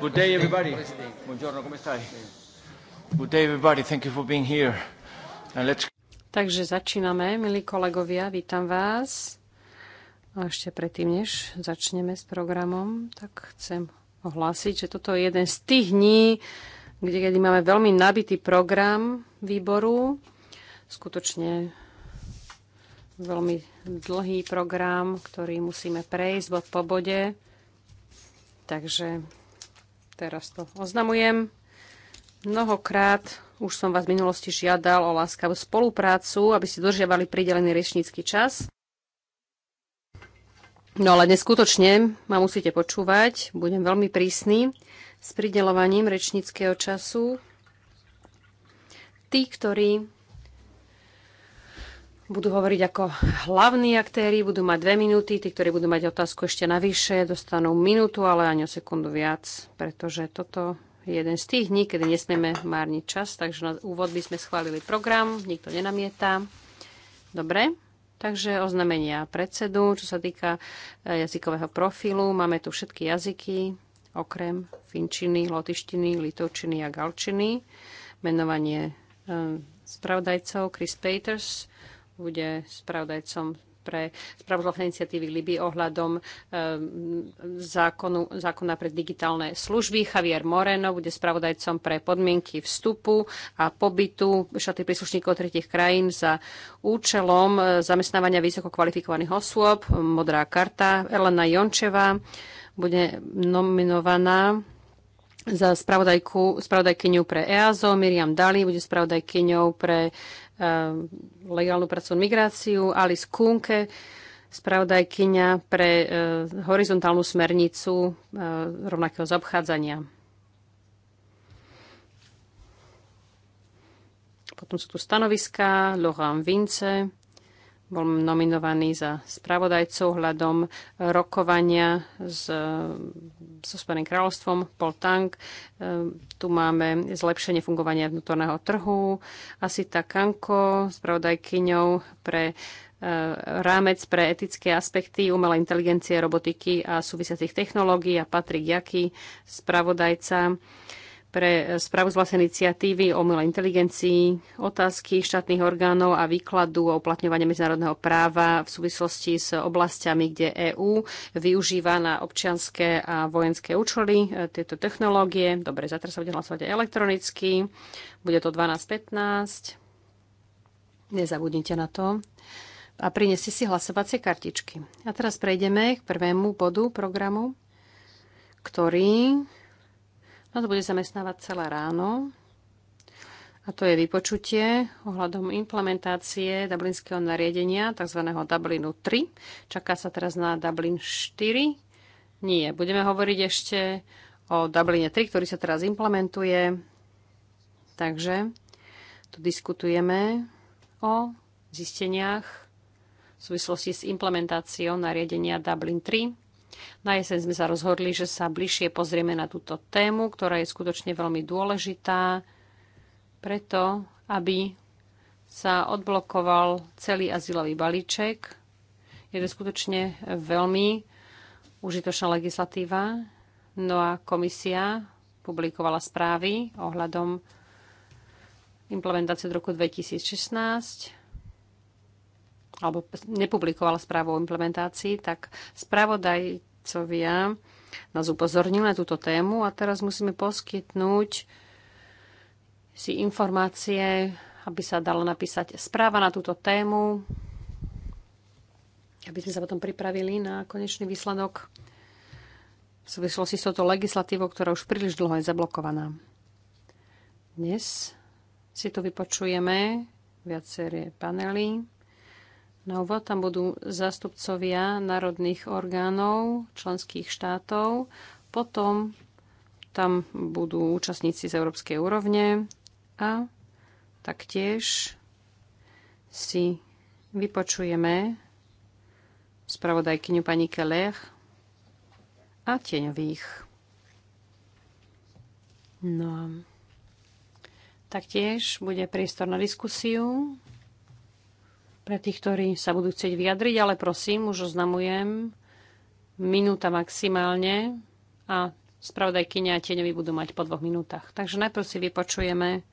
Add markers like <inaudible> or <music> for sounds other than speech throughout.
Good day, everybody. Buongiorno, come stai? Good day, everybody. Thank you for being here. And let's... Takže začíname, milí kolegovia, vítam vás. A ešte predtým, než začneme s programom, tak chcem ohlásiť, že toto je jeden z tých dní, kde, kedy máme veľmi nabitý program výboru. Skutočne veľmi dlhý program, ktorý musíme prejsť bod po bode. Takže Teraz to oznamujem. Mnohokrát už som vás v minulosti žiadal o láskavú spoluprácu, aby ste dožiavali pridelený rečnícky čas. No ale neskutočne ma musíte počúvať, budem veľmi prísny s pridelovaním rečníckého času. Tí, ktorí budú hovoriť ako hlavní aktéry, budú mať dve minúty, tí, ktorí budú mať otázku ešte navyše, dostanú minútu, ale ani o sekundu viac, pretože toto je jeden z tých dní, kedy nesmieme márniť čas, takže na úvod by sme schválili program, nikto nenamieta. Dobre, takže oznamenia predsedu, čo sa týka e, jazykového profilu. Máme tu všetky jazyky, okrem finčiny, lotištiny, litovčiny a galčiny. Menovanie e, spravodajcov Chris Peters, bude spravodajcom pre spravodlivné iniciatívy Liby ohľadom e, zákonu, zákona pre digitálne služby. Javier Moreno bude spravodajcom pre podmienky vstupu a pobytu šaty príslušníkov tretich krajín za účelom e, zamestnávania vysoko kvalifikovaných osôb. Modrá karta. Elena Jončeva bude nominovaná za spravodajku, spravodajkyňu pre EASO, Miriam Dali bude spravodajkyňou pre Eh, legálnu pracovnú migráciu, Alice Kunke, spravodajkyňa pre eh, horizontálnu smernicu eh, rovnakého zaobchádzania. Potom sú tu stanoviska, Laurent Vince, bol nominovaný za spravodajcov hľadom rokovania s, so Spojeným kráľovstvom, Paul Tang. E, tu máme zlepšenie fungovania vnútorného trhu. Asita Kanko, spravodajkyňou pre e, rámec pre etické aspekty umelej inteligencie, robotiky a súvisiacich technológií a Patrik Jaky, spravodajca pre správu z vlastnej iniciatívy o umelej inteligencii, otázky štátnych orgánov a výkladu o uplatňovaní medzinárodného práva v súvislosti s oblastiami, kde EÚ využíva na občianské a vojenské účely e, tieto technológie. Dobre, zatiaľ sa bude hlasovať aj elektronicky. Bude to 12.15. Nezabudnite na to. A prineste si hlasovacie kartičky. A teraz prejdeme k prvému bodu programu, ktorý nás no bude zamestnávať celé ráno. A to je vypočutie ohľadom implementácie Dublinského nariadenia, tzv. Dublinu 3. Čaká sa teraz na Dublin 4. Nie, budeme hovoriť ešte o Dubline 3, ktorý sa teraz implementuje. Takže tu diskutujeme o zisteniach v súvislosti s implementáciou nariadenia Dublin 3 na jeseň sme sa rozhodli, že sa bližšie pozrieme na túto tému, ktorá je skutočne veľmi dôležitá, preto aby sa odblokoval celý azylový balíček. Je to skutočne veľmi užitočná legislatíva. No a komisia publikovala správy ohľadom implementácie od roku 2016 alebo nepublikovala správu o implementácii, tak spravodajcovia nás upozornili na túto tému a teraz musíme poskytnúť si informácie, aby sa dalo napísať správa na túto tému, aby sme sa potom pripravili na konečný výsledok v súvislosti s touto legislatívou, ktorá už príliš dlho je zablokovaná. Dnes si tu vypočujeme viaceré panely na úvod. Tam budú zástupcovia národných orgánov členských štátov. Potom tam budú účastníci z európskej úrovne a taktiež si vypočujeme spravodajkyňu pani Keller a tieňových. No a taktiež bude priestor na diskusiu pre tých, ktorí sa budú chcieť vyjadriť, ale prosím, už oznamujem, minúta maximálne a spravodajkyňa a tieňovi budú mať po dvoch minútach. Takže najprv si vypočujeme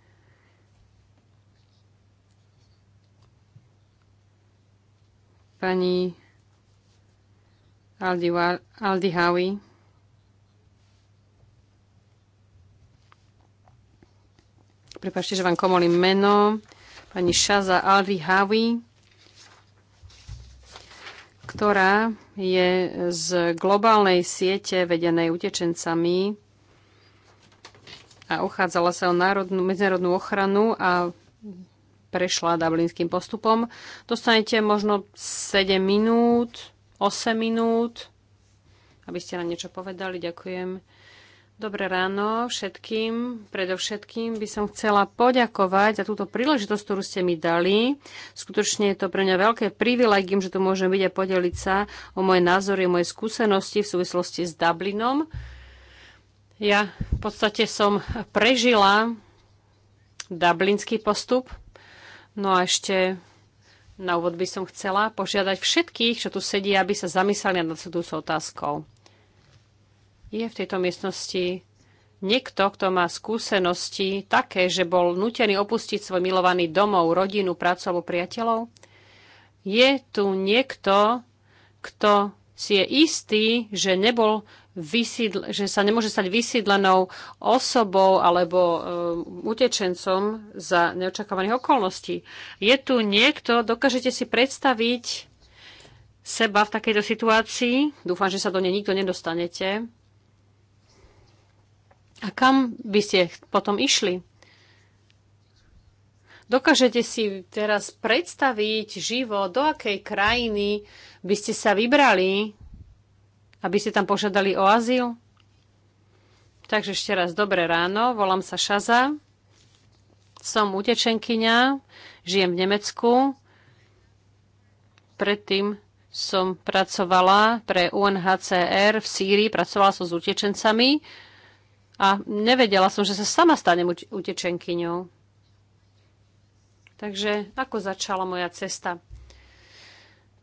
pani Aldi, Aldi Hawi. Prepašte, že vám komolím meno. Pani Šaza Aldi Hawi ktorá je z globálnej siete vedenej utečencami a uchádzala sa o národnú, medzinárodnú ochranu a prešla dublinským postupom. Dostanete možno 7 minút, 8 minút, aby ste nám niečo povedali. Ďakujem. Dobré ráno všetkým. Predovšetkým by som chcela poďakovať za túto príležitosť, ktorú ste mi dali. Skutočne je to pre mňa veľké privilegium, že tu môžem byť a podeliť sa o moje názory, o moje skúsenosti v súvislosti s Dublinom. Ja v podstate som prežila dublinský postup. No a ešte na úvod by som chcela požiadať všetkých, čo tu sedia, aby sa zamysleli nad sledujúcou otázkou. Je v tejto miestnosti niekto, kto má skúsenosti také, že bol nutený opustiť svoj milovaný domov, rodinu, prácu alebo priateľov? Je tu niekto, kto si je istý, že, nebol vysídl- že sa nemôže stať vysídlenou osobou alebo um, utečencom za neočakávaných okolností. Je tu niekto, dokážete si predstaviť seba v takejto situácii? Dúfam, že sa do nej nikto nedostanete a kam by ste potom išli? Dokážete si teraz predstaviť živo, do akej krajiny by ste sa vybrali, aby ste tam požiadali o azyl? Takže ešte raz dobré ráno, volám sa Šaza, som utečenkyňa, žijem v Nemecku. Predtým som pracovala pre UNHCR v Sýrii, pracovala som s utečencami. A nevedela som, že sa sama stanem utečenkyňou. Takže ako začala moja cesta?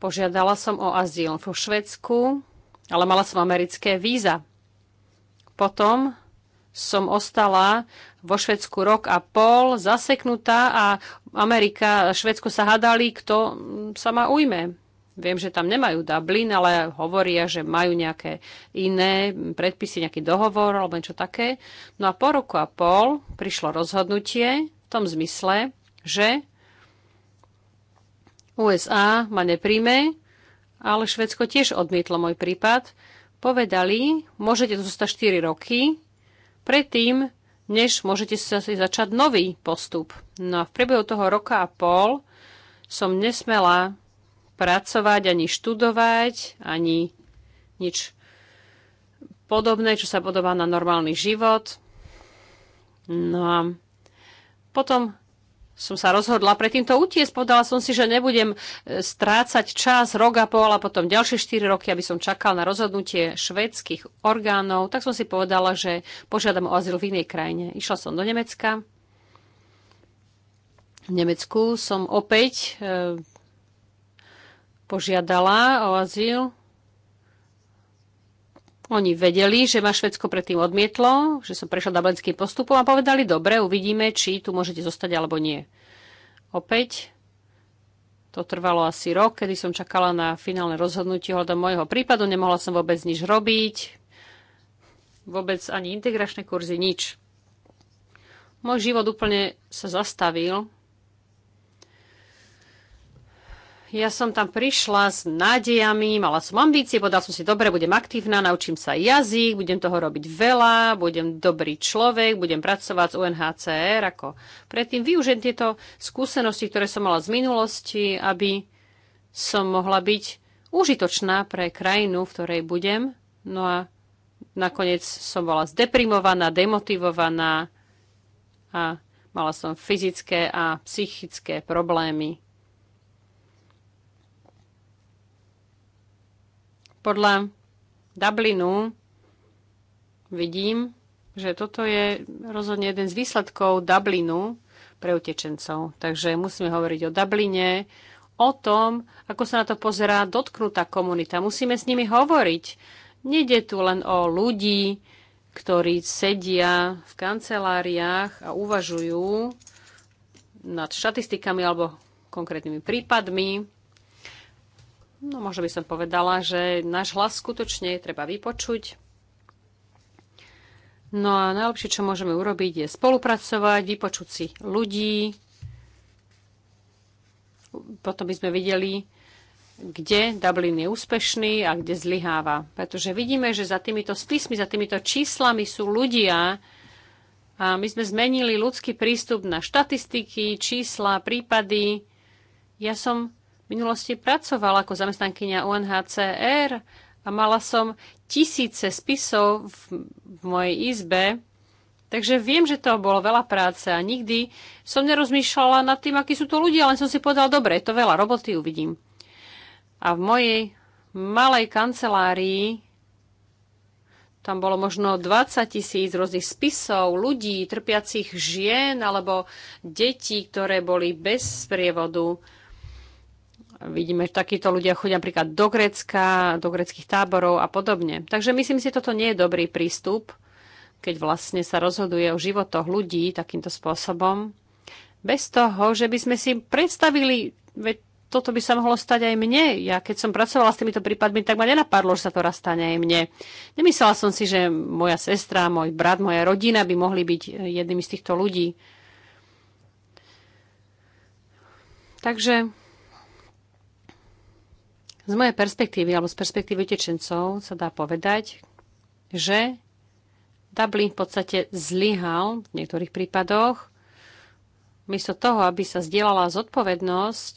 Požiadala som o azyl vo Švedsku, ale mala som americké víza. Potom som ostala vo Švedsku rok a pol, zaseknutá a Amerika a Švedsko sa hadali, kto sa ma ujme. Viem, že tam nemajú Dublin, ale hovoria, že majú nejaké iné predpisy, nejaký dohovor alebo niečo také. No a po roku a pol prišlo rozhodnutie v tom zmysle, že USA ma nepríjme, ale Švedsko tiež odmietlo môj prípad. Povedali, môžete tu zostať 4 roky, predtým, než môžete sa začať nový postup. No a v priebehu toho roka a pol som nesmela pracovať, ani študovať, ani nič podobné, čo sa podobá na normálny život. No a potom som sa rozhodla pre týmto utiesť. Povedala som si, že nebudem e, strácať čas rok a pol a potom ďalšie 4 roky, aby som čakal na rozhodnutie švedských orgánov. Tak som si povedala, že požiadam o azyl v inej krajine. Išla som do Nemecka. V Nemecku som opäť e, požiadala o azyl. Oni vedeli, že ma Švedsko predtým odmietlo, že som prešla dublinským postupom a povedali, dobre, uvidíme, či tu môžete zostať alebo nie. Opäť to trvalo asi rok, kedy som čakala na finálne rozhodnutie hľadom môjho prípadu, nemohla som vôbec nič robiť, vôbec ani integračné kurzy, nič. Môj život úplne sa zastavil, ja som tam prišla s nádejami, mala som ambície, povedala som si, dobre, budem aktívna, naučím sa jazyk, budem toho robiť veľa, budem dobrý človek, budem pracovať s UNHCR, ako predtým využijem tieto skúsenosti, ktoré som mala z minulosti, aby som mohla byť užitočná pre krajinu, v ktorej budem. No a nakoniec som bola zdeprimovaná, demotivovaná a mala som fyzické a psychické problémy Podľa Dublinu vidím, že toto je rozhodne jeden z výsledkov Dublinu pre utečencov. Takže musíme hovoriť o Dubline, o tom, ako sa na to pozerá dotknutá komunita. Musíme s nimi hovoriť. Nede tu len o ľudí, ktorí sedia v kanceláriách a uvažujú nad štatistikami alebo konkrétnymi prípadmi. No možno by som povedala, že náš hlas skutočne treba vypočuť. No a najlepšie, čo môžeme urobiť, je spolupracovať, vypočuť si ľudí. Potom by sme videli, kde Dublin je úspešný a kde zlyháva. Pretože vidíme, že za týmito spismi, za týmito číslami sú ľudia a my sme zmenili ľudský prístup na štatistiky, čísla, prípady. Ja som minulosti pracovala ako zamestnankyňa UNHCR a mala som tisíce spisov v, v mojej izbe, Takže viem, že to bolo veľa práce a nikdy som nerozmýšľala nad tým, akí sú to ľudia, len som si povedala, dobre, je to veľa roboty, uvidím. A v mojej malej kancelárii tam bolo možno 20 tisíc rôznych spisov, ľudí, trpiacich žien alebo detí, ktoré boli bez sprievodu vidíme, že takíto ľudia chodia napríklad do Grécka, do greckých táborov a podobne. Takže myslím si, že toto nie je dobrý prístup, keď vlastne sa rozhoduje o životoch ľudí takýmto spôsobom. Bez toho, že by sme si predstavili, veď toto by sa mohlo stať aj mne. Ja keď som pracovala s týmito prípadmi, tak ma nenapadlo, že sa to raz stane aj mne. Nemyslela som si, že moja sestra, môj brat, moja rodina by mohli byť jednými z týchto ľudí. Takže z mojej perspektívy, alebo z perspektívy utečencov, sa dá povedať, že Dublin v podstate zlyhal v niektorých prípadoch. Miesto toho, aby sa zdieľala zodpovednosť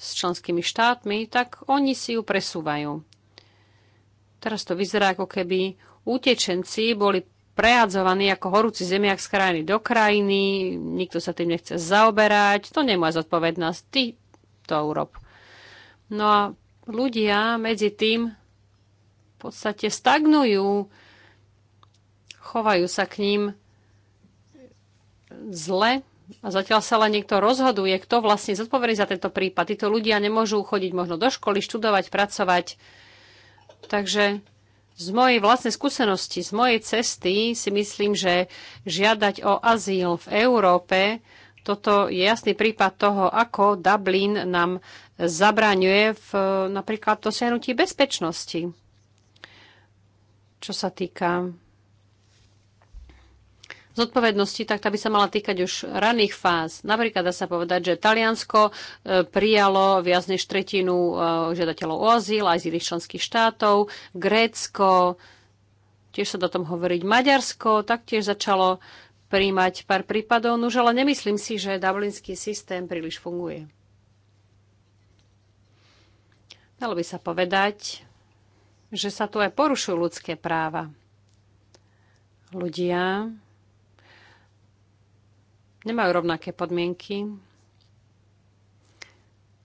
s členskými štátmi, tak oni si ju presúvajú. Teraz to vyzerá, ako keby utečenci boli prehádzovaní ako horúci zemiak z krajiny do krajiny, nikto sa tým nechce zaoberať, to nie je moja zodpovednosť, ty to urob. No a ľudia medzi tým v podstate stagnujú, chovajú sa k ním zle a zatiaľ sa len niekto rozhoduje, kto vlastne zodpovedný za tento prípad. Títo ľudia nemôžu chodiť možno do školy, študovať, pracovať. Takže z mojej vlastnej skúsenosti, z mojej cesty si myslím, že žiadať o azyl v Európe toto je jasný prípad toho, ako Dublin nám zabraňuje v napríklad dosiahnutí bezpečnosti. Čo sa týka zodpovednosti, tak tá by sa mala týkať už raných fáz. Napríklad dá sa povedať, že Taliansko e, prijalo viac než tretinu e, žiadateľov o azyl aj z iných členských štátov, Grécko, tiež sa do tom hovoriť Maďarsko, taktiež začalo príjmať pár prípadov, nuž ale nemyslím si, že dublinský systém príliš funguje. Dalo by sa povedať, že sa tu aj porušujú ľudské práva. Ľudia nemajú rovnaké podmienky.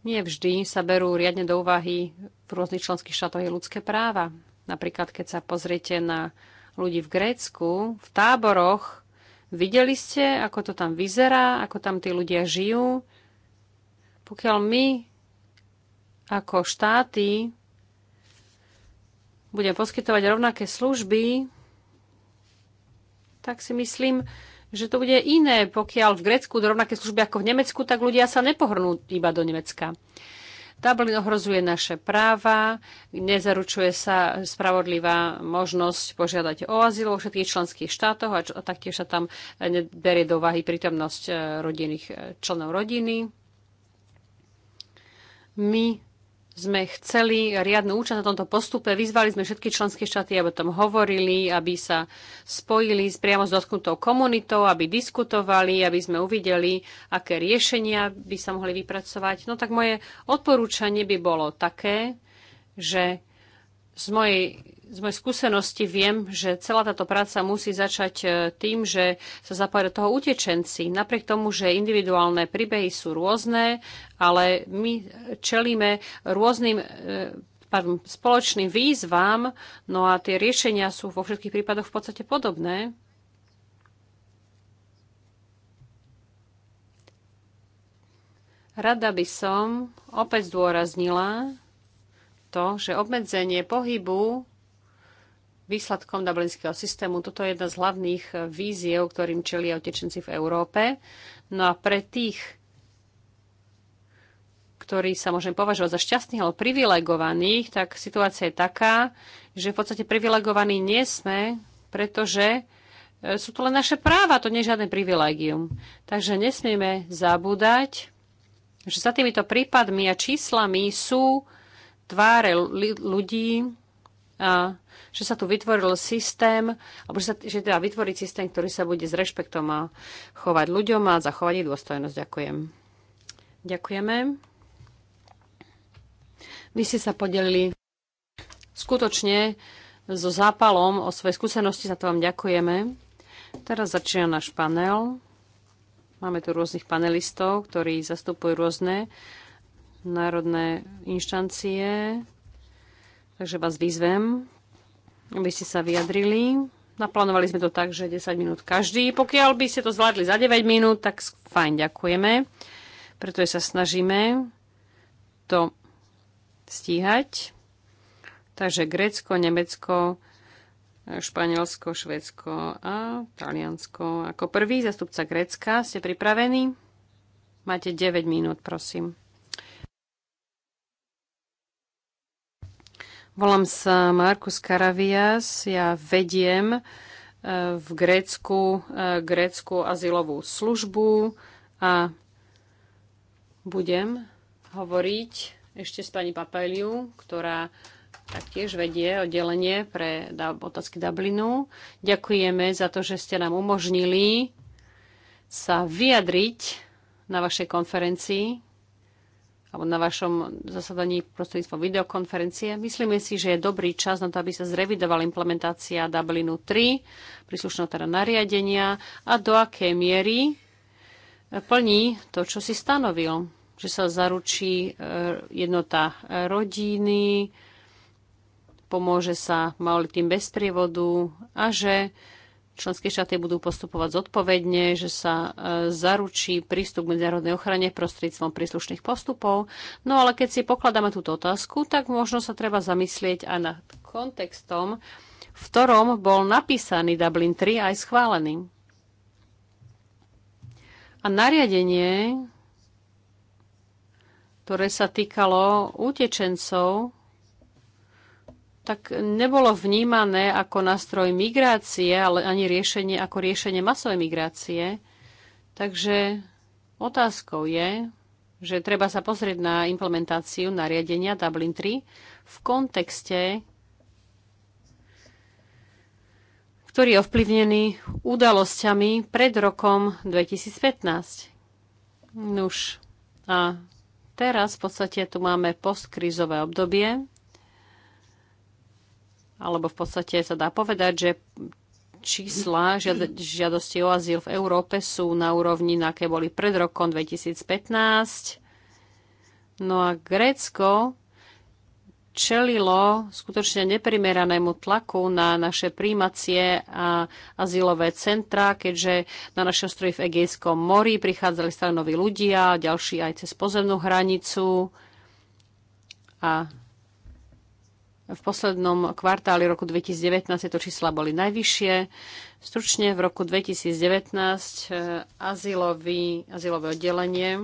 Nie vždy sa berú riadne do úvahy v rôznych členských štátoch ľudské práva. Napríklad, keď sa pozriete na ľudí v Grécku, v táboroch Videli ste, ako to tam vyzerá, ako tam tí ľudia žijú. Pokiaľ my ako štáty budeme poskytovať rovnaké služby, tak si myslím, že to bude iné. Pokiaľ v Grécku do rovnaké služby ako v Nemecku, tak ľudia sa nepohrnú iba do Nemecka. Dublin ohrozuje naše práva, nezaručuje sa spravodlivá možnosť požiadať o azyl vo všetkých členských štátoch a, taktiež sa tam berie do váhy prítomnosť eh, rodinných eh, členov rodiny. My sme chceli riadnu účasť na tomto postupe. Vyzvali sme všetky členské štáty, aby o tom hovorili, aby sa spojili s priamo s dotknutou komunitou, aby diskutovali, aby sme uvideli, aké riešenia by sa mohli vypracovať. No tak moje odporúčanie by bolo také, že z mojej z mojej skúsenosti viem, že celá táto práca musí začať e, tým, že sa zapájajú do toho utečenci. Napriek tomu, že individuálne príbehy sú rôzne, ale my čelíme rôznym e, pardon, spoločným výzvam, no a tie riešenia sú vo všetkých prípadoch v podstate podobné. Rada by som opäť zdôraznila to, že obmedzenie pohybu výsledkom dublinského systému. Toto je jedna z hlavných eh, víziev, ktorým čelia utečenci v Európe. No a pre tých, ktorí sa môžeme považovať za šťastných alebo privilegovaných, tak situácia je taká, že v podstate privilegovaní nie sme, pretože eh, sú to len naše práva, to nie je žiadne privilegium. Takže nesmieme zabúdať, že za týmito prípadmi a číslami sú tváre ľudí, a že sa tu vytvoril systém, alebo že, sa, že teda vytvoriť systém, ktorý sa bude s rešpektom a chovať ľuďom a zachovať ich dôstojnosť. Ďakujem. Ďakujeme. Vy ste sa podelili skutočne so zápalom o svoje skúsenosti, za to vám ďakujeme. Teraz začína náš panel. Máme tu rôznych panelistov, ktorí zastupujú rôzne národné inštancie. Takže vás vyzvem, aby ste sa vyjadrili. Naplánovali sme to tak, že 10 minút každý. Pokiaľ by ste to zvládli za 9 minút, tak fajn, ďakujeme. Preto sa snažíme to stíhať. Takže Grécko, Nemecko, Španielsko, Švedsko a Taliansko. Ako prvý zastupca Grécka ste pripravení? Máte 9 minút, prosím. Volám sa Markus Karavias, ja vediem e, v Grécku, e, Grécku azylovú službu a budem hovoriť ešte s pani Papeliu, ktorá taktiež vedie oddelenie pre otázky Dublinu. Ďakujeme za to, že ste nám umožnili sa vyjadriť na vašej konferencii alebo na vašom zasadaní prostredníctvom videokonferencie. Myslíme si, že je dobrý čas na to, aby sa zrevidovala implementácia Dublinu 3, príslušného teda nariadenia a do akej miery plní to, čo si stanovil. Že sa zaručí e, jednota rodiny, pomôže sa maloletým bez prievodu a že členské štáty budú postupovať zodpovedne, že sa e, zaručí prístup k medzinárodnej ochrane prostredníctvom príslušných postupov. No ale keď si pokladáme túto otázku, tak možno sa treba zamyslieť aj nad kontextom, v ktorom bol napísaný Dublin 3 aj schválený. A nariadenie, ktoré sa týkalo utečencov, tak nebolo vnímané ako nástroj migrácie, ale ani riešenie ako riešenie masovej migrácie. Takže otázkou je, že treba sa pozrieť na implementáciu nariadenia Dublin 3 v kontexte, ktorý je ovplyvnený udalosťami pred rokom 2015. Nuž. A teraz v podstate tu máme postkrizové obdobie, alebo v podstate sa dá povedať, že čísla žiad žiadosti o azyl v Európe sú na úrovni, na aké boli pred rokom 2015. No a Grécko čelilo skutočne neprimeranému tlaku na naše príjmacie a azylové centra, keďže na naše ostrovy v Egejskom mori prichádzali stále noví ľudia, ďalší aj cez pozemnú hranicu. A v poslednom kvartáli roku 2019 tieto čísla boli najvyššie. Stručne v roku 2019 e, azylový, azylové oddelenie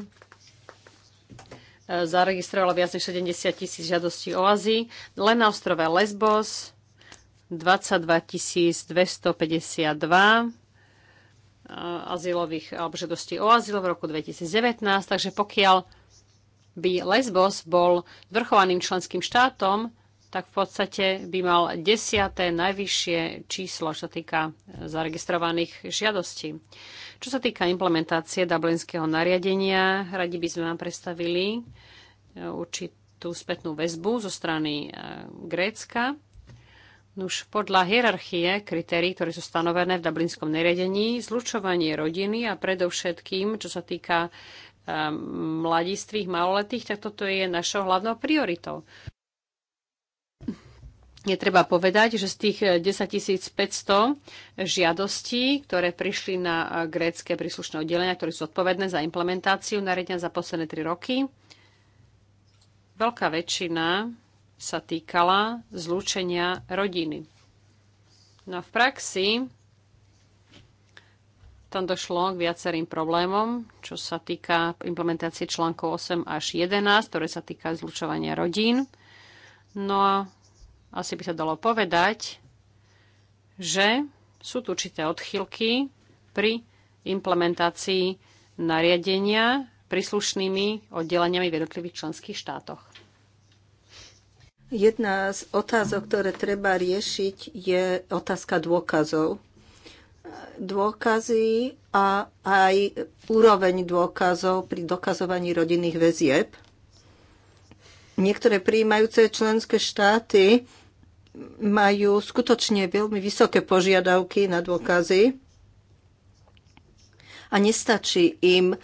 e, zaregistrovalo viac než 70 tisíc žiadostí o azyl. Len na ostrove Lesbos 22 252 e, azylových alebo žiadostí o azyl v roku 2019. Takže pokiaľ by Lesbos bol zvrchovaným členským štátom, tak v podstate by mal desiaté najvyššie číslo, čo sa týka e, zaregistrovaných žiadostí. Čo sa týka implementácie dublinského nariadenia, radi by sme vám predstavili e, určitú spätnú väzbu zo strany e, Grécka. už podľa hierarchie kritérií, ktoré sú stanovené v Dublinskom nariadení, zlučovanie rodiny a predovšetkým, čo sa týka mladistvých, maloletých, tak toto je našou hlavnou prioritou je treba povedať, že z tých 10 eh, 500 žiadostí, ktoré prišli na eh, grécké príslušné oddelenia, ktoré sú odpovedné za implementáciu nariadenia za posledné 3 roky, veľká väčšina sa týkala zlúčenia rodiny. No a v praxi tam došlo k viacerým problémom, čo sa týka implementácie článkov 8 až 11, ktoré sa týka zlučovania rodín. No a asi by sa dalo povedať, že sú tu určité odchylky pri implementácii nariadenia príslušnými oddeleniami v jednotlivých členských štátoch. Jedna z otázok, ktoré treba riešiť, je otázka dôkazov. Dôkazy a aj úroveň dôkazov pri dokazovaní rodinných väzieb. Niektoré príjmajúce členské štáty majú skutočne veľmi vysoké požiadavky na dôkazy a nestačí im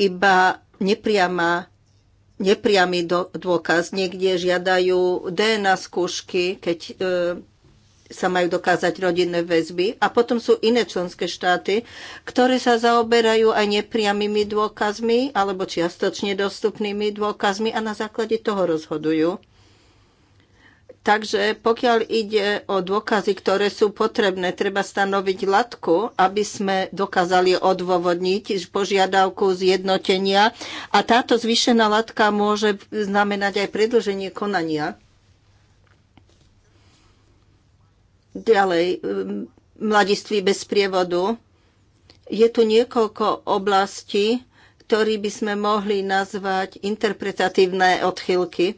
iba nepriama nepriamy do, dôkaz. Niekde žiadajú DNA skúšky, keď e, sa majú dokázať rodinné väzby. A potom sú iné členské štáty, ktoré sa zaoberajú aj nepriamými dôkazmi alebo čiastočne dostupnými dôkazmi a na základe toho rozhodujú. Takže pokiaľ ide o dôkazy, ktoré sú potrebné, treba stanoviť latku, aby sme dokázali odôvodniť požiadavku zjednotenia. A táto zvýšená latka môže znamenať aj predlženie konania. Ďalej, mladiství bez prievodu. Je tu niekoľko oblastí, ktorý by sme mohli nazvať interpretatívne odchylky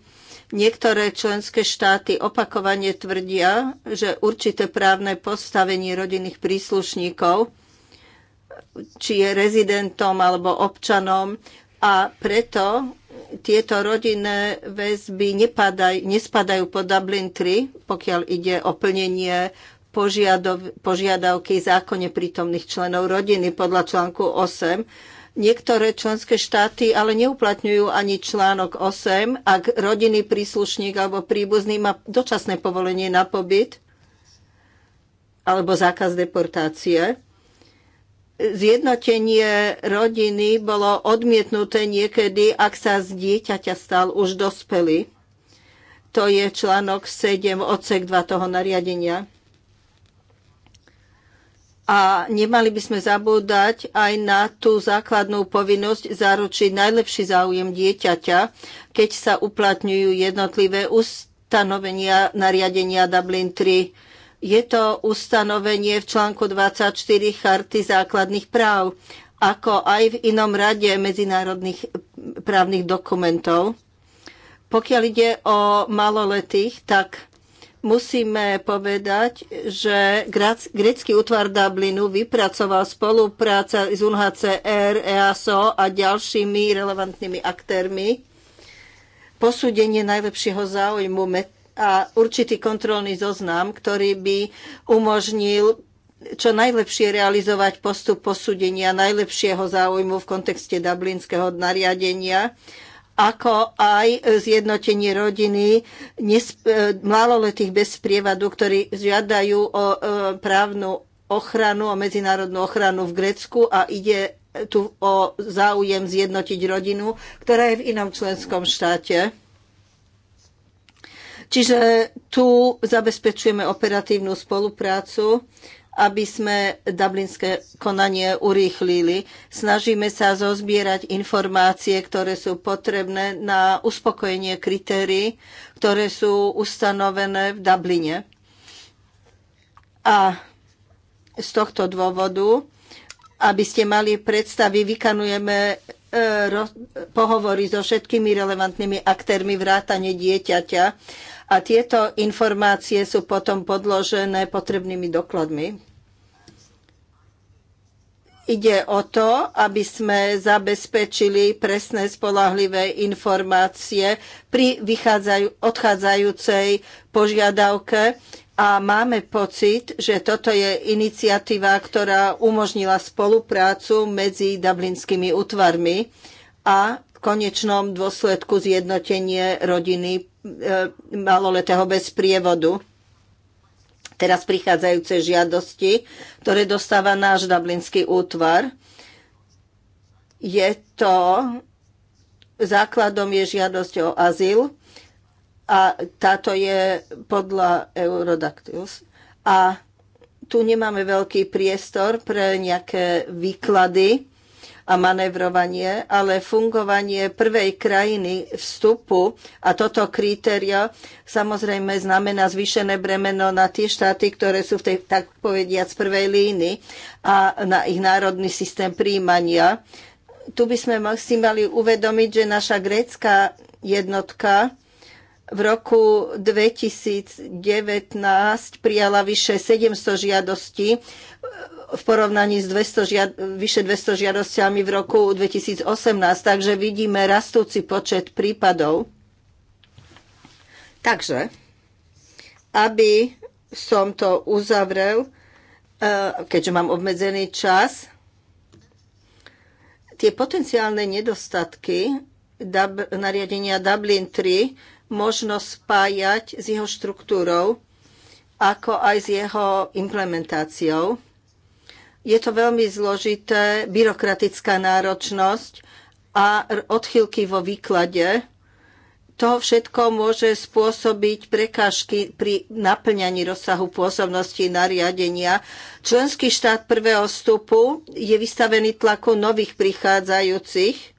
Niektoré členské štáty opakovane tvrdia, že určité právne postavenie rodinných príslušníkov, či je rezidentom alebo občanom, a preto tieto rodinné väzby nepadaj, nespadajú pod Dublin 3, pokiaľ ide o plnenie požiadavky zákonne prítomných členov rodiny podľa článku 8 Niektoré členské štáty ale neuplatňujú ani článok 8, ak rodinný príslušník alebo príbuzný má dočasné povolenie na pobyt alebo zákaz deportácie. Zjednotenie rodiny bolo odmietnuté niekedy, ak sa z dieťaťa stal už dospelý. To je článok 7, odsek 2 toho nariadenia. A nemali by sme zabúdať aj na tú základnú povinnosť zaručiť najlepší záujem dieťaťa, keď sa uplatňujú jednotlivé ustanovenia nariadenia Dublin 3. Je to ustanovenie v článku 24 Charty základných práv, ako aj v inom rade medzinárodných právnych dokumentov. Pokiaľ ide o maloletých, tak musíme povedať, že grecký útvar Dublinu vypracoval spolupráca s UNHCR, EASO a ďalšími relevantnými aktérmi posúdenie najlepšieho záujmu a určitý kontrolný zoznam, ktorý by umožnil čo najlepšie realizovať postup posúdenia najlepšieho záujmu v kontexte dublinského nariadenia ako aj zjednotenie rodiny e, maloletých bez prievadu, ktorí žiadajú o e, právnu ochranu, o medzinárodnú ochranu v Grécku a ide tu o záujem zjednotiť rodinu, ktorá je v inom členskom štáte. Čiže tu zabezpečujeme operatívnu spoluprácu aby sme dublinské konanie urýchlili. Snažíme sa zozbierať informácie, ktoré sú potrebné na uspokojenie kritérií, ktoré sú ustanovené v Dubline. A z tohto dôvodu, aby ste mali predstavy, vykanujeme e, pohovory so všetkými relevantnými aktérmi vrátane dieťaťa a tieto informácie sú potom podložené potrebnými dokladmi. Ide o to, aby sme zabezpečili presné spolahlivé informácie pri odchádzajúcej požiadavke a máme pocit, že toto je iniciatíva, ktorá umožnila spoluprácu medzi dublinskými útvarmi a v konečnom dôsledku zjednotenie rodiny e, maloletého bez prievodu teraz prichádzajúce žiadosti, ktoré dostáva náš Dublinský útvar. Je to, základom je žiadosť o azyl a táto je podľa Eurodactyls. A tu nemáme veľký priestor pre nejaké výklady, a manevrovanie, ale fungovanie prvej krajiny vstupu a toto kritério samozrejme znamená zvýšené bremeno na tie štáty, ktoré sú v tej, tak povediať, z prvej líny a na ich národný systém príjmania. Tu by sme si mali uvedomiť, že naša grécka jednotka v roku 2019 prijala vyše 700 žiadostí v porovnaní s 200 žiad, vyše 200 žiadosťami v roku 2018, takže vidíme rastúci počet prípadov. Takže, aby som to uzavrel, e, keďže mám obmedzený čas, tie potenciálne nedostatky Dub, nariadenia Dublin 3 možno spájať s jeho štruktúrou, ako aj s jeho implementáciou je to veľmi zložité, byrokratická náročnosť a odchylky vo výklade. To všetko môže spôsobiť prekážky pri naplňaní rozsahu pôsobnosti nariadenia. Členský štát prvého stupu je vystavený tlaku nových prichádzajúcich,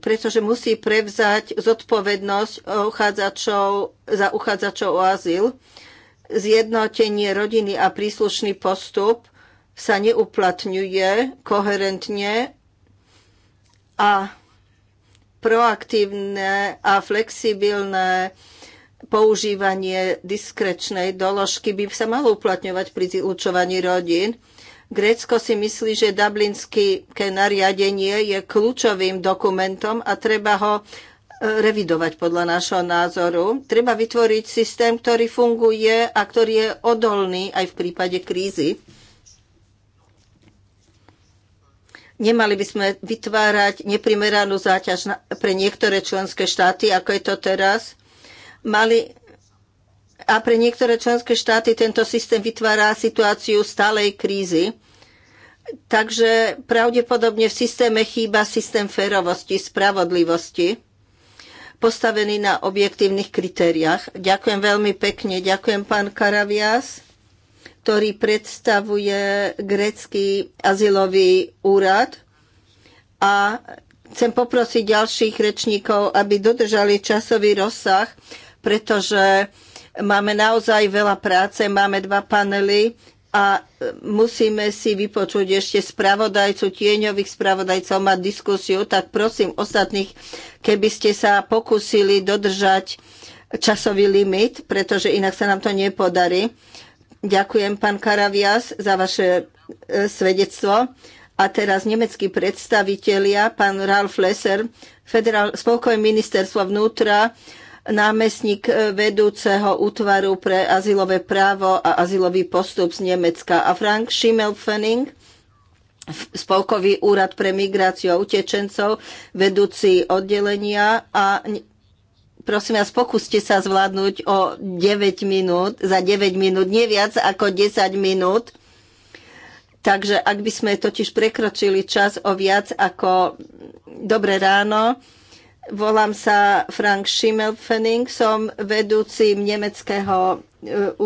pretože musí prevzať zodpovednosť uchádzačov, za uchádzačov o azyl zjednotenie rodiny a príslušný postup sa neuplatňuje koherentne a proaktívne a flexibilné používanie diskrečnej doložky by sa malo uplatňovať pri zlučovaní rodín. Grécko si myslí, že dublinské nariadenie je kľúčovým dokumentom a treba ho revidovať podľa nášho názoru. Treba vytvoriť systém, ktorý funguje a ktorý je odolný aj v prípade krízy. Nemali by sme vytvárať neprimeranú záťaž pre niektoré členské štáty, ako je to teraz. Mali, a pre niektoré členské štáty tento systém vytvára situáciu stálej krízy. Takže pravdepodobne v systéme chýba systém férovosti, spravodlivosti postavený na objektívnych kritériách. Ďakujem veľmi pekne. Ďakujem pán Karavias, ktorý predstavuje grécky azylový úrad. A chcem poprosiť ďalších rečníkov, aby dodržali časový rozsah, pretože máme naozaj veľa práce, máme dva panely, a e, musíme si vypočuť ešte spravodajcu, tieňových spravodajcov mať diskusiu, tak prosím ostatných, keby ste sa pokúsili dodržať časový limit, pretože inak sa nám to nepodarí. Ďakujem, pán Karavias, za vaše e, svedectvo. A teraz nemeckí predstavitelia, pán Ralf Lesser, federál, spolkové ministerstvo vnútra, námestník eh, vedúceho útvaru pre azylové právo a azylový postup z Nemecka a Frank Schimmelfening, Spolkový úrad pre migráciu a utečencov, vedúci oddelenia a prosím vás, pokúste sa zvládnuť o 9 minút, za 9 minút, nie viac ako 10 minút. Takže ak by sme totiž prekročili čas o viac ako dobré ráno, Volám sa Frank Schimmelfenning, som vedúcim nemeckého e,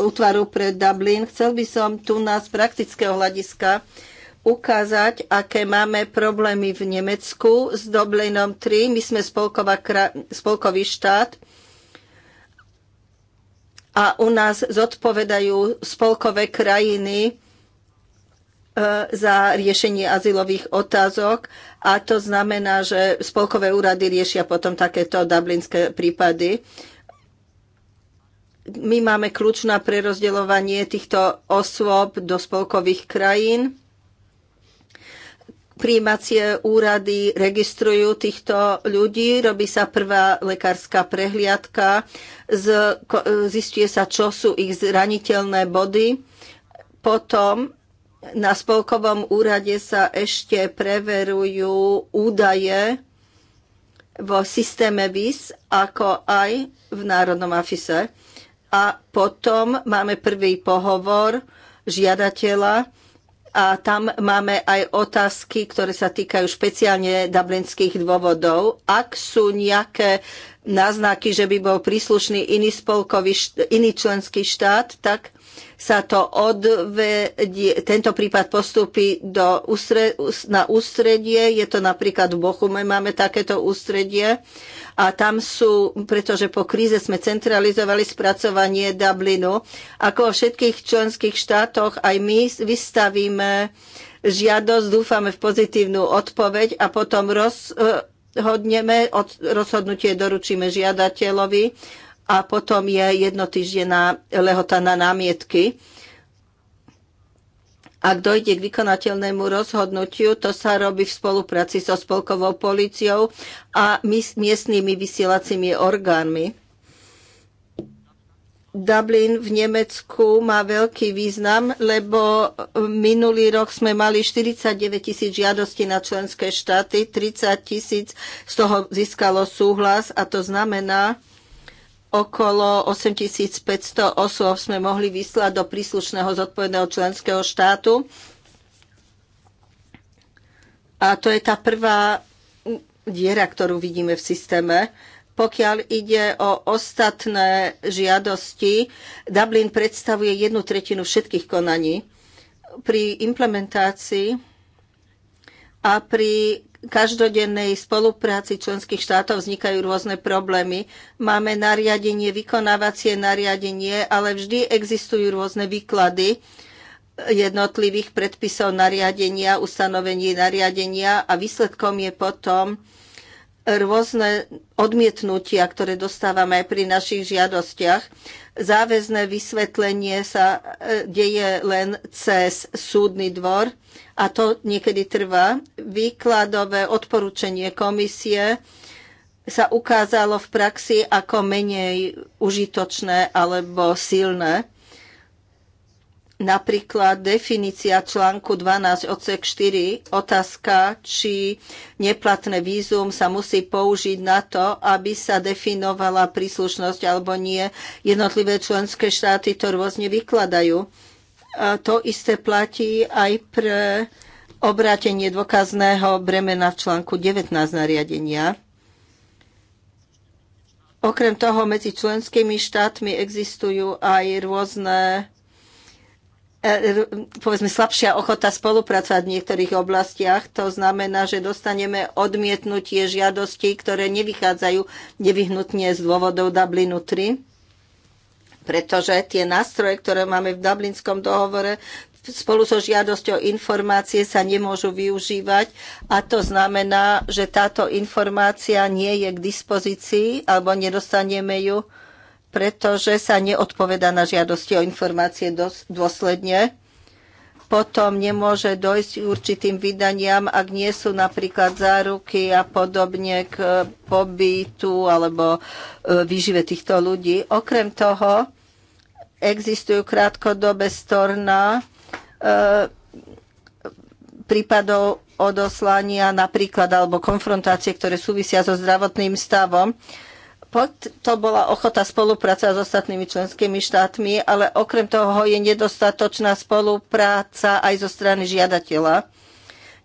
útvaru pre Dublin. Chcel by som tu nás z praktického hľadiska ukázať, aké máme problémy v Nemecku s Dublinom 3. My sme spolková, spolkový štát a u nás zodpovedajú spolkové krajiny E, za riešenie azylových otázok a to znamená, že spolkové úrady riešia potom takéto dublinské prípady. My máme kľúč na prerozdeľovanie týchto osôb do spolkových krajín. Príjímacie úrady registrujú týchto ľudí, robí sa prvá lekárska prehliadka, e, zistuje sa, čo sú ich zraniteľné body. Potom na spolkovom úrade sa ešte preverujú údaje vo systéme VIS, ako aj v Národnom afise. A potom máme prvý pohovor žiadateľa a tam máme aj otázky, ktoré sa týkajú špeciálne dublinských dôvodov. Ak sú nejaké náznaky, že by bol príslušný iný spolkový, iný členský štát, tak sa to odvedie, tento prípad postupí do ústre, na ústredie, je to napríklad v Bochume máme takéto ústredie a tam sú, pretože po kríze sme centralizovali spracovanie Dublinu, ako vo všetkých členských štátoch aj my vystavíme žiadosť, dúfame v pozitívnu odpoveď a potom roz, hodneme, rozhodnutie doručíme žiadateľovi a potom je jednotýždená lehota na námietky. Ak dojde k vykonateľnému rozhodnutiu, to sa robí v spolupráci so spolkovou políciou a miestnými vysielacími orgánmi. Dublin v Nemecku má veľký význam, lebo minulý rok sme mali 49 tisíc žiadostí na členské štáty, 30 tisíc z toho získalo súhlas a to znamená, okolo 8500 osôb sme mohli vyslať do príslušného zodpovedného členského štátu. A to je tá prvá diera, ktorú vidíme v systéme. Pokiaľ ide o ostatné žiadosti, Dublin predstavuje jednu tretinu všetkých konaní. Pri implementácii a pri každodennej spolupráci členských štátov vznikajú rôzne problémy. Máme nariadenie, vykonávacie nariadenie, ale vždy existujú rôzne výklady jednotlivých predpisov nariadenia, ustanovení nariadenia a výsledkom je potom rôzne odmietnutia, ktoré dostávame aj pri našich žiadostiach. Záväzné vysvetlenie sa e, deje len cez súdny dvor a to niekedy trvá. Výkladové odporúčanie komisie sa ukázalo v praxi ako menej užitočné alebo silné. Napríklad definícia článku 12 odsek 4, otázka, či neplatné vízum sa musí použiť na to, aby sa definovala príslušnosť alebo nie. Jednotlivé členské štáty to rôzne vykladajú. A to isté platí aj pre obrátenie dôkazného bremena v článku 19 nariadenia. Okrem toho medzi členskými štátmi existujú aj rôzne E, povedzme, slabšia ochota spolupracovať v niektorých oblastiach. To znamená, že dostaneme odmietnutie žiadosti, ktoré nevychádzajú nevyhnutne z dôvodov Dublinu 3, pretože tie nástroje, ktoré máme v Dublinskom dohovore, spolu so žiadosťou informácie sa nemôžu využívať a to znamená, že táto informácia nie je k dispozícii alebo nedostaneme ju pretože sa neodpoveda na žiadosti o informácie dôsledne. Potom nemôže dojsť určitým vydaniam, ak nie sú napríklad záruky a podobne k pobytu alebo e, výžive týchto ľudí. Okrem toho existujú krátkodobé storna e, prípadov odoslania napríklad alebo konfrontácie, ktoré súvisia so zdravotným stavom to bola ochota spolupráca s ostatnými členskými štátmi, ale okrem toho je nedostatočná spolupráca aj zo strany žiadateľa.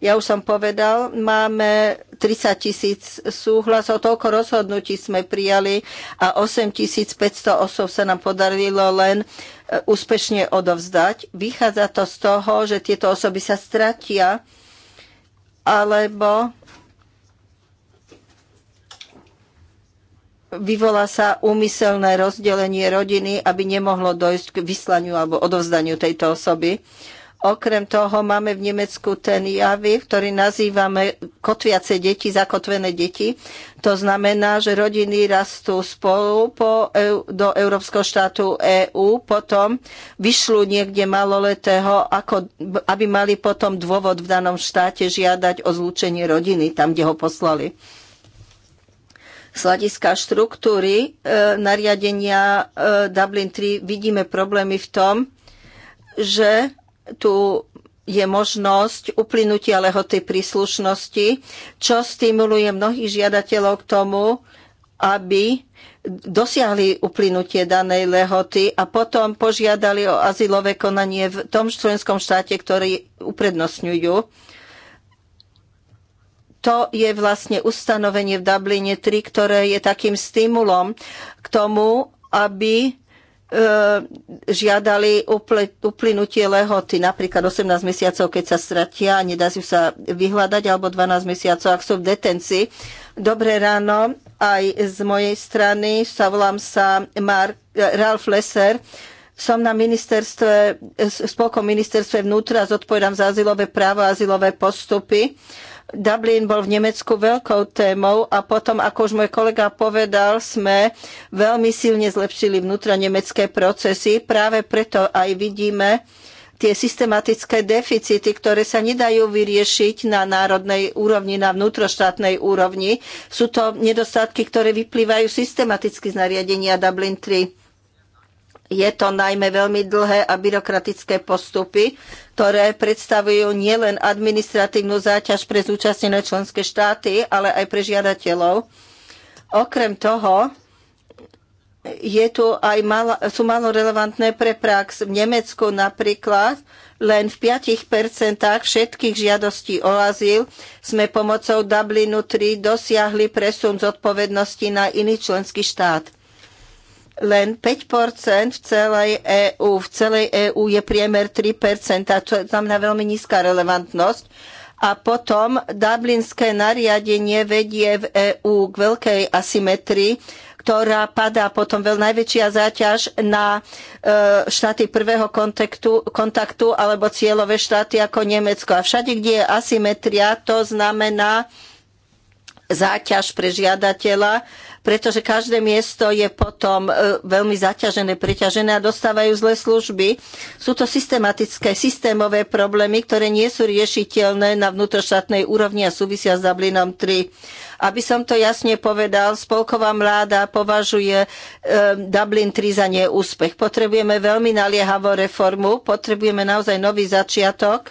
Ja už som povedal, máme 30 tisíc súhlasov, toľko rozhodnutí sme prijali a 8500 osob sa nám podarilo len e, úspešne odovzdať. Vychádza to z toho, že tieto osoby sa stratia alebo vyvolá sa úmyselné rozdelenie rodiny, aby nemohlo dojsť k vyslaniu alebo odovzdaniu tejto osoby. Okrem toho máme v Nemecku ten javy, ktorý nazývame kotviace deti, zakotvené deti. To znamená, že rodiny rastú spolu po, do Európskeho štátu EÚ, potom vyšľú niekde maloletého, ako, aby mali potom dôvod v danom štáte žiadať o zlúčenie rodiny, tam, kde ho poslali z hľadiska štruktúry e, nariadenia e, Dublin 3 vidíme problémy v tom, že tu je možnosť uplynutia lehoty príslušnosti, čo stimuluje mnohých žiadateľov k tomu, aby dosiahli uplynutie danej lehoty a potom požiadali o azylové konanie v tom členskom štáte, ktorý uprednostňujú to je vlastne ustanovenie v Dubline 3, ktoré je takým stimulom k tomu, aby e, žiadali uplynutie lehoty, napríklad 18 mesiacov, keď sa stratia a nedá si sa vyhľadať, alebo 12 mesiacov, ak sú v detencii. Dobré ráno, aj z mojej strany, sa volám sa Mark, e, Ralf Lesser, som na ministerstve, e, spolkom ministerstve vnútra, zodpovedám za azylové právo a azylové postupy. Uh, Dublin bol v Nemecku veľkou témou a potom, ako už môj kolega povedal, sme veľmi silne zlepšili vnútronemecké procesy. Práve preto aj vidíme, tie systematické deficity, ktoré sa nedajú vyriešiť na národnej úrovni, na vnútroštátnej úrovni. Sú to nedostatky, ktoré vyplývajú systematicky z nariadenia Dublin 3 je to najmä veľmi dlhé a byrokratické postupy, ktoré predstavujú nielen administratívnu záťaž pre zúčastnené členské štáty, ale aj pre žiadateľov. Okrem toho je tu aj malo, sú malo relevantné pre prax. V Nemecku napríklad len v 5% všetkých žiadostí o azyl sme pomocou Dublinu 3 dosiahli presun zodpovednosti na iný členský štát len 5% v celej EÚ. V celej EÚ je priemer 3%, a to znamená veľmi nízka relevantnosť. A potom Dublinské nariadenie vedie v EÚ k veľkej asymetrii, ktorá padá potom veľ najväčšia záťaž na e, štáty prvého kontaktu, kontaktu alebo cieľové štáty ako Nemecko. A všade, kde je asymetria, to znamená záťaž pre žiadateľa pretože každé miesto je potom e, veľmi zaťažené, preťažené a dostávajú zlé služby. Sú to systematické, systémové problémy, ktoré nie sú riešiteľné na vnútroštátnej úrovni a súvisia s Dublinom 3. Aby som to jasne povedal, spolková mláda považuje e, Dublin 3 za neúspech. Potrebujeme veľmi naliehavú reformu, potrebujeme naozaj nový začiatok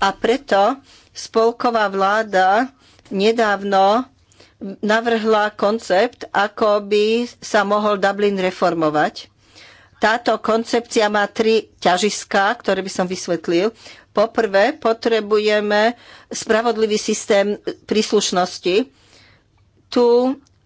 a preto spolková vláda nedávno navrhla koncept, ako by sa mohol Dublin reformovať. Táto koncepcia má tri ťažiská, ktoré by som vysvetlil. Poprvé, potrebujeme spravodlivý systém príslušnosti. Tu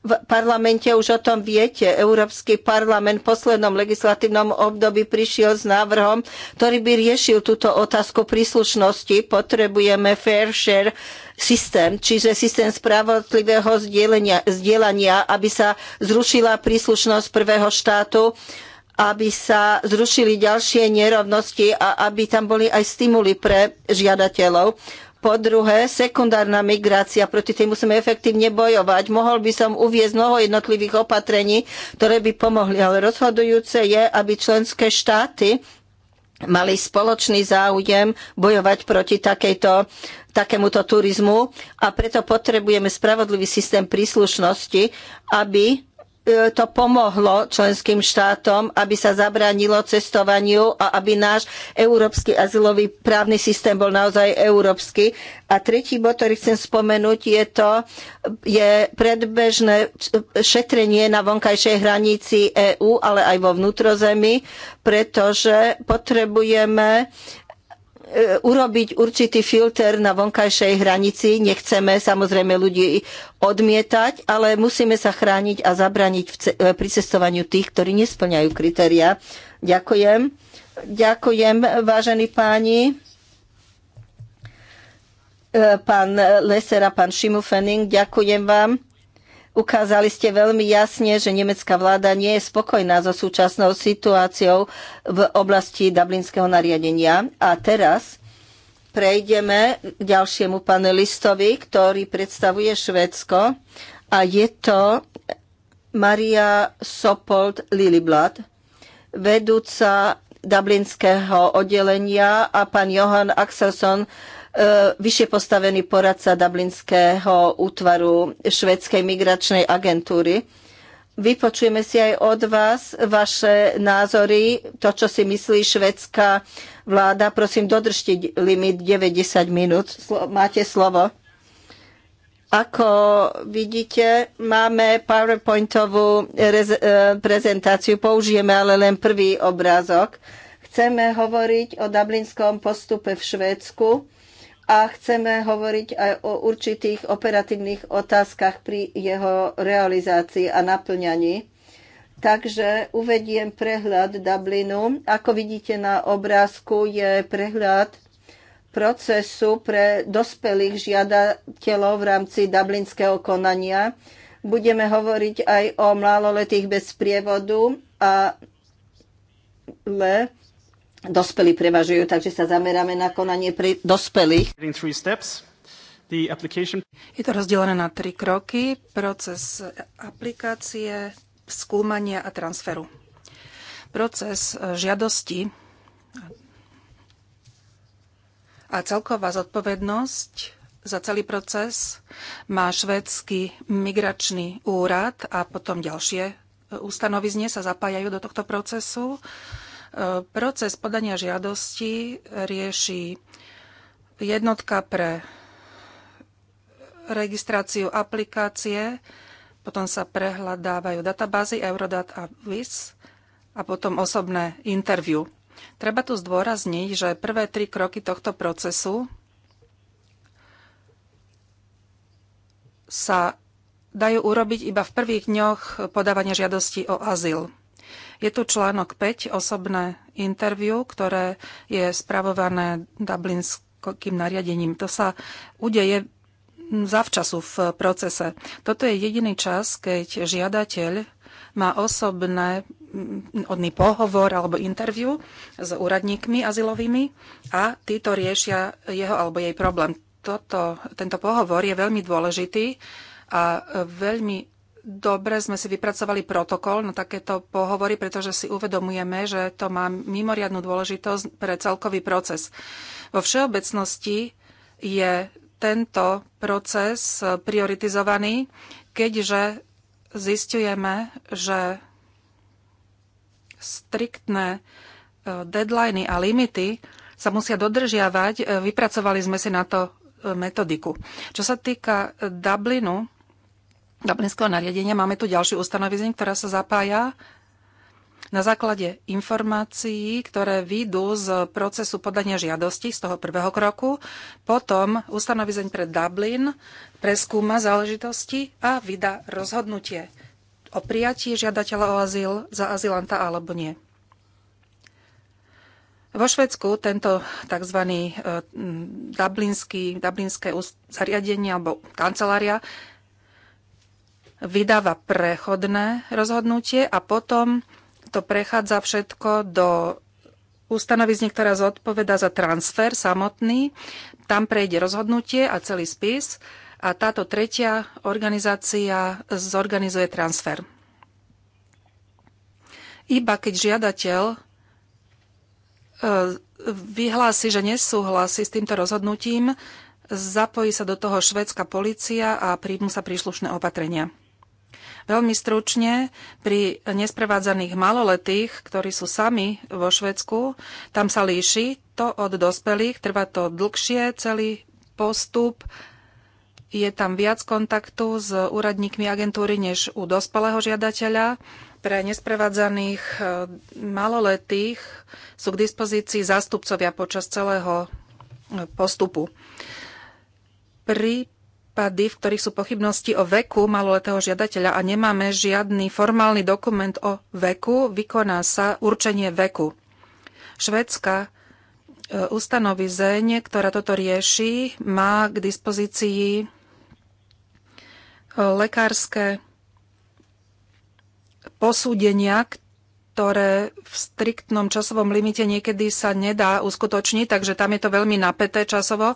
v parlamente už o tom viete. Európsky parlament v poslednom legislatívnom období prišiel s návrhom, ktorý by riešil túto otázku príslušnosti. Potrebujeme fair share systém, čiže systém spravodlivého zdieľania, aby sa zrušila príslušnosť prvého štátu aby sa zrušili ďalšie nerovnosti a aby tam boli aj stimuly pre žiadateľov. Po druhé, sekundárna migrácia, proti tým musíme efektívne bojovať. Mohol by som uviezť mnoho jednotlivých opatrení, ktoré by pomohli, ale rozhodujúce je, aby členské štáty mali spoločný záujem bojovať proti takejto, takémuto turizmu a preto potrebujeme spravodlivý systém príslušnosti, aby E, to pomohlo členským štátom, aby sa zabránilo cestovaniu a aby náš európsky azylový právny systém bol naozaj európsky. A tretí bod, ktorý chcem spomenúť, je to je predbežné šetrenie na vonkajšej hranici EÚ, ale aj vo vnútrozemí, pretože potrebujeme E, urobiť určitý filter na vonkajšej hranici. Nechceme samozrejme ľudí odmietať, ale musíme sa chrániť a zabraniť e, pri cestovaniu tých, ktorí nesplňajú kritéria. Ďakujem. Ďakujem, vážení páni. E, pán a pán Šimu ďakujem vám. Ukázali ste veľmi jasne, že nemecká vláda nie je spokojná so súčasnou situáciou v oblasti dublinského nariadenia. A teraz prejdeme k ďalšiemu panelistovi, ktorý predstavuje Švédsko a je to Maria Sopold Liliblad, vedúca dublinského oddelenia a pán Johan Axelson, E, vyššie postavený poradca Dublinského útvaru Švedskej migračnej agentúry. Vypočujeme si aj od vás vaše názory, to, čo si myslí švedská vláda. Prosím, dodržte limit 90 minút. Máte slovo. Ako vidíte, máme PowerPointovú e, prezentáciu, použijeme ale len prvý obrázok. Chceme hovoriť o dublinskom postupe v Švédsku a chceme hovoriť aj o určitých operatívnych otázkach pri jeho realizácii a naplňaní. Takže uvediem prehľad Dublinu. Ako vidíte na obrázku, je prehľad procesu pre dospelých žiadateľov v rámci dublinského konania. Budeme hovoriť aj o mláloletých bez prievodu a le dospelí prevažujú, takže sa zameráme na konanie pre dospelých. Je to rozdelené na tri kroky. Proces aplikácie, skúmania a transferu. Proces e, žiadosti a celková zodpovednosť za celý proces má švédsky migračný úrad a potom ďalšie e, ustanovizne sa zapájajú do tohto procesu. Proces podania žiadosti rieši jednotka pre registráciu aplikácie, potom sa prehľadávajú databázy Eurodat a VIS a potom osobné interview. Treba tu zdôrazniť, že prvé tri kroky tohto procesu sa dajú urobiť iba v prvých dňoch podávania žiadosti o azyl. Je tu článok 5, osobné interviu, ktoré je spravované dublinským nariadením. To sa udeje zavčasu v procese. Toto je jediný čas, keď žiadateľ má osobné odný pohovor alebo interviu s úradníkmi azylovými a títo riešia jeho alebo jej problém. Toto, tento pohovor je veľmi dôležitý a veľmi dobre sme si vypracovali protokol na takéto pohovory, pretože si uvedomujeme, že to má mimoriadnú dôležitosť pre celkový proces. Vo všeobecnosti je tento proces prioritizovaný, keďže zistujeme, že striktné e, deadliny a limity sa musia dodržiavať. E, vypracovali sme si na to e, metodiku. Čo sa týka Dublinu, Dublinského nariadenia. Máme tu ďalšiu ustanovizň, ktorá sa zapája na základe informácií, ktoré výjdu z procesu podania žiadosti z toho prvého kroku, potom ustanovizeň pre Dublin preskúma záležitosti a vydá rozhodnutie o prijatí žiadateľa o azyl za azylanta alebo nie. Vo Švedsku tento tzv. E, dublinský, dublinské zariadenie alebo kancelária vydáva prechodné rozhodnutie a potom to prechádza všetko do ustanovizne, ktorá zodpoveda za transfer samotný. Tam prejde rozhodnutie a celý spis a táto tretia organizácia zorganizuje transfer. Iba keď žiadateľ e, vyhlási, že nesúhlasí s týmto rozhodnutím, zapojí sa do toho švedská policia a príjmu sa príslušné opatrenia. Veľmi stručne, pri nesprevádzaných maloletých, ktorí sú sami vo Švedsku, tam sa líši to od dospelých, trvá to dlhšie, celý postup, je tam viac kontaktu s úradníkmi agentúry než u dospelého žiadateľa. Pre nesprevádzaných e, maloletých sú k dispozícii zástupcovia počas celého e, postupu. Pri prípady, v ktorých sú pochybnosti o veku maloletého žiadateľa a nemáme žiadny formálny dokument o veku, vykoná sa určenie veku. Švédska e, ustanovizeň, ktorá toto rieši, má k dispozícii e, lekárske posúdenia, ktoré v striktnom časovom limite niekedy sa nedá uskutočniť, takže tam je to veľmi napäté časovo.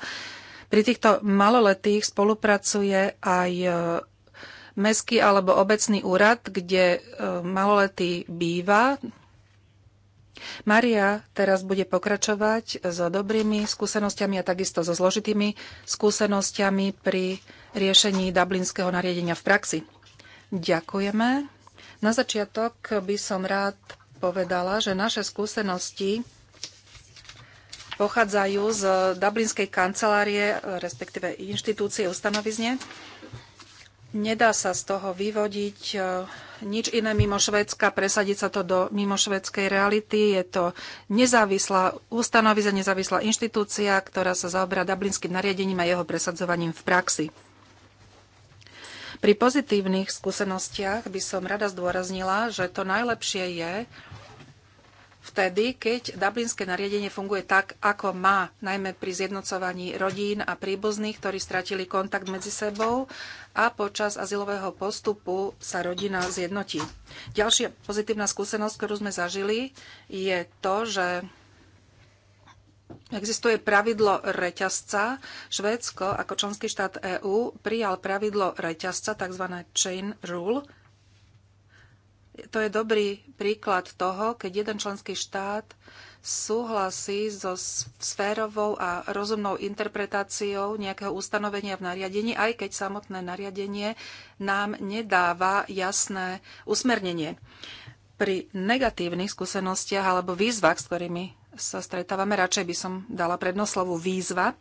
Pri týchto maloletých spolupracuje aj e, mestský alebo obecný úrad, kde e, maloletý býva. Maria teraz bude pokračovať so dobrými skúsenostiami a takisto so zložitými skúsenostiami pri riešení dublinského nariadenia v praxi. Ďakujeme. Na začiatok by som rád povedala, že naše skúsenosti pochádzajú z Dublinskej kancelárie, respektíve inštitúcie ustanovizne. Nedá sa z toho vyvodiť e, nič iné mimo Švedska. presadiť sa to do mimo švedskej reality. Je to nezávislá ustanovizne, nezávislá inštitúcia, ktorá sa zaoberá Dublinským nariadením a jeho presadzovaním v praxi. Pri pozitívnych skúsenostiach by som rada zdôraznila, že to najlepšie je, vtedy, keď Dublinské nariadenie funguje tak, ako má, najmä pri zjednocovaní rodín a príbuzných, ktorí stratili kontakt medzi sebou a počas azylového postupu sa rodina zjednotí. Ďalšia pozitívna skúsenosť, ktorú sme zažili, je to, že Existuje pravidlo reťazca. Švédsko ako členský štát EÚ prijal pravidlo reťazca, tzv. chain rule, to je dobrý príklad toho, keď jeden členský štát súhlasí so sférovou a rozumnou interpretáciou nejakého ustanovenia v nariadení, aj keď samotné nariadenie nám nedáva jasné usmernenie. Pri negatívnych skúsenostiach alebo výzvach, s ktorými sa stretávame, radšej by som dala prednoslovu výzva.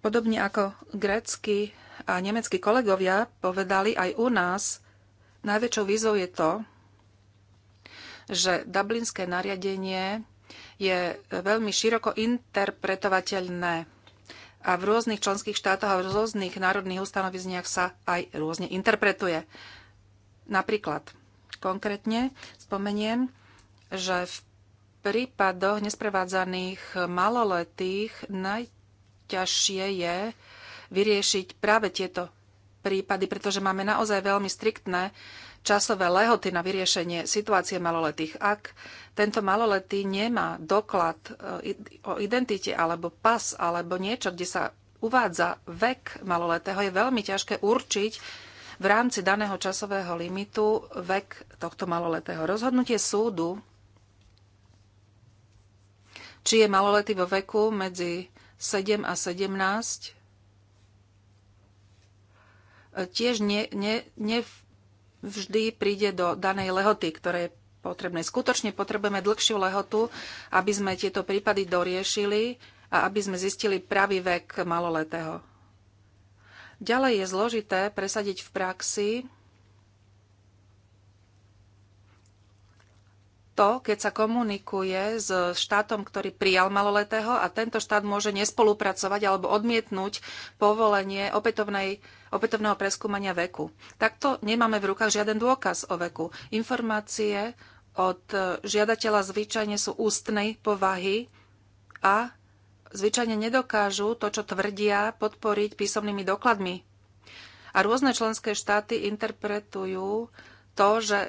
Podobne ako grécky a nemeckí kolegovia povedali, aj u nás Najväčšou výzvou je to, že dublinské nariadenie je veľmi široko interpretovateľné a v rôznych členských štátoch a v rôznych národných ustanovizniach sa aj rôzne interpretuje. Napríklad, konkrétne spomeniem, že v prípadoch nesprevádzaných maloletých najťažšie je vyriešiť práve tieto prípady, pretože máme naozaj veľmi striktné časové lehoty na vyriešenie situácie maloletých. Ak tento maloletý nemá doklad e, o identite alebo pas alebo niečo, kde sa uvádza vek maloletého, je veľmi ťažké určiť v rámci daného časového limitu vek tohto maloletého. Rozhodnutie súdu, či je maloletý vo veku medzi 7 a 17 tiež ne, ne, ne príde do danej lehoty, ktoré je potrebné. Skutočne potrebujeme dlhšiu lehotu, aby sme tieto prípady doriešili a aby sme zistili pravý vek maloletého. Ďalej je zložité presadiť v praxi to, keď sa komunikuje s štátom, ktorý prijal maloletého a tento štát môže nespolupracovať alebo odmietnúť povolenie opätovnej opätovného preskúmania veku. Takto nemáme v rukách žiaden dôkaz o veku. Informácie od e, žiadateľa zvyčajne sú ústnej povahy a zvyčajne nedokážu to, čo tvrdia, podporiť písomnými dokladmi. A rôzne členské štáty interpretujú to, že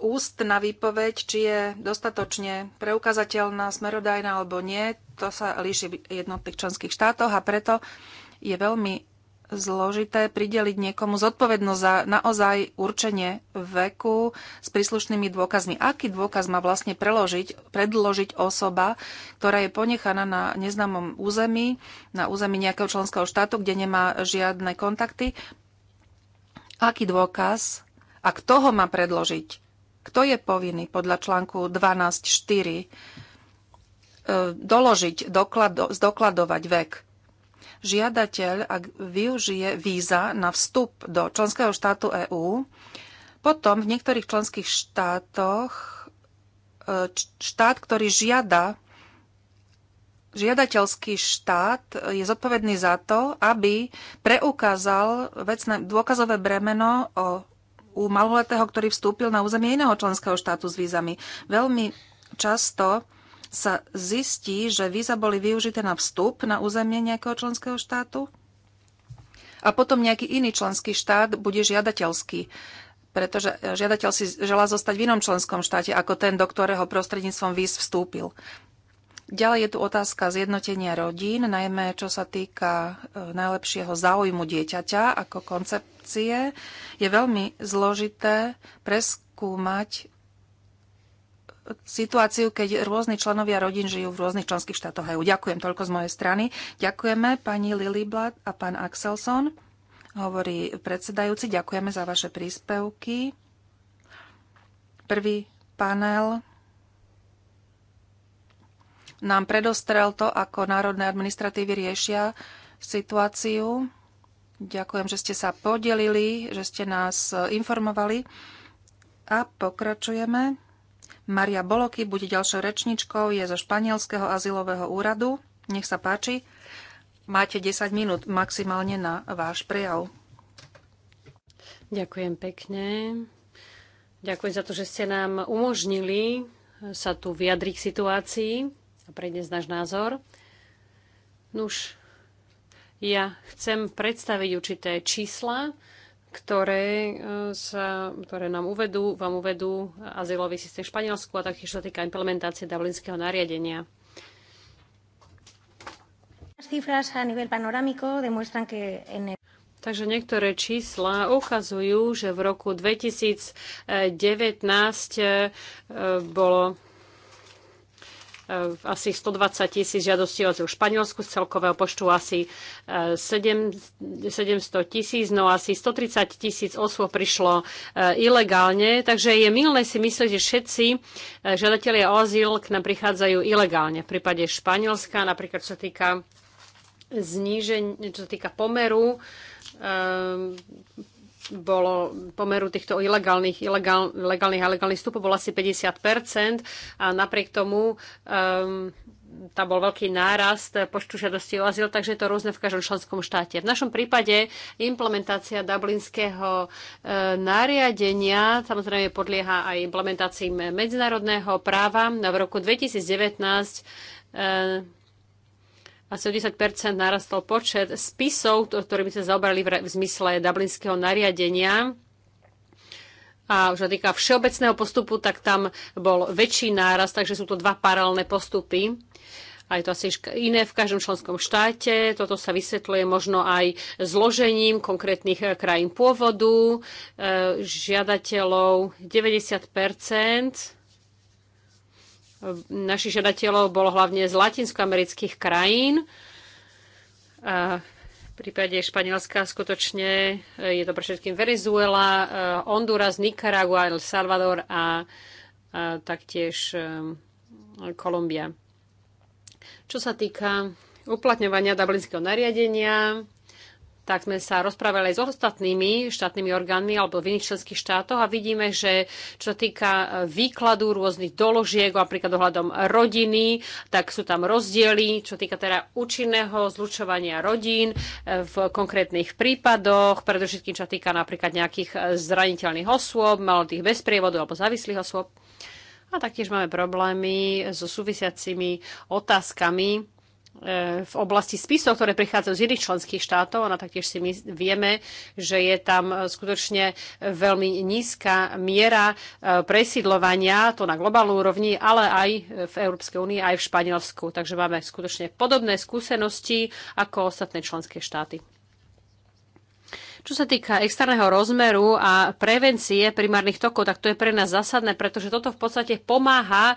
ústna výpoveď, či je dostatočne preukazateľná, smerodajná alebo nie, to sa líši v jednotných členských štátoch a preto je veľmi zložité prideliť niekomu zodpovednosť za naozaj určenie veku s príslušnými dôkazmi. Aký dôkaz má vlastne preložiť, predložiť osoba, ktorá je ponechaná na neznámom území, na území nejakého členského štátu, kde nemá žiadne kontakty? Aký dôkaz a kto ho má predložiť? Kto je povinný podľa článku 12.4 e, doložiť, doklado, zdokladovať vek? žiadateľ, ak využije víza na vstup do členského štátu EÚ, potom v niektorých členských štátoch e, štát, ktorý žiada žiadateľský štát je zodpovedný za to, aby preukázal vecné dôkazové bremeno o, u maloletého, ktorý vstúpil na územie iného členského štátu s vízami. Veľmi často sa zistí, že víza boli využité na vstup na územie nejakého členského štátu a potom nejaký iný členský štát bude žiadateľský pretože žiadateľ si želá zostať v inom členskom štáte ako ten, do ktorého prostredníctvom víz vstúpil. Ďalej je tu otázka zjednotenia rodín, najmä čo sa týka e, najlepšieho záujmu dieťaťa ako koncepcie. Je veľmi zložité preskúmať situáciu, keď rôzni členovia rodín žijú v rôznych členských štátoch EU. Ďakujem toľko z mojej strany. Ďakujeme pani Lily Blatt a pán Axelson, hovorí predsedajúci. Ďakujeme za vaše príspevky. Prvý panel nám predostrel to, ako národné administratívy riešia situáciu. Ďakujem, že ste sa podelili, že ste nás informovali. A pokračujeme. Maria Boloky bude ďalšou rečničkou, je zo Španielského azylového úradu. Nech sa páči. Máte 10 minút maximálne na váš prejav. Ďakujem pekne. Ďakujem za to, že ste nám umožnili sa tu vyjadriť k situácii a predniesť náš názor. Nuž, ja chcem predstaviť určité čísla, ktoré, e, sa, ktoré nám uvedú, vám uvedú azylový systém v Španielsku a taktiež sa týka implementácie Dublinského nariadenia. Takže niektoré čísla ukazujú, že v roku 2019 e, bolo asi 120 tisíc žiadostí o v Španielsku, z celkového počtu asi 700 eh, tisíc, no asi 130 tisíc osôb prišlo eh, ilegálne, takže je milné si myslieť, že všetci eh, žiadatelia o azyl k nám prichádzajú ilegálne. V prípade Španielska, napríklad čo sa týka zníženie, čo sa týka pomeru, bolo pomeru týchto ilegálnych, ilegál, legálnych a legálnych vstupov bolo asi 50 a napriek tomu um, tam bol veľký nárast počtu žiadostí o azyl, takže je to rôzne v každom členskom štáte. V našom prípade implementácia dublinského e, nariadenia samozrejme podlieha aj implementácii medzinárodného práva. V roku 2019 e, asi o 10 narastol počet spisov, ktorými sa zaobrali v, zmysle dublinského nariadenia. A už sa týka všeobecného postupu, tak tam bol väčší náraz, takže sú to dva paralelné postupy. A je to asi iné v každom členskom štáte. Toto sa vysvetľuje možno aj zložením konkrétnych eh, krajín pôvodu, eh, žiadateľov 90 našich žiadateľov bolo hlavne z latinskoamerických krajín. A v prípade Španielska skutočne eh, je to pre všetkým Venezuela, eh, Honduras, Nicaragua, El Salvador a, a taktiež eh, Kolumbia. Čo sa týka uplatňovania dublinského nariadenia, tak sme sa rozprávali aj s ostatnými štátnymi orgánmi alebo v iných členských štátoch a vidíme, že čo týka e, výkladu rôznych doložiek, napríklad ohľadom rodiny, tak sú tam rozdiely, čo týka teda účinného zlučovania rodín e, v konkrétnych prípadoch, predovšetkým čo týka napríklad nejakých e, zraniteľných osôb, malých bez prievodu alebo závislých osôb. A taktiež máme problémy so súvisiacimi otázkami E, v oblasti spisov, ktoré prichádzajú z iných členských štátov, ona taktiež si my vieme, že je tam e, skutočne veľmi nízka miera e, presídlovania, to na globálnej úrovni, ale aj v Európskej únii, aj v Španielsku. Takže máme skutočne podobné skúsenosti ako ostatné členské štáty. Čo sa týka externého rozmeru a prevencie primárnych tokov, tak to je pre nás zásadné, pretože toto v podstate pomáha e,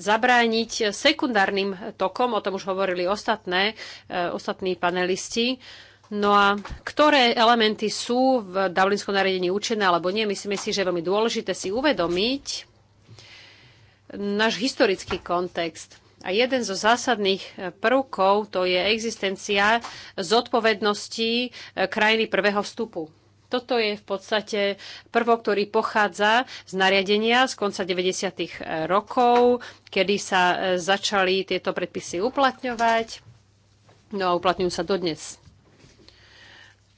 zabrániť sekundárnym tokom, o tom už hovorili ostatné, e, ostatní panelisti. No a ktoré elementy sú v Dublinskom nariadení učené alebo nie, myslíme si, že je veľmi dôležité si uvedomiť náš historický kontext. A jeden zo zásadných e, prvkov to je existencia zodpovednosti e, krajiny prvého vstupu. Toto je v podstate prvok, ktorý pochádza z nariadenia z konca 90. E, rokov, kedy sa začali tieto predpisy uplatňovať. No a uplatňujú sa dodnes.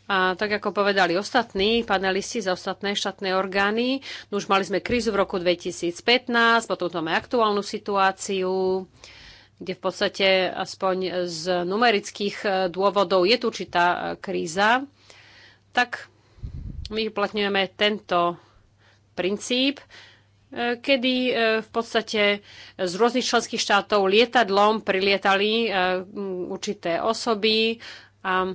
A tak ako povedali ostatní panelisti za ostatné štátne orgány, no už mali sme krízu v roku 2015, potom máme aktuálnu situáciu, kde v podstate aspoň z numerických e, dôvodov je tu určitá e, kríza, tak my uplatňujeme tento princíp, e, kedy v podstate z rôznych členských štátov lietadlom prilietali určité osoby a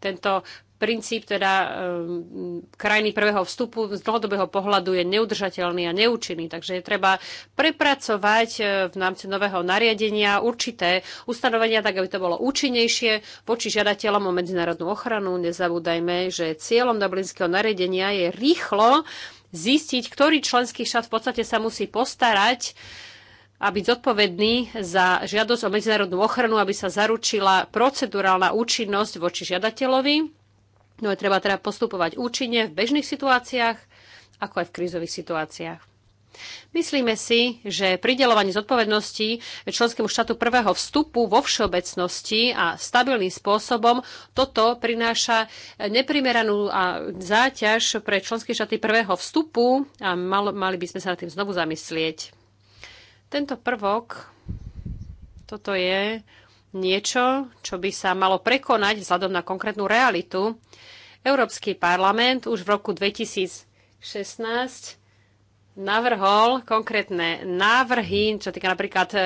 tento princíp teda ehm, krajiny prvého vstupu z dlhodobého pohľadu je neudržateľný a neúčinný. Takže je treba prepracovať e, v námci nového nariadenia určité ustanovenia, tak aby to bolo účinnejšie voči žiadateľom o medzinárodnú ochranu. Nezabúdajme, že cieľom dublinského nariadenia je rýchlo zistiť, ktorý členský štát v podstate sa musí postarať a byť zodpovedný za žiadosť o medzinárodnú ochranu, aby sa zaručila procedurálna účinnosť voči žiadateľovi. No je treba teda postupovať účinne v bežných situáciách, ako aj v krízových situáciách. Myslíme si, že pridelovanie zodpovednosti členskému štátu prvého vstupu vo všeobecnosti a stabilným spôsobom toto prináša neprimeranú záťaž pre členské štáty prvého vstupu a mali by sme sa nad tým znovu zamyslieť. Tento prvok, toto je niečo, čo by sa malo prekonať vzhľadom na konkrétnu realitu. Európsky parlament už v roku 2016 navrhol konkrétne návrhy, čo týka napríklad eh,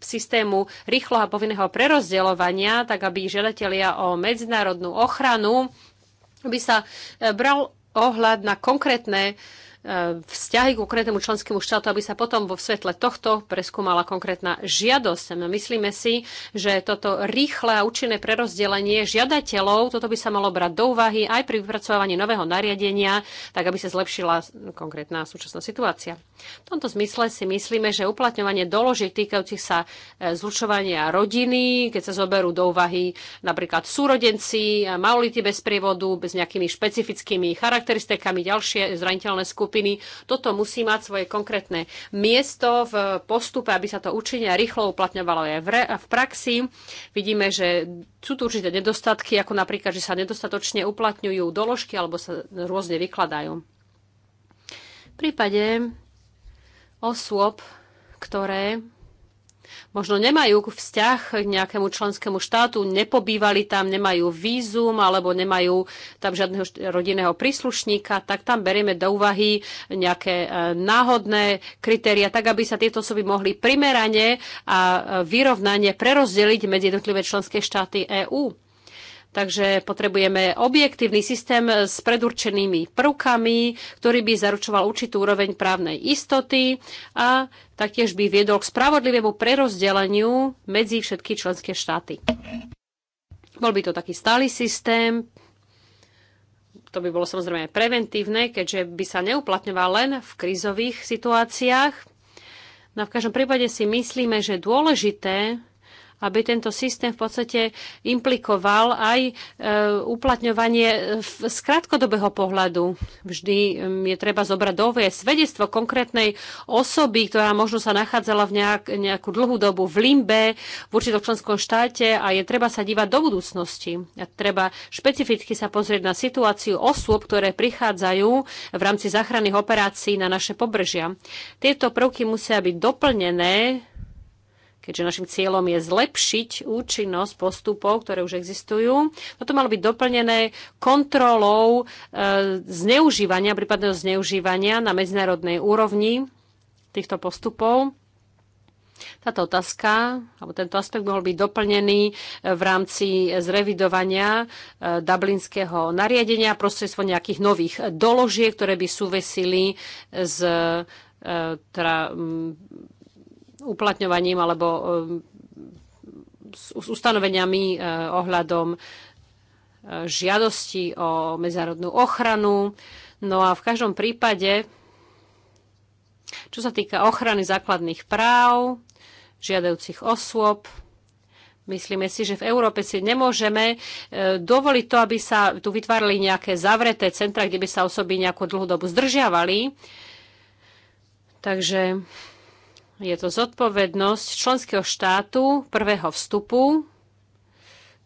systému rýchlo a povinného prerozdeľovania, tak aby želetelia o medzinárodnú ochranu by sa eh, bral ohľad na konkrétne vzťahy k konkrétnemu členskému štátu, aby sa potom vo svetle tohto preskúmala konkrétna žiadosť. No, myslíme si, že toto rýchle a účinné prerozdelenie žiadateľov, toto by sa malo brať do úvahy aj pri vypracovaní nového nariadenia, tak aby sa zlepšila konkrétna súčasná situácia. V tomto zmysle si myslíme, že uplatňovanie doložiek týkajúcich sa e, zlučovania rodiny, keď sa zoberú do úvahy napríklad súrodenci, e, maulity bez prievodu, bez nejakými špecifickými charakteristikami, ďalšie zraniteľné skupiny, toto musí mať svoje konkrétne miesto v postupe, aby sa to účinne rýchlo uplatňovalo aj v, v praxi. Vidíme, že sú tu určité nedostatky, ako napríklad, že sa nedostatočne uplatňujú doložky alebo sa rôzne vykladajú. V prípade osôb, ktoré možno nemajú vzťah k nejakému členskému štátu, nepobývali tam, nemajú vízum alebo nemajú tam žiadneho rodinného príslušníka, tak tam berieme do úvahy nejaké e, náhodné kritéria, tak aby sa tieto osoby mohli primerane a e, vyrovnanie prerozdeliť medzi jednotlivé členské štáty EÚ. Takže potrebujeme objektívny systém s predurčenými prvkami, ktorý by zaručoval určitú úroveň právnej istoty a taktiež by viedol k spravodlivému prerozdeleniu medzi všetky členské štáty. Bol by to taký stály systém, to by bolo samozrejme preventívne, keďže by sa neuplatňoval len v krízových situáciách. No v každom prípade si myslíme, že dôležité aby tento systém v podstate implikoval aj e, uplatňovanie z krátkodobého pohľadu. Vždy mm, je treba zobrať do svedectvo konkrétnej osoby, ktorá možno sa nachádzala v nejak, nejakú dlhú dobu v limbe, v určitom členskom štáte a je treba sa dívať do budúcnosti. A treba špecificky sa pozrieť na situáciu osôb, ktoré prichádzajú v rámci záchranných operácií na naše pobrežia. Tieto prvky musia byť doplnené keďže našim cieľom je zlepšiť účinnosť postupov, ktoré už existujú. Toto malo byť doplnené kontrolou e, zneužívania, prípadného zneužívania na medzinárodnej úrovni týchto postupov. Táto otázka, alebo tento aspekt mohol byť doplnený e, v rámci zrevidovania e, dublinského nariadenia prostredstvom nejakých nových doložiek, ktoré by súvisili s e, teda, uplatňovaním alebo um, s ustanoveniami uh, ohľadom uh, žiadosti o medzinárodnú ochranu. No a v každom prípade, čo sa týka ochrany základných práv, žiadajúcich osôb, Myslíme si, že v Európe si nemôžeme uh, dovoliť to, aby sa tu vytvárali nejaké zavreté centra, kde by sa osoby nejakú dlhú dobu zdržiavali. Takže je to zodpovednosť členského štátu prvého vstupu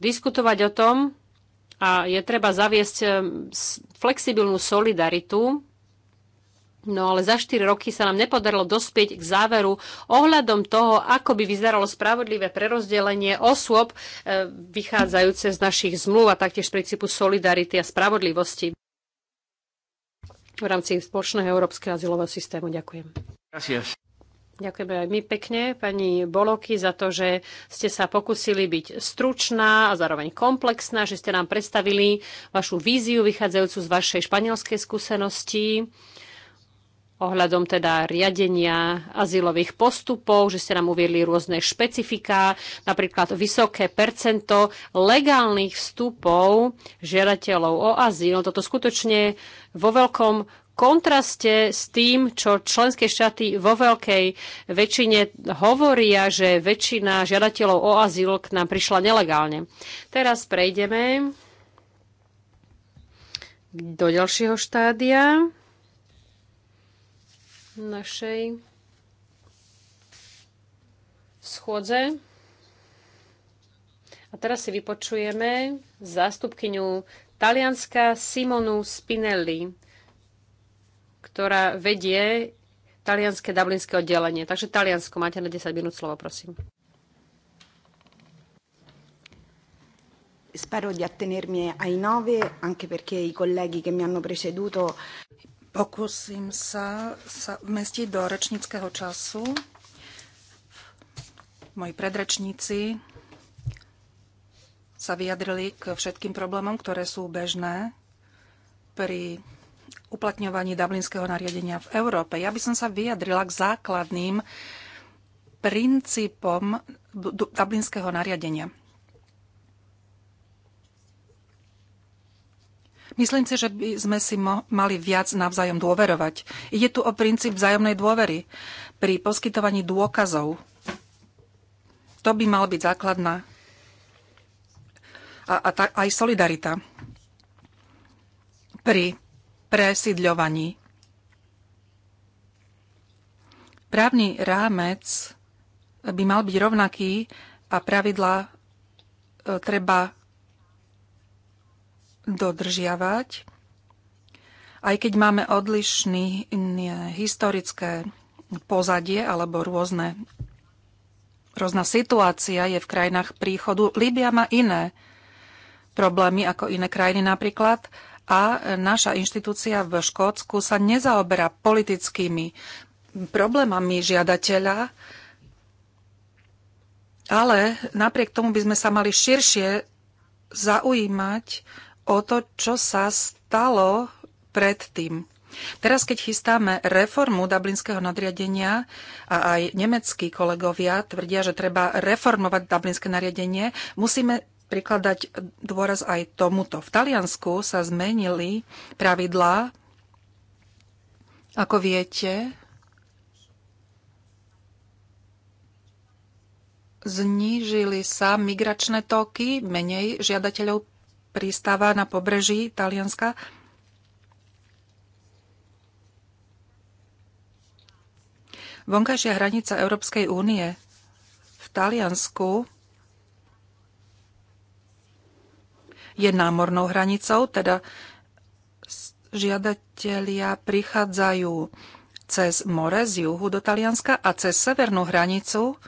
diskutovať o tom a je treba zaviesť eh, flexibilnú solidaritu. No ale za 4 roky sa nám nepodarilo dospieť k záveru ohľadom toho, ako by vyzeralo spravodlivé prerozdelenie osôb eh, vychádzajúce z našich zmluv a taktiež z princípu solidarity a spravodlivosti v rámci spoločného európskeho azylového systému. Ďakujem. Gracias. Ďakujeme aj my pekne, pani Boloky, za to, že ste sa pokusili byť stručná a zároveň komplexná, že ste nám predstavili vašu víziu vychádzajúcu z vašej španielskej skúsenosti ohľadom teda riadenia azylových postupov, že ste nám uviedli rôzne špecifiká, napríklad vysoké percento legálnych vstupov žiadateľov o azyl. No toto skutočne vo veľkom kontraste s tým, čo členské štáty vo veľkej väčšine hovoria, že väčšina žiadateľov o azyl k nám prišla nelegálne. Teraz prejdeme do ďalšieho štádia našej schôdze. A teraz si vypočujeme zástupkyňu Talianska Simonu Spinelli ktorá vedie talianské dublinské oddelenie. Takže Taliansko, máte na 10 minút slovo, prosím. Spero di attenermi ai nove, anche perché i colleghi che mi hanno preceduto... Pokusím sa, sa vmestiť do rečníckého času. Moji predrečníci sa vyjadrili k všetkým problémom, ktoré sú bežné pri uplatňovaní Dublinského nariadenia v Európe. Ja by som sa vyjadrila k základným princípom Dublinského nariadenia. Myslím si, že by sme si mali viac navzájom dôverovať. Ide tu o princíp vzájomnej dôvery pri poskytovaní dôkazov. To by mal byť základná a, a ta, aj solidarita pri presídľovaní. Právny rámec by mal byť rovnaký a pravidla e, treba dodržiavať, aj keď máme odlišné historické pozadie alebo rôzne, rôzna situácia je v krajinách príchodu. Líbia má iné problémy ako iné krajiny napríklad a naša inštitúcia v Škótsku sa nezaoberá politickými problémami žiadateľa, ale napriek tomu by sme sa mali širšie zaujímať o to, čo sa stalo predtým. Teraz, keď chystáme reformu dublinského nadriadenia a aj nemeckí kolegovia tvrdia, že treba reformovať dublinské nariadenie, musíme prikladať dôraz aj tomuto. V Taliansku sa zmenili pravidlá, ako viete, znížili sa migračné toky, menej žiadateľov pristáva na pobreží Talianska. Vonkajšia hranica Európskej únie v Taliansku je námornou hranicou, teda žiadatelia prichádzajú cez more z juhu do Talianska a cez severnú hranicu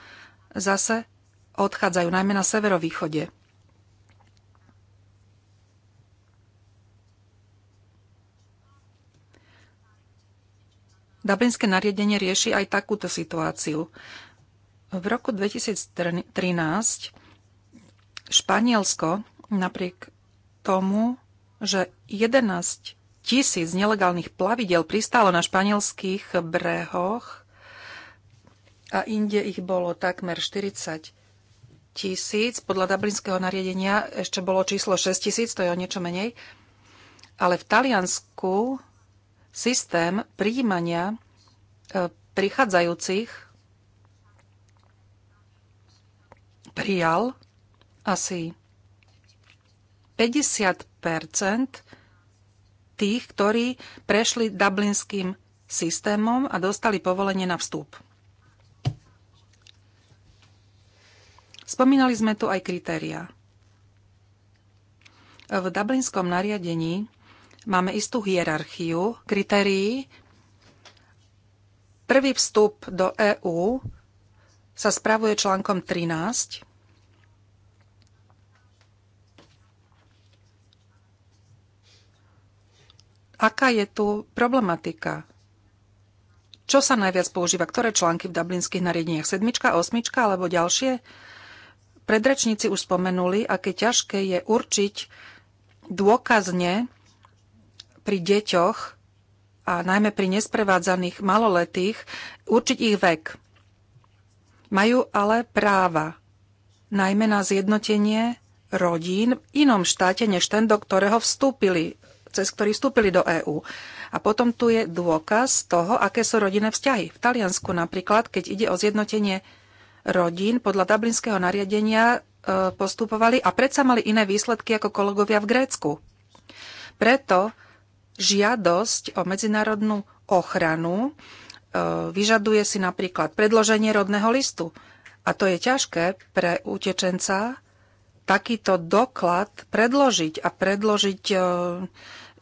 zase odchádzajú najmä na severovýchode. Dublinské nariadenie rieši aj takúto situáciu. V roku 2013 Španielsko napriek tomu, že 11 tisíc nelegálnych plavidel pristálo na španielských brehoch a inde ich bolo takmer 40 tisíc. Podľa dublinského nariadenia ešte bolo číslo 6 tisíc, to je o niečo menej. Ale v Taliansku systém príjmania e, prichádzajúcich prijal asi 50 tých, ktorí prešli dublinským systémom a dostali povolenie na vstup. Spomínali sme tu aj kritéria. V dublinskom nariadení máme istú hierarchiu kritérií. Prvý vstup do EÚ sa spravuje článkom 13 Aká je tu problematika? Čo sa najviac používa? Ktoré články v dublinských nariadeniach? Sedmička, osmička alebo ďalšie? Predrečníci už spomenuli, aké ťažké je určiť dôkazne pri deťoch a najmä pri nesprevádzaných maloletých určiť ich vek. Majú ale práva, najmä na zjednotenie rodín v inom štáte než ten, do ktorého vstúpili cez ktorý vstúpili do EÚ. A potom tu je dôkaz toho, aké sú rodinné vzťahy. V Taliansku napríklad, keď ide o zjednotenie rodín, podľa dublinského nariadenia e, postupovali a predsa mali iné výsledky ako kolegovia v Grécku. Preto žiadosť o medzinárodnú ochranu e, vyžaduje si napríklad predloženie rodného listu. A to je ťažké pre utečenca takýto doklad predložiť a predložiť e,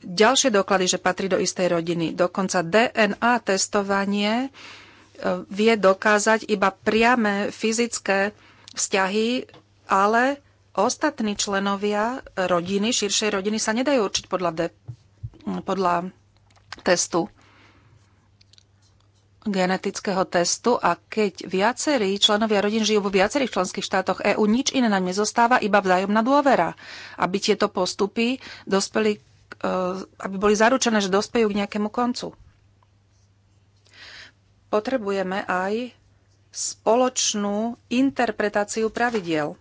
ďalšie doklady, že patrí do istej rodiny. Dokonca DNA testovanie e, vie dokázať iba priame fyzické vzťahy, ale ostatní členovia rodiny, širšej rodiny sa nedajú určiť podľa, de, podľa testu genetického testu a keď viacerí členovia rodín žijú vo viacerých členských štátoch EÚ, nič iné nám nezostáva, iba vzájomná dôvera, aby tieto postupy dospeli Eh, aby boli zaručené, že dospejú k nejakému koncu. Potrebujeme aj spoločnú interpretáciu pravidiel.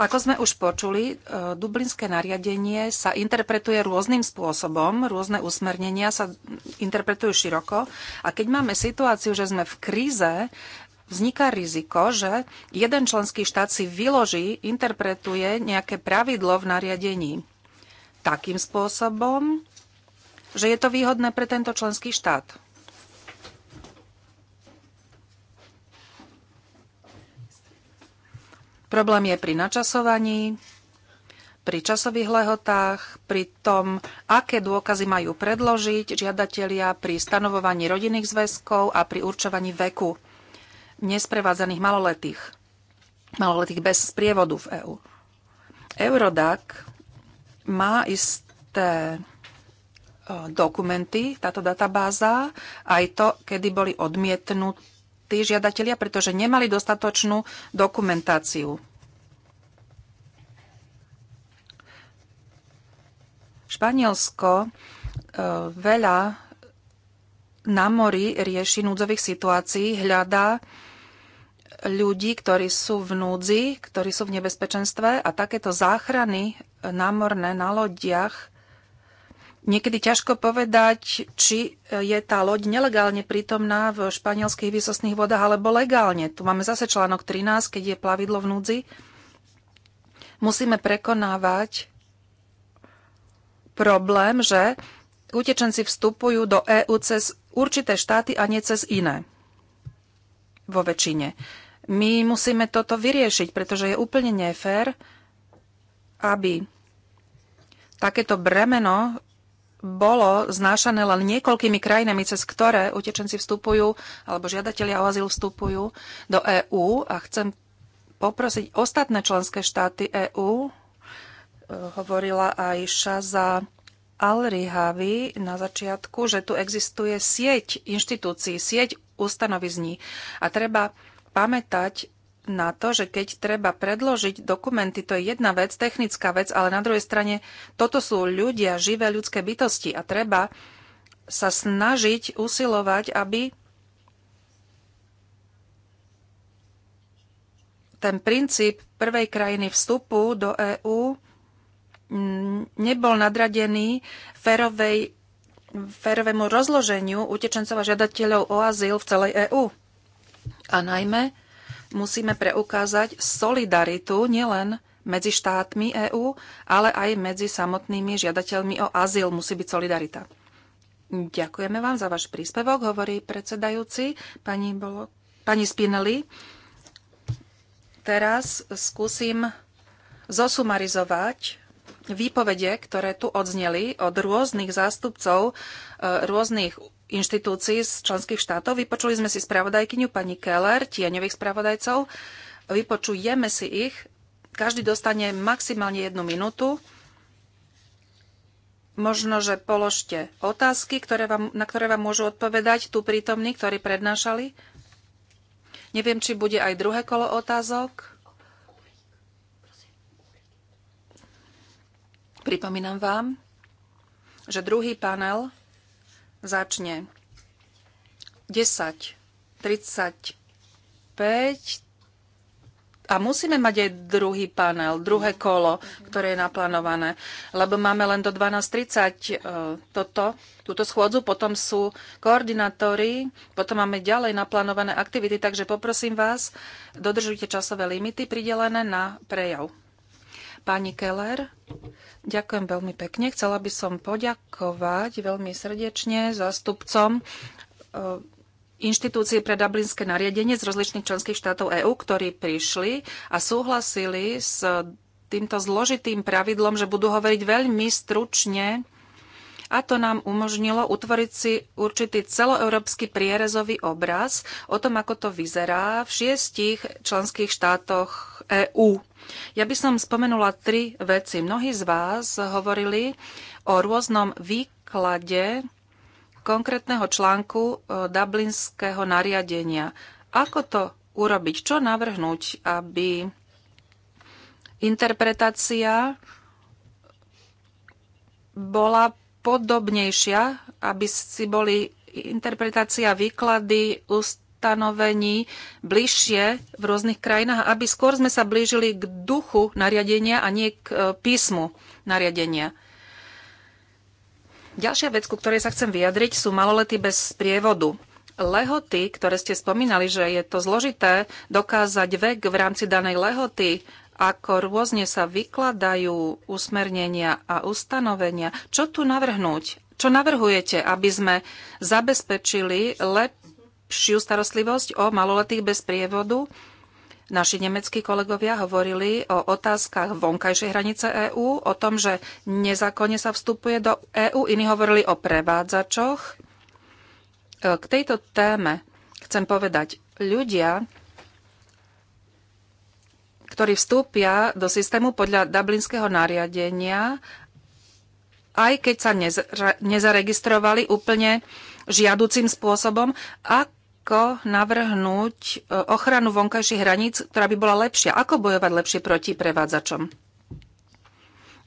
Ako sme už počuli, eh, dublinské nariadenie sa interpretuje rôznym spôsobom, rôzne usmernenia sa interpretujú široko a keď máme situáciu, že sme v kríze, vzniká riziko, že jeden členský štát si vyloží, interpretuje nejaké pravidlo v nariadení takým spôsobom, že je to výhodné pre tento členský štát. Problém je pri načasovaní, pri časových lehotách, pri tom, aké dôkazy majú predložiť žiadatelia pri stanovovaní rodinných zväzkov a pri určovaní veku nesprevádzaných maloletých, maloletých bez sprievodu v EÚ. Eurodac má isté e, dokumenty, táto databáza, aj to, kedy boli odmietnutí žiadatelia, pretože nemali dostatočnú dokumentáciu. Španielsko e, veľa na mori rieši núdzových situácií, hľadá ľudí, ktorí sú v núdzi, ktorí sú v nebezpečenstve a takéto záchrany námorné na lodiach Niekedy ťažko povedať, či je tá loď nelegálne prítomná v španielských výsostných vodách alebo legálne. Tu máme zase článok 13, keď je plavidlo v núdzi. Musíme prekonávať problém, že utečenci vstupujú do EÚ cez určité štáty a nie cez iné. Vo väčšine. My musíme toto vyriešiť, pretože je úplne nefér, aby takéto bremeno bolo znášané len niekoľkými krajinami, cez ktoré utečenci vstupujú alebo žiadatelia o azyl vstupujú do EÚ a chcem poprosiť ostatné členské štáty EÚ, eh, hovorila aj Šaza Alrihavi na začiatku, že tu existuje sieť inštitúcií, sieť ustanovizní a treba pamätať na to, že keď treba predložiť dokumenty, to je jedna vec, technická vec, ale na druhej strane toto sú ľudia, živé ľudské bytosti a treba sa snažiť usilovať, aby ten princíp prvej krajiny vstupu do EÚ nebol nadradený férovej, férovému rozloženiu utečencov a žiadateľov o azyl v celej EÚ a najmä musíme preukázať solidaritu nielen medzi štátmi EÚ, ale aj medzi samotnými žiadateľmi o azyl musí byť solidarita. Ďakujeme vám za váš príspevok, hovorí predsedajúci pani, bolo, pani Spinelli. Teraz skúsim zosumarizovať výpovede, ktoré tu odzneli od rôznych zástupcov e, rôznych inštitúcií z členských štátov. Vypočuli sme si spravodajkyňu pani Keller, tieňových spravodajcov. Vypočujeme si ich. Každý dostane maximálne jednu minútu. Možno, že položte otázky, ktoré vám, na ktoré vám môžu odpovedať tu prítomní, ktorí prednášali. Neviem, či bude aj druhé kolo otázok. Pripomínam vám, že druhý panel začne 10, 35 a musíme mať aj druhý panel, druhé kolo, ktoré je naplánované, lebo máme len do 12.30 e, toto, túto schôdzu, potom sú koordinátory, potom máme ďalej naplánované aktivity, takže poprosím vás, dodržujte časové limity pridelené na prejav. Pani Keller, ďakujem veľmi pekne. Chcela by som poďakovať veľmi srdečne zástupcom eh, inštitúcie pre dublinské nariadenie z rozličných členských štátov EÚ, ktorí prišli a súhlasili s týmto zložitým pravidlom, že budú hovoriť veľmi stručne a to nám umožnilo utvoriť si určitý celoeurópsky prierezový obraz o tom, ako to vyzerá v šiestich členských štátoch EÚ. Ja by som spomenula tri veci. Mnohí z vás hovorili o rôznom výklade konkrétneho článku e, dublinského nariadenia. Ako to urobiť? Čo navrhnúť, aby interpretácia bola podobnejšia, aby si boli interpretácia, výklady, ust, ustanovení bližšie v rôznych krajinách, aby skôr sme sa blížili k duchu nariadenia a nie k e, písmu nariadenia. Ďalšia vec, ku ktorej sa chcem vyjadriť, sú malolety bez sprievodu. Lehoty, ktoré ste spomínali, že je to zložité dokázať vek v rámci danej lehoty, ako rôzne sa vykladajú usmernenia a ustanovenia. Čo tu navrhnúť? Čo navrhujete, aby sme zabezpečili lep, lepšiu starostlivosť o maloletých bez prievodu. Naši nemeckí kolegovia hovorili o otázkach vonkajšej hranice EÚ, o tom, že nezákonne sa vstupuje do EÚ, iní hovorili o prevádzačoch. K tejto téme chcem povedať, ľudia, ktorí vstúpia do systému podľa dublinského nariadenia, aj keď sa nezaregistrovali úplne žiaducím spôsobom, ak ako navrhnúť e, ochranu vonkajších hraníc, ktorá by bola lepšia? Ako bojovať lepšie proti prevádzačom?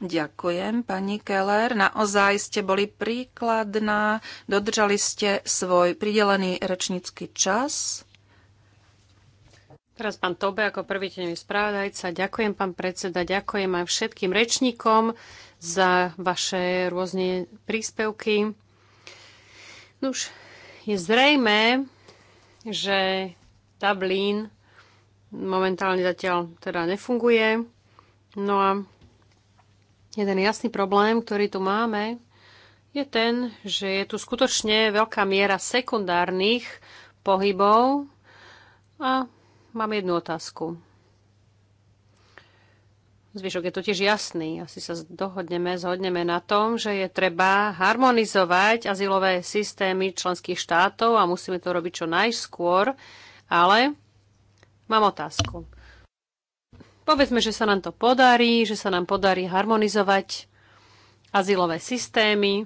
Ďakujem, pani Keller. Naozaj ste boli príkladná, dodržali ste svoj pridelený rečnícky čas. Teraz pán Tobe ako prvý tenový správodajca. Ďakujem, pán predseda, ďakujem aj všetkým rečníkom za vaše rôzne príspevky. Nuž, je zrejme, že Dublin momentálne zatiaľ teda nefunguje. No a jeden jasný problém, ktorý tu máme, je ten, že je tu skutočne veľká miera sekundárnych pohybov. A mám jednu otázku. Zvyšok je totiž jasný. Asi sa dohodneme, zhodneme na tom, že je treba harmonizovať azylové systémy členských štátov a musíme to robiť čo najskôr. Ale mám otázku. Povedzme, že sa nám to podarí, že sa nám podarí harmonizovať azylové systémy.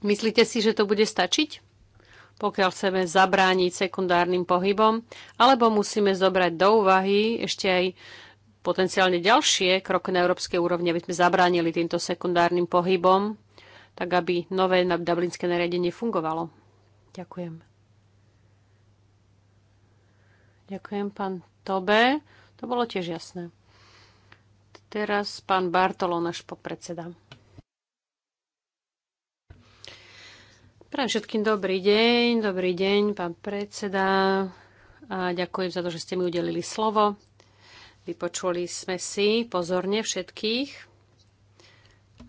Myslíte si, že to bude stačiť? pokiaľ chceme zabrániť sekundárnym pohybom, alebo musíme zobrať do úvahy ešte aj potenciálne ďalšie kroky na európskej úrovni, aby sme zabránili týmto sekundárnym pohybom, tak aby nové dublinské nariadenie fungovalo. Ďakujem. Ďakujem, pán Tobe. To bolo tiež jasné. Teraz pán Bartolo, náš podpredseda. Prajem všetkým dobrý deň, dobrý deň, pán predseda. A ďakujem za to, že ste mi udelili slovo. Vypočuli sme si pozorne všetkých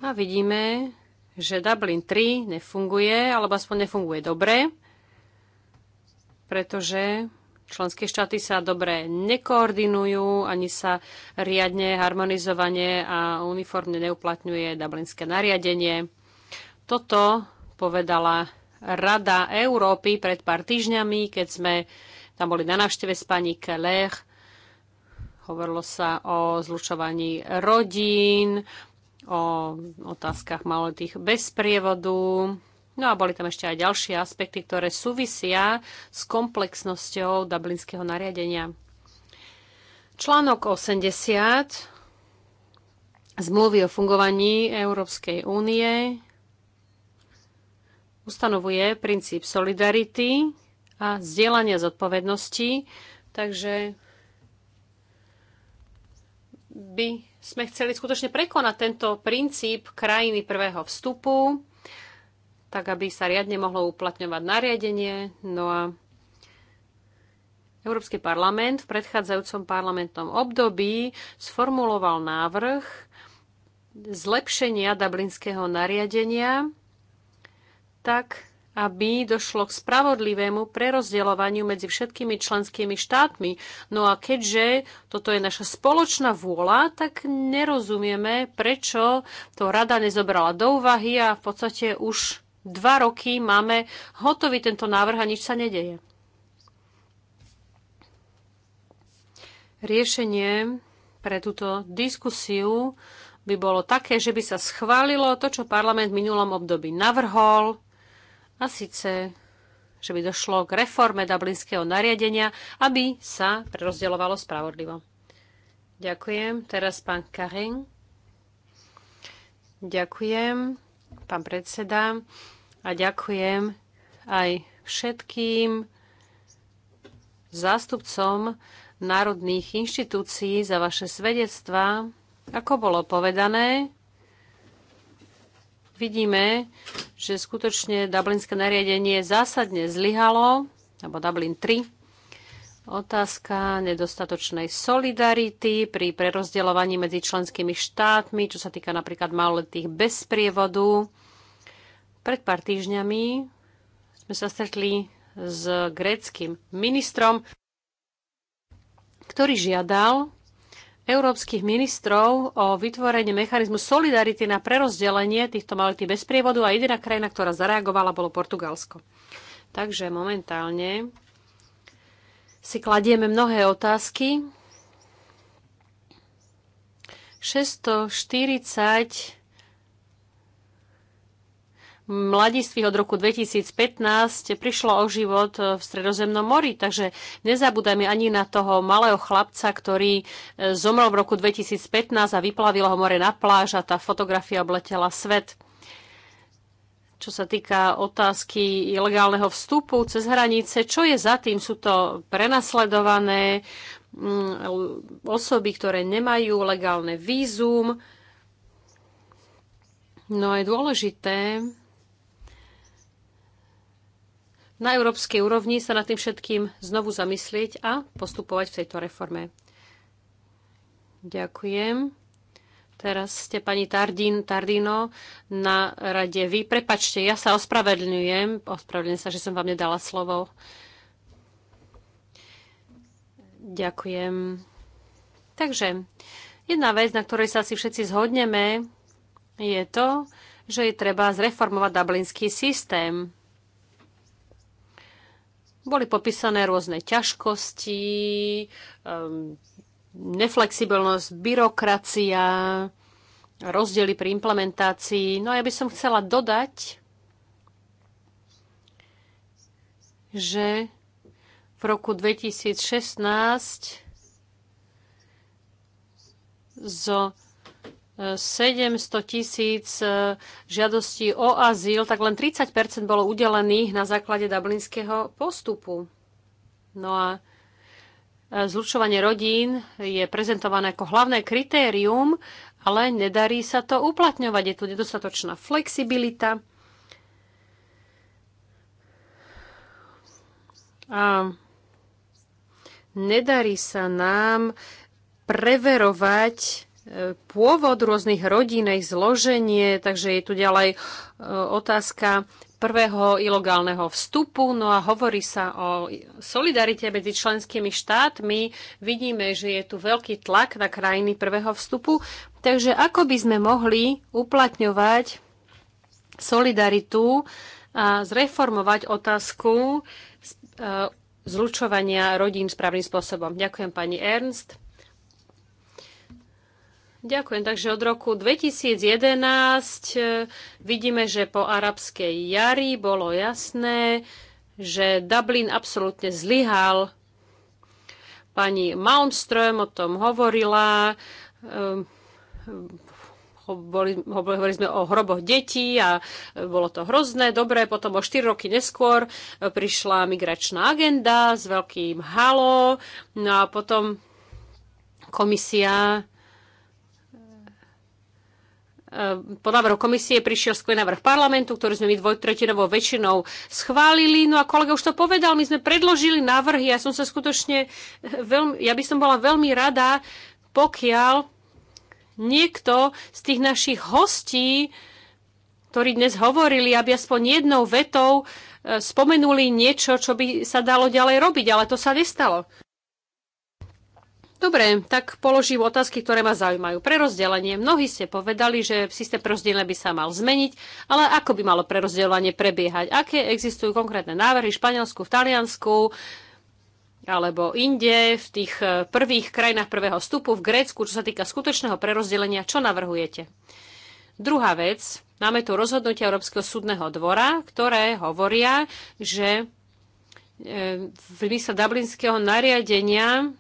a vidíme, že Dublin 3 nefunguje, alebo aspoň nefunguje dobre, pretože členské štáty sa dobre nekoordinujú, ani sa riadne, harmonizovanie a uniformne neuplatňuje dublinské nariadenie. Toto povedala Rada Európy pred pár týždňami, keď sme tam boli na návšteve s pani Keller Hovorilo sa o zlučovaní rodín, o otázkach malotých bez prievodu. No a boli tam ešte aj ďalšie aspekty, ktoré súvisia s komplexnosťou dublinského nariadenia. Článok 80 zmluvy o fungovaní Európskej únie ustanovuje princíp solidarity a zdieľania zodpovednosti, takže by sme chceli skutočne prekonať tento princíp krajiny prvého vstupu, tak aby sa riadne mohlo uplatňovať nariadenie. No a Európsky parlament v predchádzajúcom parlamentnom období sformuloval návrh zlepšenia dublinského nariadenia tak, aby došlo k spravodlivému prerozdeľovaniu medzi všetkými členskými štátmi. No a keďže toto je naša spoločná vôľa, tak nerozumieme, prečo to rada nezobrala do úvahy a v podstate už dva roky máme hotový tento návrh a nič sa nedeje. Riešenie pre túto diskusiu by bolo také, že by sa schválilo to, čo parlament v minulom období navrhol, a síce, že by došlo k reforme dublinského nariadenia, aby sa prerozdeľovalo spravodlivo. Ďakujem. Teraz pán Karin. Ďakujem, pán predseda. A ďakujem aj všetkým zástupcom národných inštitúcií za vaše svedectvá. Ako bolo povedané, vidíme, že skutočne Dublinské nariadenie zásadne zlyhalo, alebo Dublin 3. Otázka nedostatočnej solidarity pri prerozdeľovaní medzi členskými štátmi, čo sa týka napríklad maloletých bez prievodu. Pred pár týždňami sme sa stretli s gréckým ministrom, ktorý žiadal, európskych ministrov o vytvorení mechanizmu solidarity na prerozdelenie týchto malití bez prievodu a jediná krajina, ktorá zareagovala, bolo Portugalsko. Takže momentálne si kladieme mnohé otázky. 640 mladistvých od roku 2015 prišlo o život v Stredozemnom mori. Takže nezabúdajme ani na toho malého chlapca, ktorý e, zomrel v roku 2015 a vyplavil ho more na pláž a tá fotografia obletela svet. Čo sa týka otázky ilegálneho vstupu cez hranice, čo je za tým? Sú to prenasledované mm, osoby, ktoré nemajú legálne vízum. No je dôležité, na európskej úrovni sa nad tým všetkým znovu zamyslieť a postupovať v tejto reforme. Ďakujem. Teraz ste pani Tardín, Tardino na rade. Vy, prepačte, ja sa ospravedlňujem. Ospravedlňujem sa, že som vám nedala slovo. Ďakujem. Takže, jedna vec, na ktorej sa asi všetci zhodneme, je to, že je treba zreformovať dublinský systém boli popísané rôzne ťažkosti, ehm, neflexibilnosť, byrokracia, rozdiely pri implementácii. No a ja by som chcela dodať, že v roku 2016 zo 700 tisíc e, žiadostí o azyl, tak len 30 bolo udelených na základe dublinského postupu. No a e, zlučovanie rodín je prezentované ako hlavné kritérium, ale nedarí sa to uplatňovať. Je tu nedostatočná flexibilita. A nedarí sa nám preverovať pôvod rôznych rodín, ich zloženie, takže je tu ďalej e, otázka prvého ilegálneho vstupu. No a hovorí sa o solidarite medzi členskými štátmi. Vidíme, že je tu veľký tlak na krajiny prvého vstupu. Takže ako by sme mohli uplatňovať solidaritu a zreformovať otázku e, zlučovania rodín správnym spôsobom. Ďakujem pani Ernst. Ďakujem. Takže od roku 2011 e, vidíme, že po arabskej jari bolo jasné, že Dublin absolútne zlyhal. Pani Malmström o tom hovorila. Ehm, hovorili sme o hroboch detí a e, bolo to hrozné. dobré, potom o 4 roky neskôr e, prišla migračná agenda s veľkým halo. No a potom komisia Ehm, po návrhu komisie prišiel skvelý návrh parlamentu, ktorý sme my dvojtretinovou väčšinou schválili. No a kolega už to povedal, my sme predložili návrhy. Ja som sa skutočne veľmi, ja by som bola veľmi rada, pokiaľ niekto z tých našich hostí, ktorí dnes hovorili, aby aspoň jednou vetou e, spomenuli niečo, čo by sa dalo ďalej robiť, ale to sa nestalo. Dobre, tak položím otázky, ktoré ma zaujímajú. Prerozdelenie. Mnohí ste povedali, že systém prerozdelenia by sa mal zmeniť, ale ako by malo prerozdelenie prebiehať? Aké existujú konkrétne návrhy v Španielsku, v Taliansku, alebo inde, v tých prvých krajinách prvého stupu, v Grécku, čo sa týka skutočného prerozdelenia, čo navrhujete? Druhá vec, máme tu rozhodnutie Európskeho súdneho dvora, ktoré hovoria, že v mysle Dublinského nariadenia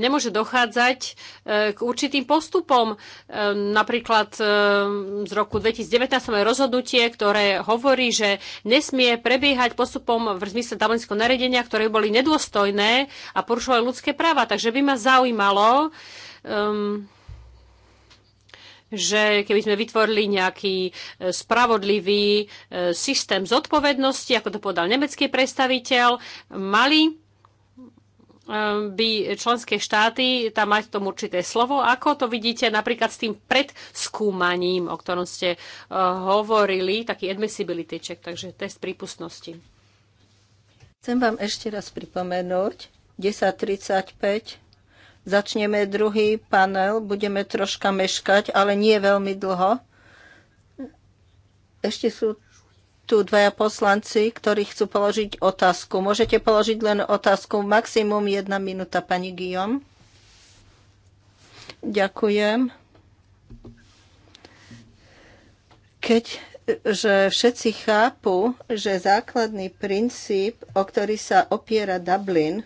nemôže dochádzať e, k určitým postupom. E, napríklad e, z roku 2019 máme rozhodnutie, ktoré hovorí, že nesmie prebiehať postupom v zmysle Dublinského naredenia, ktoré boli nedôstojné a porušovali ľudské práva. Takže by ma zaujímalo, ehm, že keby sme vytvorili nejaký spravodlivý systém zodpovednosti, ako to povedal nemecký predstaviteľ, mali Ehm, by členské štáty tam mať tom určité slovo. Ako to vidíte napríklad s tým predskúmaním, o ktorom ste eh, hovorili, taký admissibility check, takže test prípustnosti? Chcem vám ešte raz pripomenúť, 10.35 začneme druhý panel, budeme troška meškať, ale nie veľmi dlho. Ešte sú tu dvaja poslanci, ktorí chcú položiť otázku. Môžete položiť len otázku maximum jedna minúta, pani Guillaume. Ďakujem. Keď že všetci chápu, že základný princíp, o ktorý sa opiera Dublin,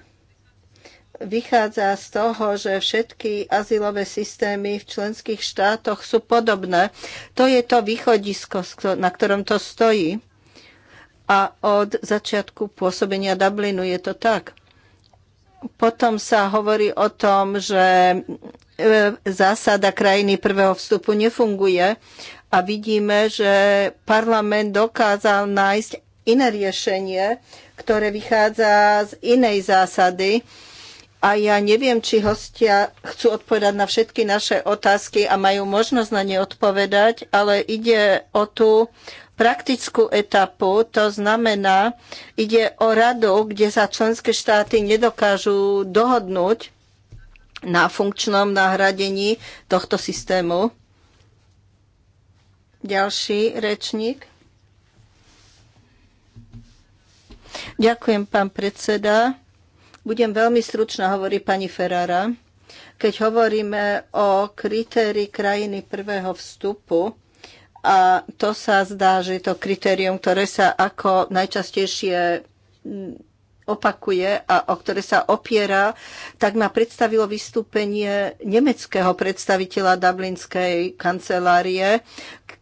vychádza z toho, že všetky azylové systémy v členských štátoch sú podobné. To je to východisko, na ktorom to stojí a od začiatku pôsobenia Dublinu je to tak. Potom sa hovorí o tom, že e, zásada krajiny prvého vstupu nefunguje a vidíme, že parlament dokázal nájsť iné riešenie, ktoré vychádza z inej zásady. A ja neviem, či hostia chcú odpovedať na všetky naše otázky a majú možnosť na ne odpovedať, ale ide o tú praktickú etapu, to znamená, ide o radu, kde sa členské štáty nedokážu dohodnúť na funkčnom nahradení tohto systému. Ďalší rečník. Ďakujem, pán predseda. Budem veľmi stručná, hovorí pani Ferrara. Keď hovoríme o kritérii krajiny prvého vstupu, a to sa zdá, že je to kritérium, ktoré sa ako najčastejšie mm, opakuje a o ktoré sa opiera, tak ma predstavilo vystúpenie nemeckého predstaviteľa Dublinskej kancelárie,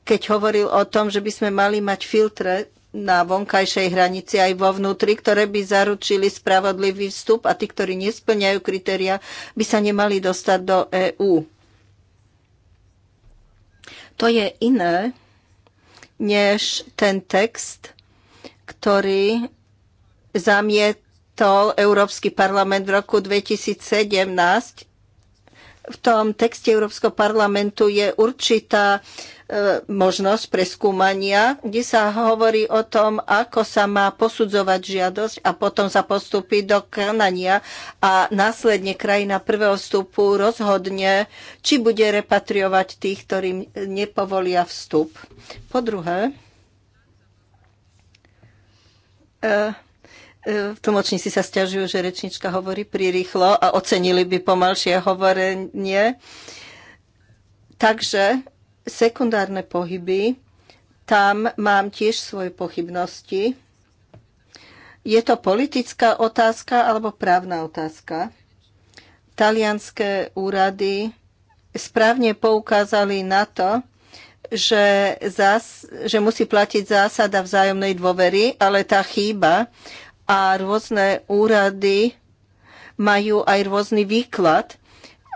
keď hovoril o tom, že by sme mali mať filtre na vonkajšej hranici aj vo vnútri, ktoré by zaručili spravodlivý vstup a tí, ktorí nesplňajú kritéria, by sa nemali dostať do EÚ. To je iné než ten text, ktorý zamietol Európsky parlament v roku 2017. V tom texte Európskeho parlamentu je určitá E, možnosť preskúmania, kde sa hovorí o tom, ako sa má posudzovať žiadosť a potom sa postupí do konania a následne krajina prvého vstupu rozhodne, či bude repatriovať tých, ktorým nepovolia vstup. Po druhé, e, e, tlmočníci sa stiažujú, že rečnička hovorí prirýchlo a ocenili by pomalšie hovorenie. Takže sekundárne pohyby, tam mám tiež svoje pochybnosti. Je to politická otázka alebo právna otázka? Talianské úrady správne poukázali na to, že, zás, že musí platiť zásada vzájomnej dôvery, ale tá chýba a rôzne úrady majú aj rôzny výklad.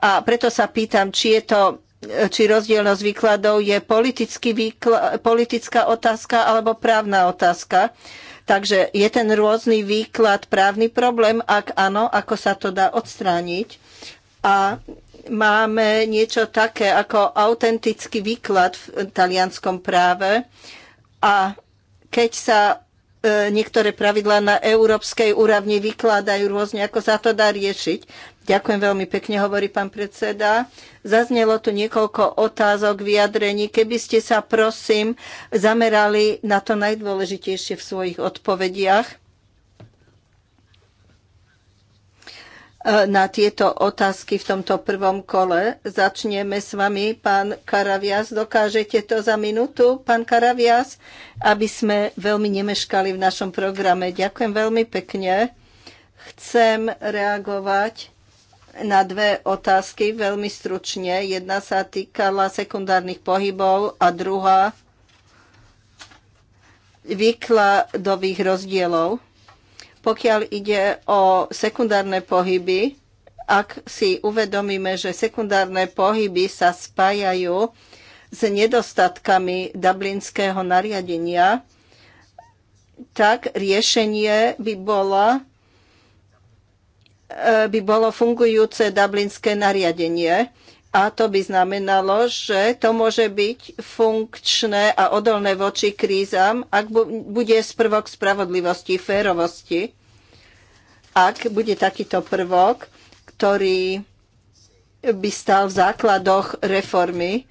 A preto sa pýtam, či je to či rozdielnosť výkladov je výkla, politická otázka alebo právna otázka. Takže je ten rôzny výklad právny problém? Ak áno, ako sa to dá odstrániť? A máme niečo také ako autentický výklad v talianskom práve. A keď sa e, niektoré pravidlá na európskej úrovni vykladajú rôzne, ako sa to dá riešiť. Ďakujem veľmi pekne, hovorí pán predseda. Zaznelo tu niekoľko otázok, vyjadrení. Keby ste sa, prosím, zamerali na to najdôležitejšie v svojich odpovediach. E, na tieto otázky v tomto prvom kole. Začneme s vami, pán Karavias. Dokážete to za minútu, pán Karavias, aby sme veľmi nemeškali v našom programe. Ďakujem veľmi pekne. Chcem reagovať na dve otázky veľmi stručne. Jedna sa týkala sekundárnych pohybov a druhá výkladových rozdielov. Pokiaľ ide o sekundárne pohyby, ak si uvedomíme, že sekundárne pohyby sa spájajú s nedostatkami dublinského nariadenia, tak riešenie by bola E, by bolo fungujúce dublinské nariadenie. A to by znamenalo, že to môže byť funkčné a odolné voči krízam, ak bude prvok spravodlivosti, férovosti. Ak bude takýto prvok, ktorý by stal v základoch reformy.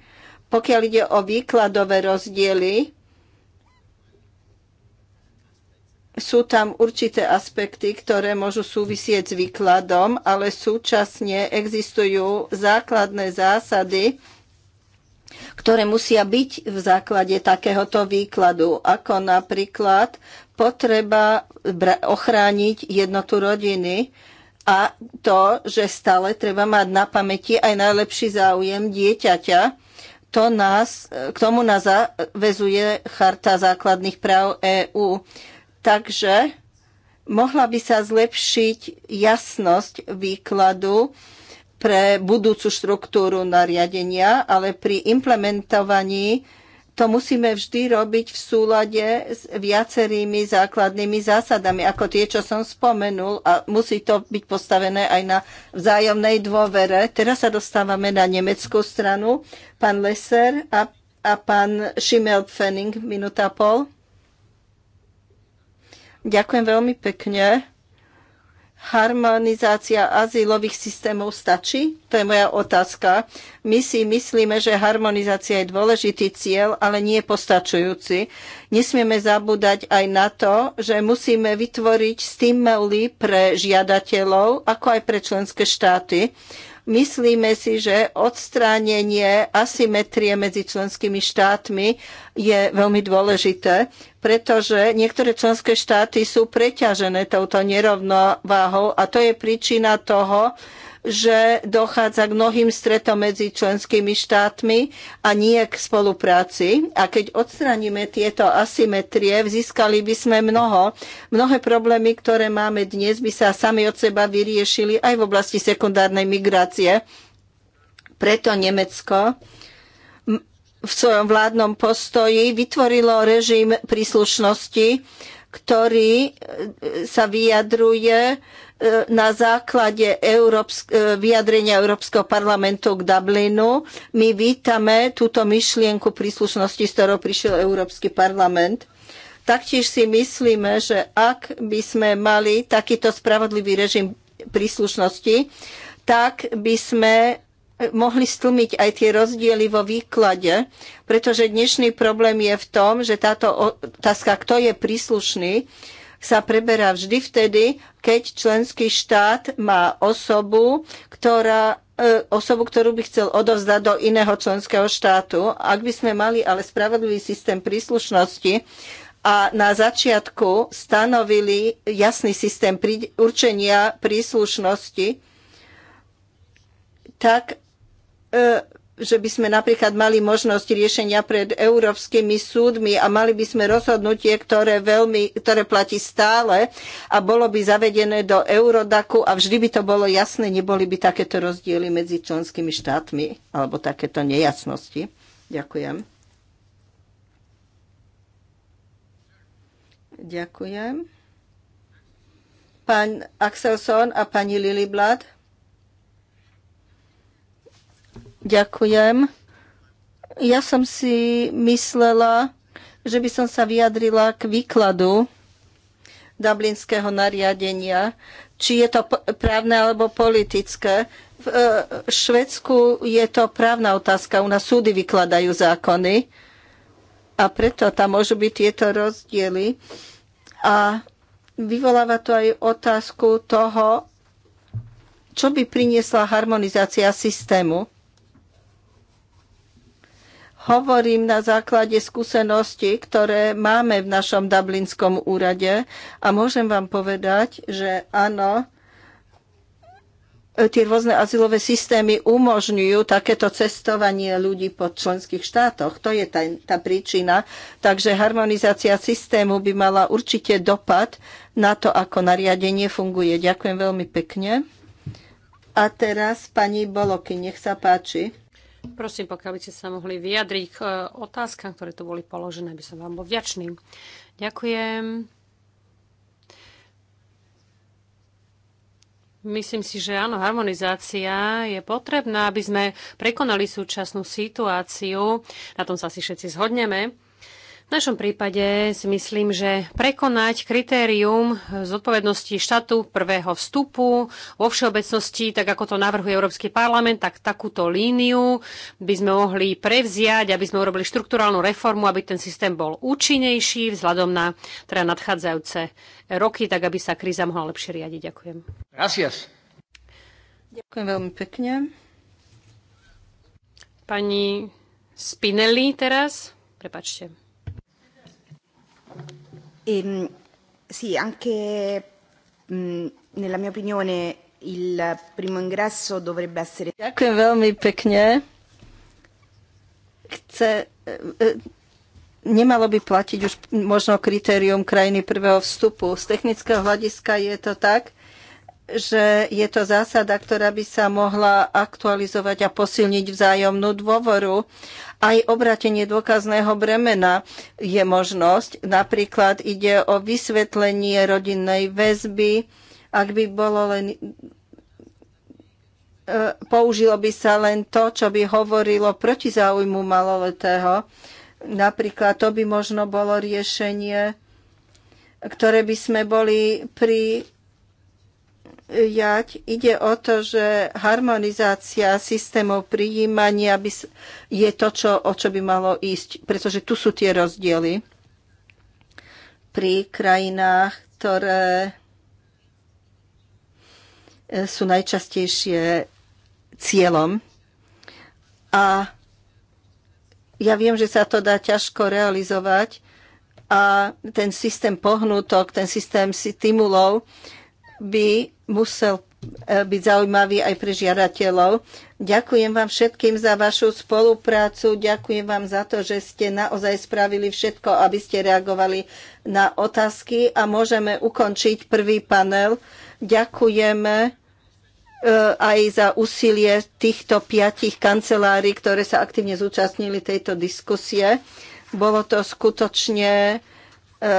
Pokiaľ ide o výkladové rozdiely, sú tam určité aspekty, ktoré môžu súvisieť s výkladom, ale súčasne existujú základné zásady, ktoré musia byť v základe takéhoto výkladu, ako napríklad potreba ochrániť jednotu rodiny a to, že stále treba mať na pamäti aj najlepší záujem dieťaťa. To nás, k tomu nás zavezuje Charta základných práv EÚ. Takže mohla by sa zlepšiť jasnosť výkladu pre budúcu štruktúru nariadenia, ale pri implementovaní to musíme vždy robiť v súlade s viacerými základnými zásadami, ako tie, čo som spomenul, a musí to byť postavené aj na vzájomnej dôvere. Teraz sa dostávame na nemeckú stranu. Pán Lesser a, a pán Schimmel-Pfenning, minúta a pol. Ďakujem veľmi pekne. Harmonizácia azylových systémov stačí? To je moja otázka. My si myslíme, že harmonizácia je dôležitý cieľ, ale nie postačujúci. Nesmieme zabúdať aj na to, že musíme vytvoriť stimuly pre žiadateľov, ako aj pre členské štáty. Myslíme si, že odstránenie asymetrie medzi členskými štátmi je veľmi dôležité, pretože niektoré členské štáty sú preťažené touto nerovnováhou a to je príčina toho, že dochádza k mnohým stretom medzi členskými štátmi a nie k spolupráci. A keď odstraníme tieto asymetrie, získali by sme mnoho. Mnohé problémy, ktoré máme dnes, by sa sami od seba vyriešili aj v oblasti sekundárnej migrácie. Preto Nemecko v svojom vládnom postoji vytvorilo režim príslušnosti, ktorý sa vyjadruje E, na základe Európsk- e, vyjadrenia Európskeho parlamentu k Dublinu. My vítame túto myšlienku príslušnosti, s ktorou prišiel Európsky parlament. Taktiež si myslíme, že ak by sme mali takýto spravodlivý režim príslušnosti, tak by sme mohli stlmiť aj tie rozdiely vo výklade, pretože dnešný problém je v tom, že táto otázka, kto je príslušný, sa preberá vždy vtedy, keď členský štát má osobu, ktorá e, osobu, ktorú by chcel odovzdať do iného členského štátu. Ak by sme mali ale spravodlivý systém príslušnosti a na začiatku stanovili jasný systém určenia príslušnosti, tak e, že by sme napríklad mali možnosť riešenia pred európskymi súdmi a mali by sme rozhodnutie, ktoré, veľmi, ktoré platí stále a bolo by zavedené do Eurodaku a vždy by to bolo jasné, neboli by takéto rozdiely medzi členskými štátmi alebo takéto nejasnosti. Ďakujem. Ďakujem. Pán Axelson a pani Liliblad. Ďakujem. Ja som si myslela, že by som sa vyjadrila k výkladu dublinského nariadenia, či je to právne alebo politické. V e, Švedsku je to právna otázka, u nás súdy vykladajú zákony a preto tam môžu byť tieto rozdiely. A vyvoláva to aj otázku toho, čo by priniesla harmonizácia systému Hovorím na základe skúseností, ktoré máme v našom Dublinskom úrade a môžem vám povedať, že áno, tie rôzne azylové systémy umožňujú takéto cestovanie ľudí po členských štátoch. To je tá, tá príčina. Takže harmonizácia systému by mala určite dopad na to, ako nariadenie funguje. Ďakujem veľmi pekne. A teraz pani Boloky, nech sa páči. Prosím, pokiaľ by ste sa mohli vyjadriť k e, otázkam, ktoré tu boli položené, by som vám bol vďačný. Ďakujem. Myslím si, že áno, harmonizácia je potrebná, aby sme prekonali súčasnú situáciu. Na tom sa si všetci zhodneme. V našom prípade si myslím, že prekonať kritérium zodpovednosti štátu prvého vstupu vo všeobecnosti, tak ako to navrhuje Európsky parlament, tak takúto líniu by sme mohli prevziať, aby sme urobili štruktúrálnu reformu, aby ten systém bol účinnejší vzhľadom na teda nadchádzajúce roky, tak aby sa kríza mohla lepšie riadiť. Ďakujem. Gracias. Ďakujem veľmi pekne. Pani Spinelli teraz. Prepačte. E, sì, anche mh, nella mia opinione il primo ingresso dovrebbe essere... Ďakujem veľmi pekne. Chce, eh, eh, nemalo by platiť už možno kritérium krajiny prvého vstupu. Z technického hľadiska je to tak, že je to zásada, ktorá by sa mohla aktualizovať a posilniť vzájomnú dôvoru. Aj obratenie dôkazného bremena je možnosť. Napríklad ide o vysvetlenie rodinnej väzby, ak by bolo len e, použilo by sa len to, čo by hovorilo proti záujmu maloletého. Napríklad to by možno bolo riešenie, ktoré by sme boli pri jať. Ide o to, že harmonizácia systémov prijímania by, je to, čo, o čo by malo ísť, pretože tu sú tie rozdiely pri krajinách, ktoré e, sú najčastejšie cieľom. A ja viem, že sa to dá ťažko realizovať a ten systém pohnutok, ten systém stimulov by musel e, byť zaujímavý aj pre žiadateľov. Ďakujem vám všetkým za vašu spoluprácu, ďakujem vám za to, že ste naozaj spravili všetko, aby ste reagovali na otázky a môžeme ukončiť prvý panel. Ďakujeme e, aj za úsilie týchto piatich kancelárií, ktoré sa aktívne zúčastnili tejto diskusie. Bolo to skutočne E,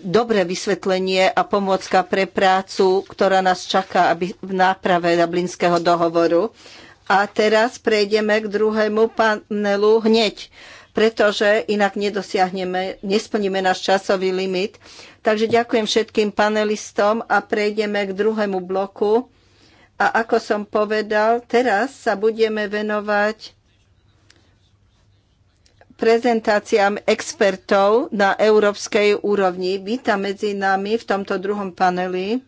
dobré vysvetlenie a pomôcka pre prácu, ktorá nás čaká aby v náprave Dublinského dohovoru. A teraz prejdeme k druhému panelu hneď, pretože inak nedosiahneme, nesplníme náš časový limit. Takže ďakujem všetkým panelistom a prejdeme k druhému bloku. A ako som povedal, teraz sa budeme venovať prezentáciám expertov na európskej úrovni. Vítam medzi nami v tomto druhom paneli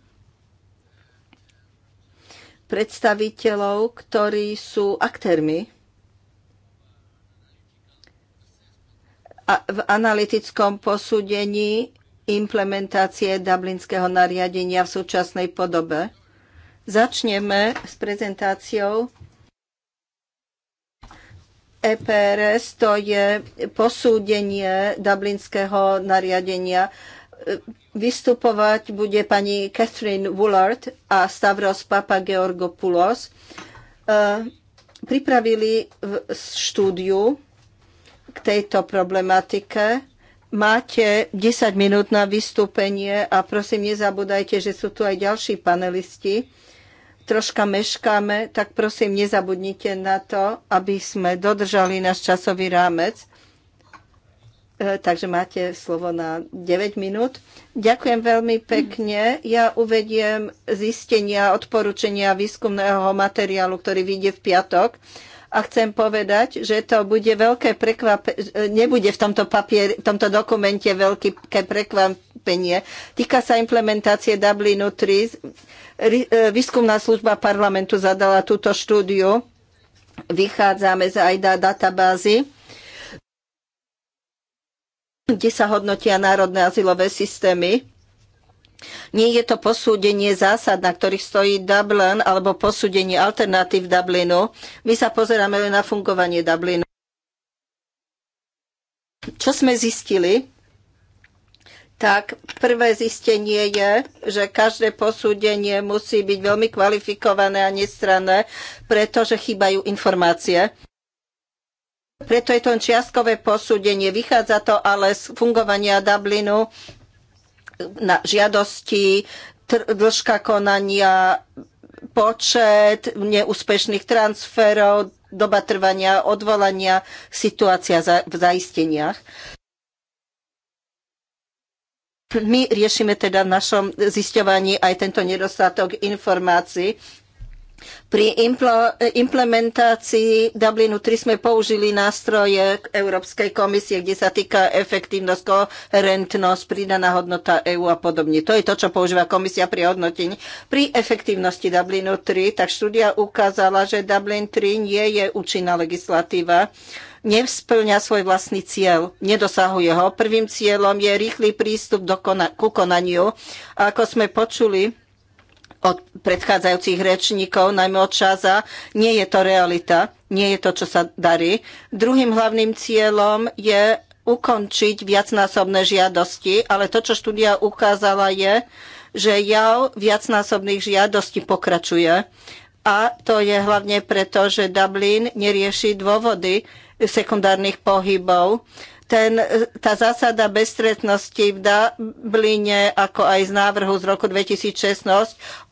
predstaviteľov, ktorí sú aktérmi a v analytickom posúdení implementácie Dublinského nariadenia v súčasnej podobe. Začneme s prezentáciou EPRS to je posúdenie dublinského nariadenia. Vystupovať bude pani Catherine Woolard a Stavros Georgopoulos. E, pripravili štúdiu k tejto problematike. Máte 10 minút na vystúpenie a prosím nezabúdajte, že sú tu aj ďalší panelisti troška meškáme, tak prosím, nezabudnite na to, aby sme dodržali náš časový rámec. E, takže máte slovo na 9 minút. Ďakujem veľmi pekne. Ja uvediem zistenia, odporúčania výskumného materiálu, ktorý vyjde v piatok a chcem povedať, že to bude veľké prekvapenie, nebude v tomto, papier, v tomto dokumente veľké prekvapenie. Týka sa implementácie Dublinu 3 E, výskumná služba parlamentu zadala túto štúdiu. Vychádzame z AIDA databázy, kde sa hodnotia národné azylové systémy. Nie je to posúdenie zásad, na ktorých stojí Dublin, alebo posúdenie alternatív Dublinu. My sa pozeráme len na fungovanie Dublinu. Čo sme zistili? tak prvé zistenie je, že každé posúdenie musí byť veľmi kvalifikované a nestranné, pretože chýbajú informácie. Preto je to len čiastkové posúdenie. Vychádza to ale z fungovania Dublinu na žiadosti, dĺžka konania, počet neúspešných transferov, doba trvania, odvolania, situácia v zaisteniach. My riešime teda v našom zisťovaní aj tento nedostatok informácií. Pri implementácii Dublinu 3 sme použili nástroje Európskej komisie, kde sa týka efektívnosť, koherentnosť, pridaná hodnota EÚ a podobne. To je to, čo používa komisia pri hodnotení. Pri efektívnosti Dublinu 3, tak štúdia ukázala, že Dublin 3 nie je účinná legislatíva nesplňa svoj vlastný cieľ, nedosahuje ho. Prvým cieľom je rýchly prístup do kona- ku konaniu. A ako sme počuli od predchádzajúcich rečníkov, najmä od Čaza, nie je to realita, nie je to, čo sa darí. Druhým hlavným cieľom je ukončiť viacnásobné žiadosti, ale to, čo štúdia ukázala, je, že jav viacnásobných žiadostí pokračuje. A to je hlavne preto, že Dublin nerieši dôvody, sekundárnych pohybov. Ten, tá zásada bezstretnosti v Dubline, ako aj z návrhu z roku 2016,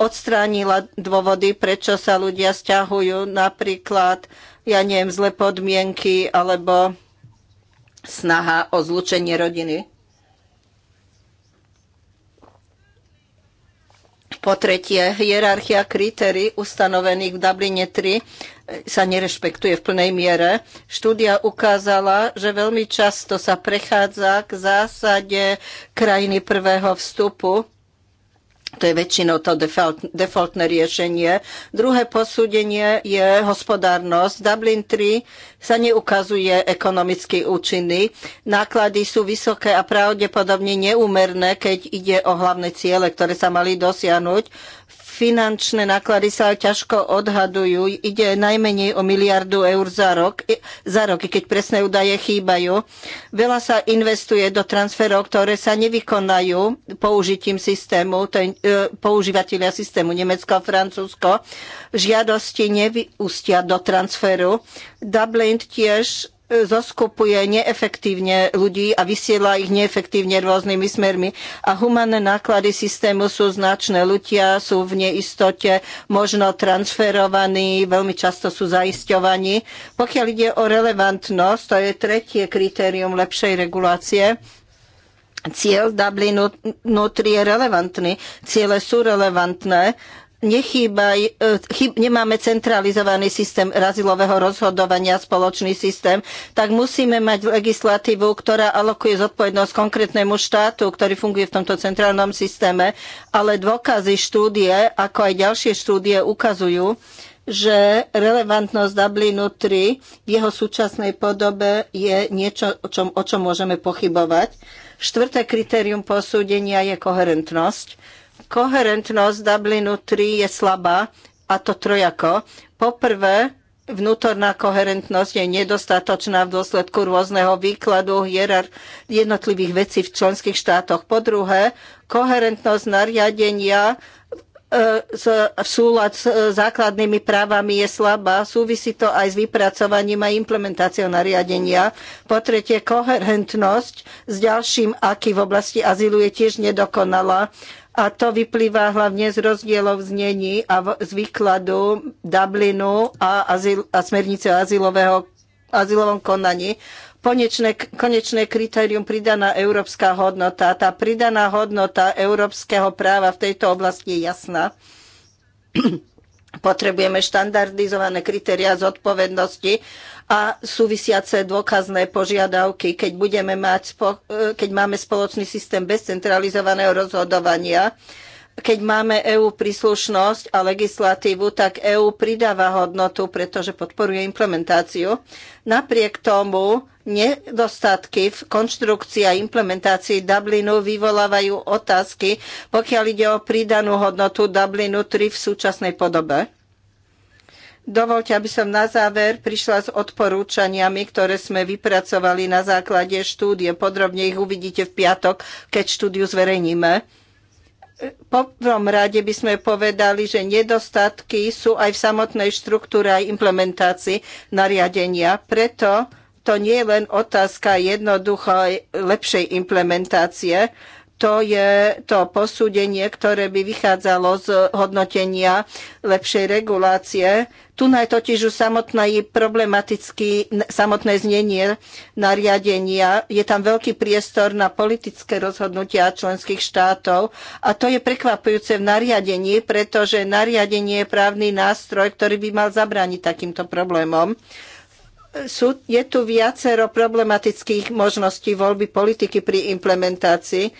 odstránila dôvody, prečo sa ľudia stiahujú, napríklad, ja neviem, zlé podmienky alebo snaha o zlučenie rodiny. Po tretie, hierarchia kritérií ustanovených v Dubline 3 sa nerešpektuje v plnej miere. Štúdia ukázala, že veľmi často sa prechádza k zásade krajiny prvého vstupu, to je väčšinou to default, defaultné riešenie. Druhé posúdenie je hospodárnosť. Dublin 3 sa neukazuje ekonomicky účinný. Náklady sú vysoké a pravdepodobne neúmerné, keď ide o hlavné ciele, ktoré sa mali dosiahnuť finančné náklady sa ťažko odhadujú. Ide najmenej o miliardu eur za rok, za rok keď presné údaje chýbajú. Veľa sa investuje do transferov, ktoré sa nevykonajú použitím systému, to je, e, používateľia systému Nemecko a Francúzsko. Žiadosti nevyústia do transferu. Dublin tiež zoskupuje neefektívne ľudí a vysiela ich neefektívne rôznymi smermi. A humanné náklady systému sú značné. Ľudia sú v neistote, možno transferovaní, veľmi často sú zaisťovaní. Pokiaľ ide o relevantnosť, to je tretie kritérium lepšej regulácie, Cieľ Dublinu 3 je relevantný, ciele sú relevantné, nechýba, e, chyb, nemáme centralizovaný systém razilového rozhodovania, spoločný systém, tak musíme mať legislatívu, ktorá alokuje zodpovednosť konkrétnemu štátu, ktorý funguje v tomto centrálnom systéme, ale dôkazy štúdie, ako aj ďalšie štúdie ukazujú, že relevantnosť Dublinu 3 v jeho súčasnej podobe je niečo, o čom, o čom môžeme pochybovať. Štvrté kritérium posúdenia je koherentnosť Koherentnosť Dublinu 3 je slabá, a to trojako. Poprvé, vnútorná koherentnosť je nedostatočná v dôsledku rôzneho výkladu hierar jednotlivých vecí v členských štátoch. Po druhé, koherentnosť nariadenia e, v súlad s e, základnými právami je slabá. Súvisí to aj s vypracovaním a implementáciou nariadenia. Po tretie, koherentnosť s ďalším aký v oblasti azylu je tiež nedokonalá a to vyplýva hlavne z rozdielov znení a v, z výkladu Dublinu a, azyl, a smernice o azylového, azylovom konaní. Konečné, konečné kritérium pridaná európska hodnota. Tá pridaná hodnota európskeho práva v tejto oblasti je jasná. <clears throat> Potrebujeme štandardizované kritériá zodpovednosti a súvisiace dôkazné požiadavky, keď, budeme mať, e, keď máme spoločný systém bez centralizovaného rozhodovania. Keď máme EÚ príslušnosť a legislatívu, tak EÚ pridáva hodnotu, pretože podporuje implementáciu. Napriek tomu nedostatky v konštrukcii a implementácii Dublinu vyvolávajú otázky, pokiaľ ide o pridanú hodnotu Dublinu 3 v súčasnej podobe. Dovolte, aby som na záver prišla s odporúčaniami, ktoré sme vypracovali na základe štúdie. Podrobne ich uvidíte v piatok, keď štúdiu zverejníme. Po prvom rade by sme povedali, že nedostatky sú aj v samotnej štruktúre aj implementácii nariadenia. Preto to nie je len otázka jednoducho lepšej implementácie, to je to posúdenie, ktoré by vychádzalo z hodnotenia lepšej regulácie. Tu je totiž už samotné problematické problematicky, samotné znenie nariadenia. Je tam veľký priestor na politické rozhodnutia členských štátov a to je prekvapujúce v nariadení, pretože nariadenie je právny nástroj, ktorý by mal zabrániť takýmto problémom sú, je tu viacero problematických možností voľby politiky pri implementácii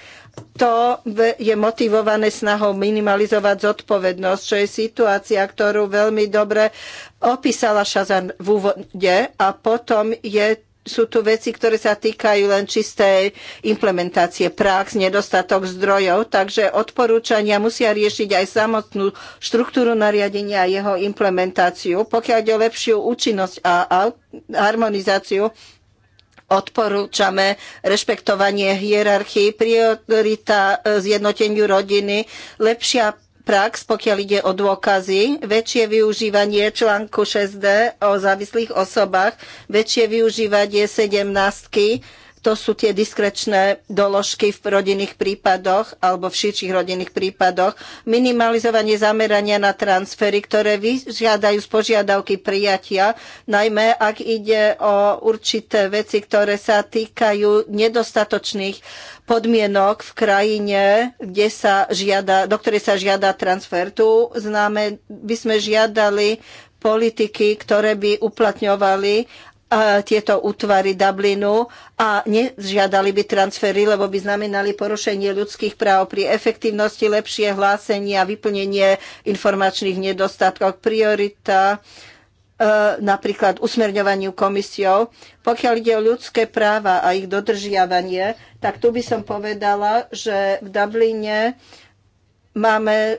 to je motivované snahou minimalizovať zodpovednosť, čo je situácia, ktorú veľmi dobre opísala Šazan v úvode a potom je sú tu veci, ktoré sa týkajú len čistej implementácie prax, nedostatok zdrojov, takže odporúčania musia riešiť aj samotnú štruktúru nariadenia a jeho implementáciu. Pokiaľ ide o lepšiu účinnosť a harmonizáciu, odporúčame rešpektovanie hierarchii, priorita e, zjednoteniu rodiny, lepšia prax, pokiaľ ide o dôkazy, väčšie využívanie článku 6D o závislých osobách, väčšie využívanie 17 to sú tie diskrečné doložky v rodinných prípadoch alebo v širších rodinných prípadoch, minimalizovanie zamerania na transfery, ktoré vyžiadajú z požiadavky prijatia, najmä ak ide o určité veci, ktoré sa týkajú nedostatočných podmienok v krajine, kde sa žiada, do ktorej sa žiada transfer. Tu známe, by sme žiadali politiky, ktoré by uplatňovali E, tieto útvary Dublinu a nežiadali by transfery, lebo by znamenali porušenie ľudských práv pri efektívnosti, lepšie hlásenie a vyplnenie informačných nedostatkov. Priorita e, napríklad usmerňovaniu komisiou. Pokiaľ ide o ľudské práva a ich dodržiavanie, tak tu by som povedala, že v Dubline máme e,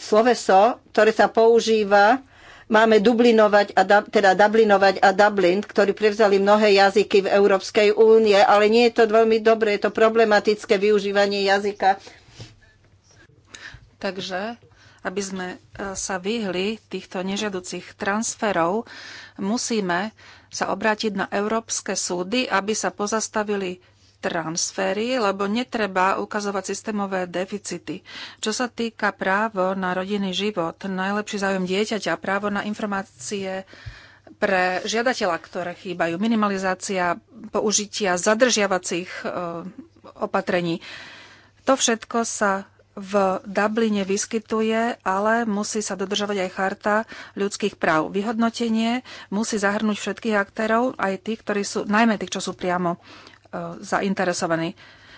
sloveso, ktoré sa používa Máme dublinovať a da, teda dublinovať a Dublin, ktorí prevzali mnohé jazyky v Európskej únie, ale nie je to veľmi dobré, je to problematické využívanie jazyka. Takže aby sme e, sa vyhli týchto nežiaducich transferov, musíme sa obrátiť na európske súdy, aby sa pozastavili transfery, lebo netreba ukazovať systémové deficity. Čo sa týka právo na rodinný život, najlepší záujem dieťaťa, právo na informácie pre žiadateľa, ktoré chýbajú, minimalizácia použitia zadržiavacích e, opatrení. To všetko sa v Dubline vyskytuje, ale musí sa dodržovať aj charta ľudských práv. Vyhodnotenie musí zahrnúť všetkých aktérov, aj tých, ktorí sú, najmä tých, čo sú priamo E, zainteresovaní.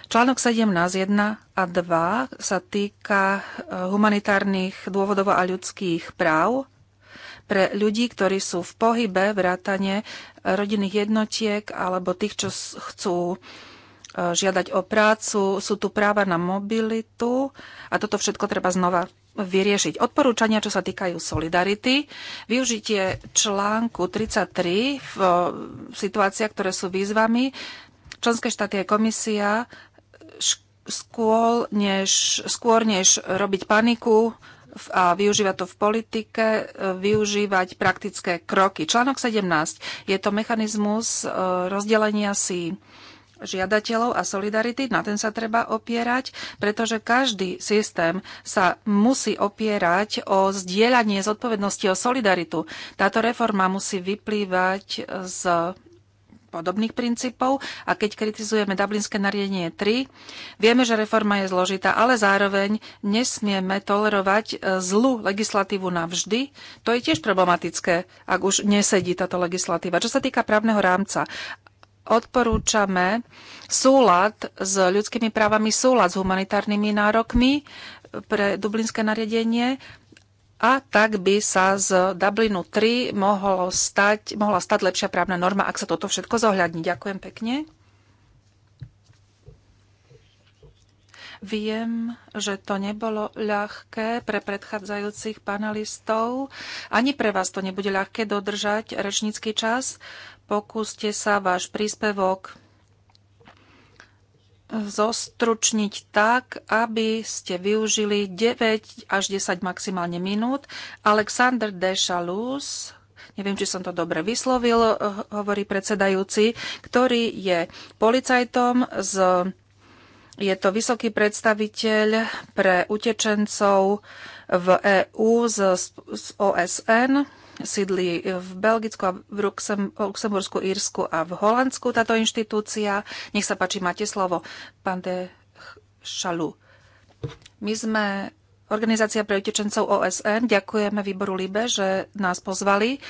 Článok 17, 1 a 2 sa týka e, humanitárnych dôvodov a ľudských práv pre ľudí, ktorí sú v pohybe, vrátane rodinných jednotiek alebo tých, čo chcú e, žiadať o prácu. Sú tu práva na mobilitu a toto všetko treba znova vyriešiť. Odporúčania, čo sa týkajú solidarity, využitie článku 33 v situáciách, ktoré sú výzvami, Členské štáty a komisia skôr než, skôr než robiť paniku a využívať to v politike, e, využívať praktické kroky. Článok 17 je to mechanizmus e, rozdelenia si žiadateľov a solidarity, na ten sa treba opierať, pretože každý systém sa musí opierať o zdieľanie zodpovednosti, o solidaritu. Táto reforma musí vyplývať z podobných princípov a keď kritizujeme Dublinské nariadenie 3, vieme, že reforma je zložitá, ale zároveň nesmieme tolerovať e, zlú legislatívu navždy. To je tiež problematické, ak už nesedí táto legislatíva. Čo sa týka právneho rámca, odporúčame súlad s ľudskými právami, súlad s humanitárnymi nárokmi pre Dublinské nariadenie a tak by sa z Dublinu 3 mohlo stať, mohla stať lepšia právna norma, ak sa toto všetko zohľadní. Ďakujem pekne. Viem, že to nebolo ľahké pre predchádzajúcich panelistov. Ani pre vás to nebude ľahké dodržať rečnícky čas. Pokúste sa váš príspevok zostručniť tak, aby ste využili 9 až 10 maximálne minút. Alexander Deschalus, neviem, či som to dobre vyslovil, eh, hovorí predsedajúci, ktorý je policajtom z je to vysoký predstaviteľ pre utečencov v EÚ z, z OSN sídli v Belgicku a v Luxembursku, Írsku a v Holandsku táto inštitúcia. Nech sa páči, máte slovo, pán de Šalu. My sme Organizácia pre utečencov OSN. Ďakujeme výboru LIBE, že nás pozvali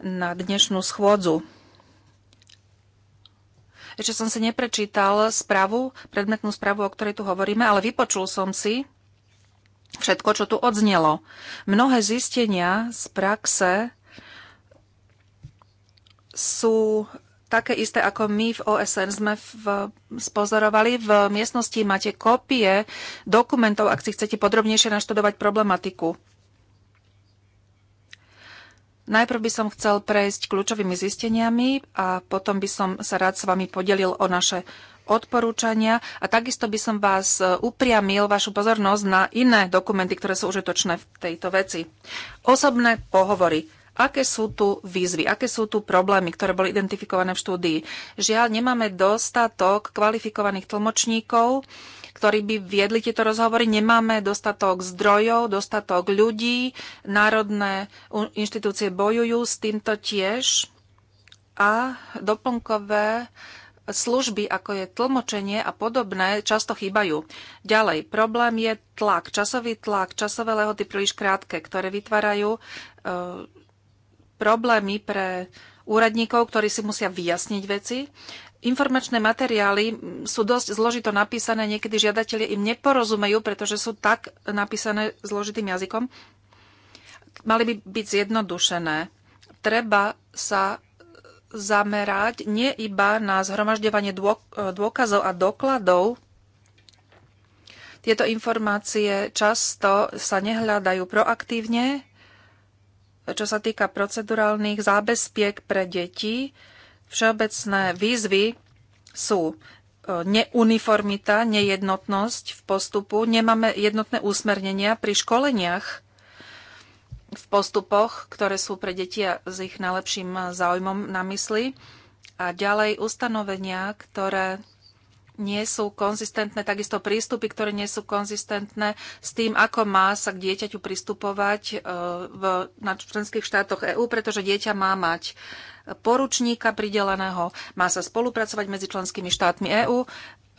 na dnešnú schôdzu. Ešte som si neprečítal správu, predmetnú správu, o ktorej tu hovoríme, ale vypočul som si všetko, čo tu odznelo. Mnohé zistenia z praxe sú také isté, ako my v OSN sme v, spozorovali. V miestnosti máte kopie dokumentov, ak si chcete podrobnejšie naštudovať problematiku. Najprv by som chcel prejsť kľúčovými zisteniami a potom by som sa rád s vami podelil o naše odporúčania a takisto by som vás e, upriamil vašu pozornosť na iné dokumenty, ktoré sú užitočné v tejto veci. Osobné pohovory. Aké sú tu výzvy, aké sú tu problémy, ktoré boli identifikované v štúdii? Žiaľ, nemáme dostatok kvalifikovaných tlmočníkov, ktorí by viedli tieto rozhovory. Nemáme dostatok zdrojov, dostatok ľudí. Národné inštitúcie bojujú s týmto tiež a doplnkové služby, ako je tlmočenie a podobné, často chýbajú. Ďalej, problém je tlak, časový tlak, časové lehoty príliš krátke, ktoré vytvárajú e, problémy pre úradníkov, ktorí si musia vyjasniť veci. Informačné materiály sú dosť zložito napísané, niekedy žiadatelia im neporozumejú, pretože sú tak napísané zložitým jazykom. Mali by byť zjednodušené. Treba sa zamerať nie iba na zhromažďovanie dôkazov a dokladov. Tieto informácie často sa nehľadajú proaktívne, čo sa týka procedurálnych zábezpiek pre deti. Všeobecné výzvy sú e, neuniformita, nejednotnosť v postupu, nemáme jednotné úsmernenia pri školeniach v postupoch, ktoré sú pre deti s ich najlepším záujmom na mysli. A ďalej ustanovenia, ktoré nie sú konzistentné, takisto prístupy, ktoré nie sú konzistentné s tým, ako má sa k dieťaťu pristupovať e, v, na členských štátoch EÚ, pretože dieťa má mať poručníka prideleného. Má sa spolupracovať medzi členskými štátmi EÚ e,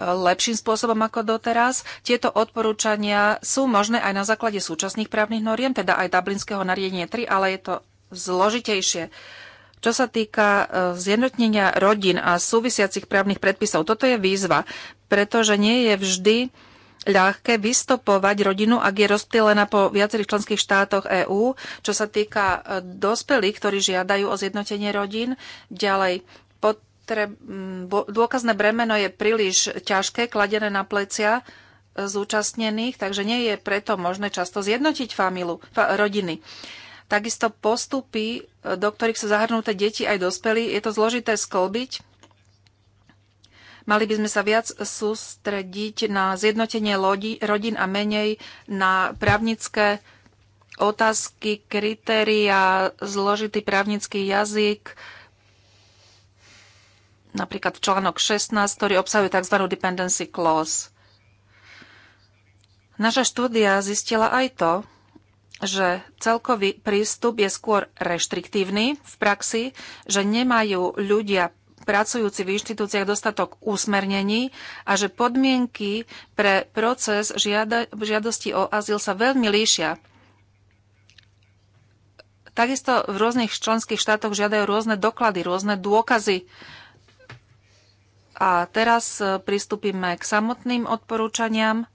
lepším spôsobom ako doteraz. Tieto odporúčania sú možné aj na základe súčasných právnych noriem, teda aj Dublinského nariadenia 3, ale je to zložitejšie. Čo sa týka e, zjednotnenia rodín a súvisiacich právnych predpisov, toto je výzva, pretože nie je vždy ľahké vystopovať rodinu, ak je rozptýlená po viacerých členských štátoch EÚ, čo sa týka e, dospelých, ktorí žiadajú o zjednotenie rodín. Ďalej, potre... dôkazné bremeno je príliš ťažké, kladené na plecia e, zúčastnených, takže nie je preto možné často zjednotiť familu, fa, rodiny. Takisto postupy, e, do ktorých sú zahrnuté deti aj dospelí, je to zložité sklbiť Mali by sme sa viac sústrediť na zjednotenie lodi, rodín a menej na právnické otázky, kritéria, zložitý právnický jazyk, napríklad článok 16, ktorý obsahuje tzv. dependency clause. Naša štúdia zistila aj to, že celkový prístup je skôr reštriktívny v praxi, že nemajú ľudia pracujúci v inštitúciách dostatok úsmernení a že podmienky pre proces žiada, žiadosti o azyl sa veľmi líšia. Takisto v rôznych členských štátoch žiadajú rôzne doklady, rôzne dôkazy. A teraz e, pristúpime k samotným odporúčaniam,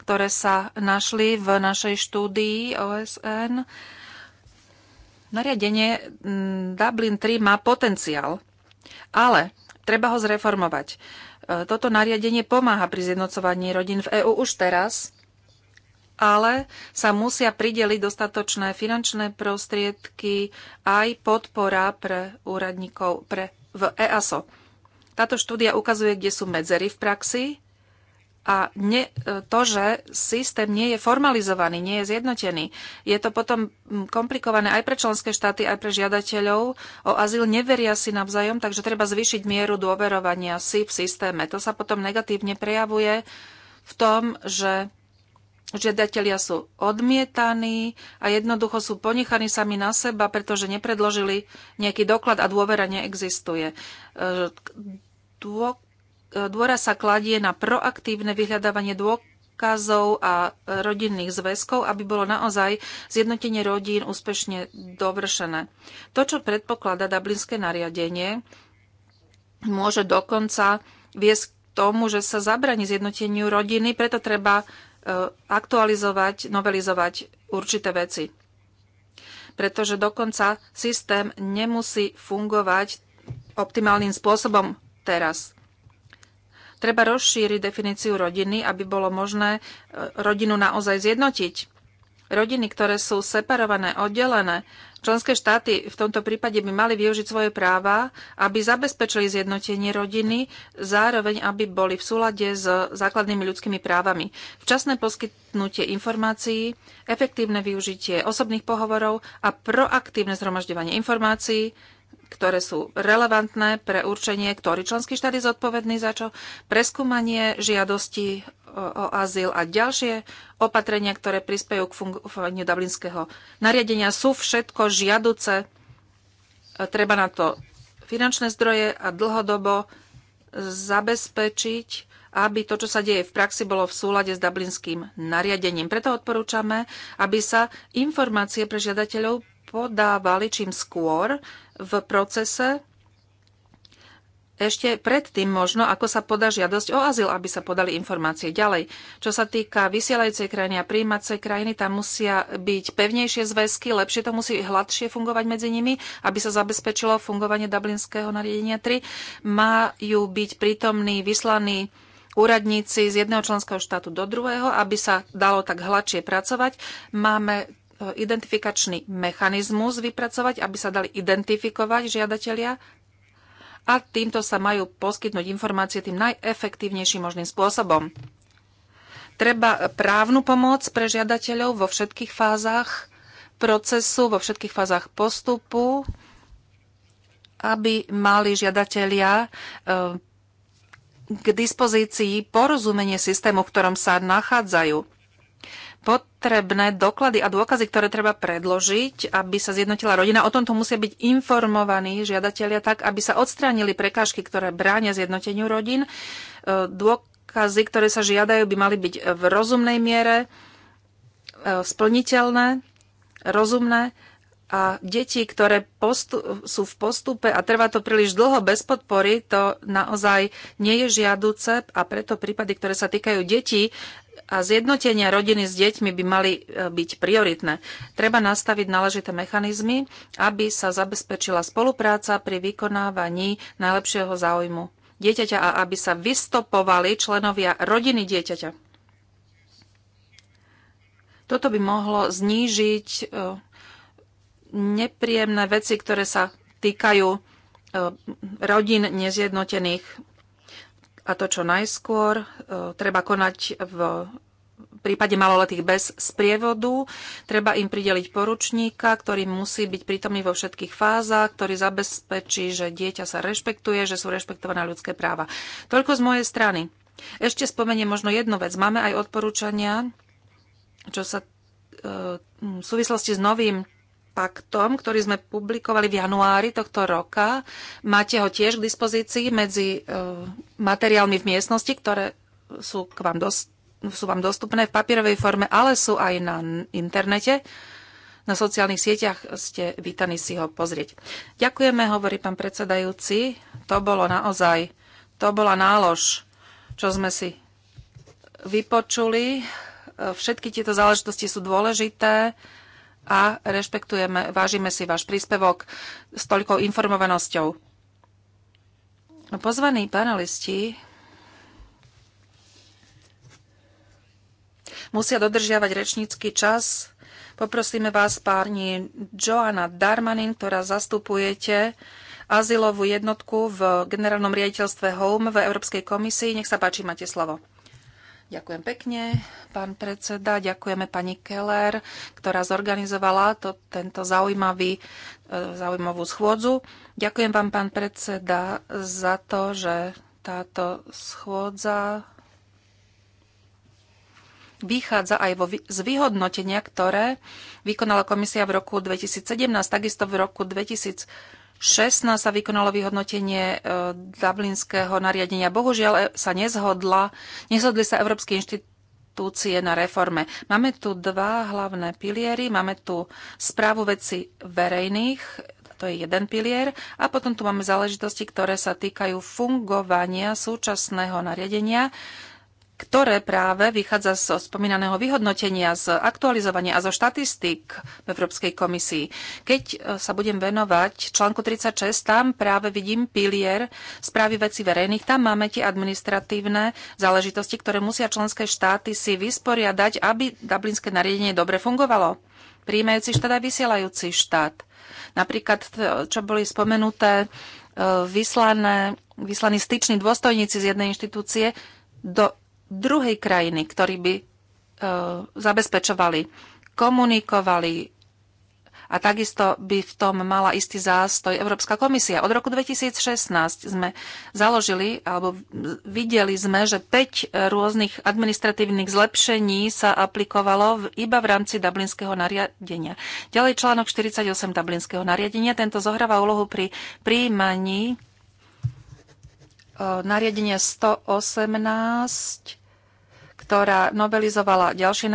ktoré sa našli v našej štúdii OSN. Nariadenie mm, Dublin 3 má potenciál, ale treba ho zreformovať. E, toto nariadenie pomáha pri zjednocovaní rodín v EÚ už teraz, ale sa musia prideliť dostatočné finančné prostriedky aj podpora pre úradníkov pre, v EASO. Táto štúdia ukazuje, kde sú medzery v praxi a ne, e, to, že systém nie je formalizovaný, nie je zjednotený. Je to potom komplikované aj pre členské štáty, aj pre žiadateľov. O azyl neveria si navzájom, takže treba zvýšiť mieru dôverovania si v systéme. To sa potom negatívne prejavuje v tom, že žiadatelia sú odmietaní a jednoducho sú ponechaní sami na seba, pretože nepredložili nejaký doklad a dôvera neexistuje. E, dôra sa kladie na proaktívne vyhľadávanie dôkazov a rodinných zväzkov, aby bolo naozaj zjednotenie rodín úspešne dovršené. To, čo predpokladá Dublinské nariadenie, môže dokonca viesť k tomu, že sa zabraní zjednoteniu rodiny, preto treba e, aktualizovať, novelizovať určité veci. Pretože dokonca systém nemusí fungovať optimálnym spôsobom teraz. Treba rozšíriť definíciu rodiny, aby bolo možné e, rodinu naozaj zjednotiť. Rodiny, ktoré sú separované, oddelené, členské štáty v tomto prípade by mali využiť svoje práva, aby zabezpečili zjednotenie rodiny, zároveň aby boli v súlade s základnými ľudskými právami. Včasné poskytnutie informácií, efektívne využitie osobných pohovorov a proaktívne zhromažďovanie informácií, ktoré sú relevantné pre určenie, ktorý členský štát je zodpovedný za čo, preskúmanie žiadosti o, o azyl a ďalšie opatrenia, ktoré prispejú k fungovaniu dublinského nariadenia, sú všetko žiaduce. Treba na to finančné zdroje a dlhodobo zabezpečiť, aby to, čo sa deje v praxi, bolo v súlade s dublinským nariadením. Preto odporúčame, aby sa informácie pre žiadateľov podávali čím skôr v procese, ešte predtým možno, ako sa podá žiadosť o azyl, aby sa podali informácie ďalej. Čo sa týka vysielajúcej krajiny a príjmacej krajiny, tam musia byť pevnejšie zväzky, lepšie to musí hladšie fungovať medzi nimi, aby sa zabezpečilo fungovanie Dublinského nariadenia 3. Majú byť prítomní, vyslaní úradníci z jedného členského štátu do druhého, aby sa dalo tak hladšie pracovať. Máme E, identifikačný mechanizmus vypracovať, aby sa dali identifikovať žiadatelia a týmto sa majú poskytnúť informácie tým najefektívnejším možným spôsobom. Treba právnu pomoc pre žiadateľov vo všetkých fázach procesu, vo všetkých fázach postupu, aby mali žiadatelia e, k dispozícii porozumenie systému, v ktorom sa nachádzajú potrebné doklady a dôkazy, ktoré treba predložiť, aby sa zjednotila rodina. O tomto musia byť informovaní žiadatelia tak, aby sa odstránili prekážky, ktoré bránia zjednoteniu rodín. E, dôkazy, ktoré sa žiadajú, by mali byť v rozumnej miere e, splniteľné, rozumné a deti, ktoré sú v postupe a trvá to príliš dlho bez podpory, to naozaj nie je žiaduce a preto prípady, ktoré sa týkajú detí, a zjednotenia rodiny s deťmi by mali e, byť prioritné. Treba nastaviť náležité mechanizmy, aby sa zabezpečila spolupráca pri vykonávaní najlepšieho záujmu dieťaťa a aby sa vystopovali členovia rodiny dieťaťa. Toto by mohlo znížiť e, nepríjemné veci, ktoré sa týkajú e, rodín nezjednotených a to čo najskôr. E, treba konať v prípade maloletých bez sprievodu. Treba im prideliť poručníka, ktorý musí byť prítomný vo všetkých fázach, ktorý zabezpečí, že dieťa sa rešpektuje, že sú rešpektované ľudské práva. Toľko z mojej strany. Ešte spomeniem možno jednu vec. Máme aj odporúčania, čo sa e, v súvislosti s novým paktom, ktorý sme publikovali v januári tohto roka. Máte ho tiež k dispozícii medzi e, materiálmi v miestnosti, ktoré sú, k vám dos- sú vám dostupné v papierovej forme, ale sú aj na internete. Na sociálnych sieťach ste vítaní si ho pozrieť. Ďakujeme, hovorí pán predsedajúci. To bolo naozaj, to bola nálož, čo sme si vypočuli. E, všetky tieto záležitosti sú dôležité a rešpektujeme, vážime si váš príspevok s toľkou informovanosťou. Pozvaní panelisti musia dodržiavať rečnícky čas. Poprosíme vás pani Joana Darmanin, ktorá zastupujete azylovú jednotku v generálnom riaditeľstve HOME v Európskej komisii. Nech sa páči, máte slovo. Ďakujem pekne, pán predseda. Ďakujeme pani Keller, ktorá zorganizovala to, tento zaujímavý, e, zaujímavú schôdzu. Ďakujem vám, pán predseda, za to, že táto schôdza vychádza aj vo, z vyhodnotenia, ktoré vykonala komisia v roku 2017, takisto v roku 2017. 16 sa vykonalo vyhodnotenie e, Dublinského nariadenia. Bohužiaľ e, sa nezhodla, nezhodli sa európske inštitúcie na reforme. Máme tu dva hlavné piliery. Máme tu správu veci verejných, to je jeden pilier. A potom tu máme záležitosti, ktoré sa týkajú fungovania súčasného nariadenia ktoré práve vychádza zo spomínaného vyhodnotenia, z aktualizovania a zo štatistík v Európskej komisii. Keď e, sa budem venovať článku 36, tam práve vidím pilier správy veci verejných. Tam máme tie administratívne záležitosti, ktoré musia členské štáty si vysporiadať, aby dublinské nariadenie dobre fungovalo. Príjmajúci štát aj vysielajúci štát. Napríklad, čo boli spomenuté, e, vyslané, vyslaní styční dôstojníci z jednej inštitúcie do druhej krajiny, ktorí by e, zabezpečovali, komunikovali a takisto by v tom mala istý zástoj Európska komisia. Od roku 2016 sme založili, alebo videli sme, že 5 rôznych administratívnych zlepšení sa aplikovalo iba v rámci Dublinského nariadenia. Ďalej článok 48 Dublinského nariadenia. Tento zohráva úlohu pri príjmaní e, nariadenia 118 ktorá novelizovala ďalšie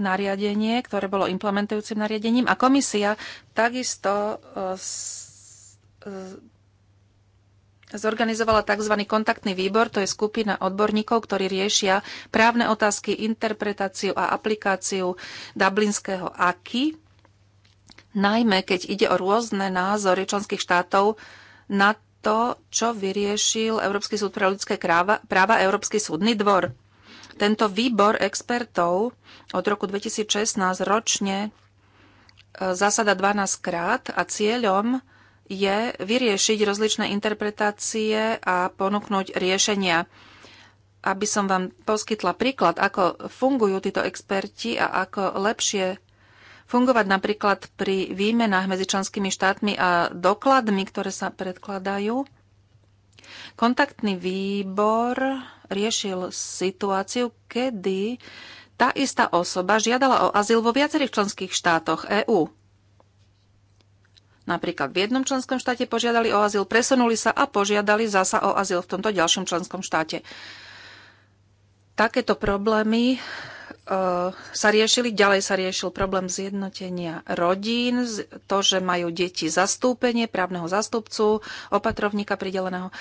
nariadenie, ktoré bolo implementujúcim nariadením a komisia takisto e, e, zorganizovala tzv. kontaktný výbor, to je skupina odborníkov, ktorí riešia právne otázky, interpretáciu a aplikáciu dublinského AKI, najmä keď ide o rôzne názory členských štátov na to, čo vyriešil Európsky súd pre ľudské práva, práva Európsky súdny dvor. Tento výbor expertov od roku 2016 ročne e, zasada 12 krát a cieľom je vyriešiť rozličné interpretácie a ponúknuť riešenia. Aby som vám poskytla príklad, ako fungujú títo experti a ako lepšie fungovať napríklad pri výmenách medzi členskými štátmi a dokladmi, ktoré sa predkladajú. Kontaktný výbor riešil situáciu, kedy tá istá osoba žiadala o azyl vo viacerých členských štátoch EÚ. Napríklad v jednom členskom štáte požiadali o azyl, presunuli sa a požiadali zasa o azyl v tomto ďalšom členskom štáte. Takéto problémy E, sa riešili. Ďalej sa riešil problém zjednotenia rodín, to, že majú deti zastúpenie právneho zastupcu, opatrovníka prideleného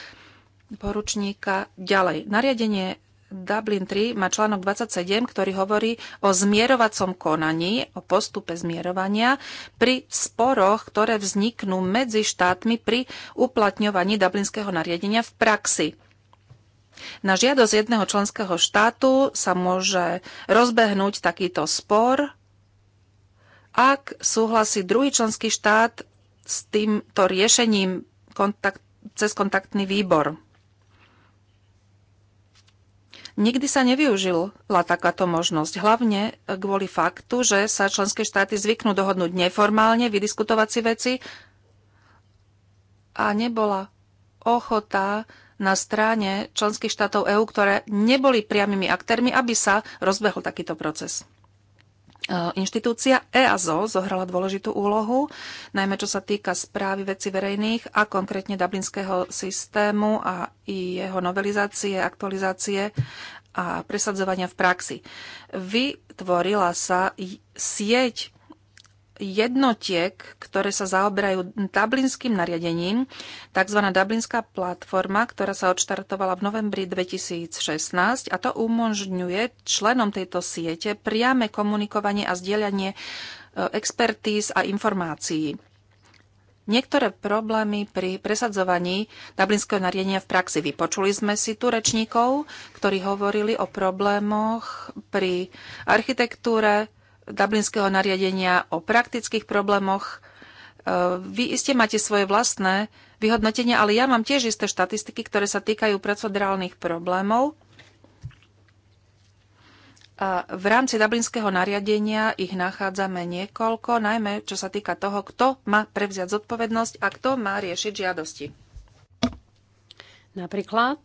poručníka. Ďalej, nariadenie Dublin 3 má článok 27, ktorý hovorí o zmierovacom konaní, o postupe zmierovania pri sporoch, ktoré vzniknú medzi štátmi pri uplatňovaní dublinského nariadenia v praxi. Na žiadosť jedného členského štátu sa môže rozbehnúť takýto spor, ak súhlasí druhý členský štát s týmto riešením kontakt, cez kontaktný výbor. Nikdy sa nevyužila takáto možnosť, hlavne kvôli faktu, že sa členské štáty zvyknú dohodnúť neformálne, vydiskutovať si veci a nebola ochota na strane členských štátov EÚ, ktoré neboli priamými aktérmi, aby sa rozbehol takýto proces. E, inštitúcia EASO zohrala dôležitú úlohu, najmä čo sa týka správy veci verejných a konkrétne dublinského systému a i jeho novelizácie, aktualizácie a presadzovania v praxi. Vytvorila sa sieť jednotiek, ktoré sa zaoberajú dublinským nariadením, tzv. dublinská platforma, ktorá sa odštartovala v novembri 2016 a to umožňuje členom tejto siete priame komunikovanie a zdieľanie e, expertíz a informácií. Niektoré problémy pri presadzovaní Dublinského nariadenia v praxi. Vypočuli sme si tu rečníkov, ktorí hovorili o problémoch pri architektúre, Dublinského nariadenia o praktických problémoch. E, vy iste máte svoje vlastné vyhodnotenia, ale ja mám tiež isté štatistiky, ktoré sa týkajú procedurálnych problémov. A v rámci Dublinského nariadenia ich nachádzame niekoľko, najmä čo sa týka toho, kto má prevziať zodpovednosť a kto má riešiť žiadosti. Napríklad,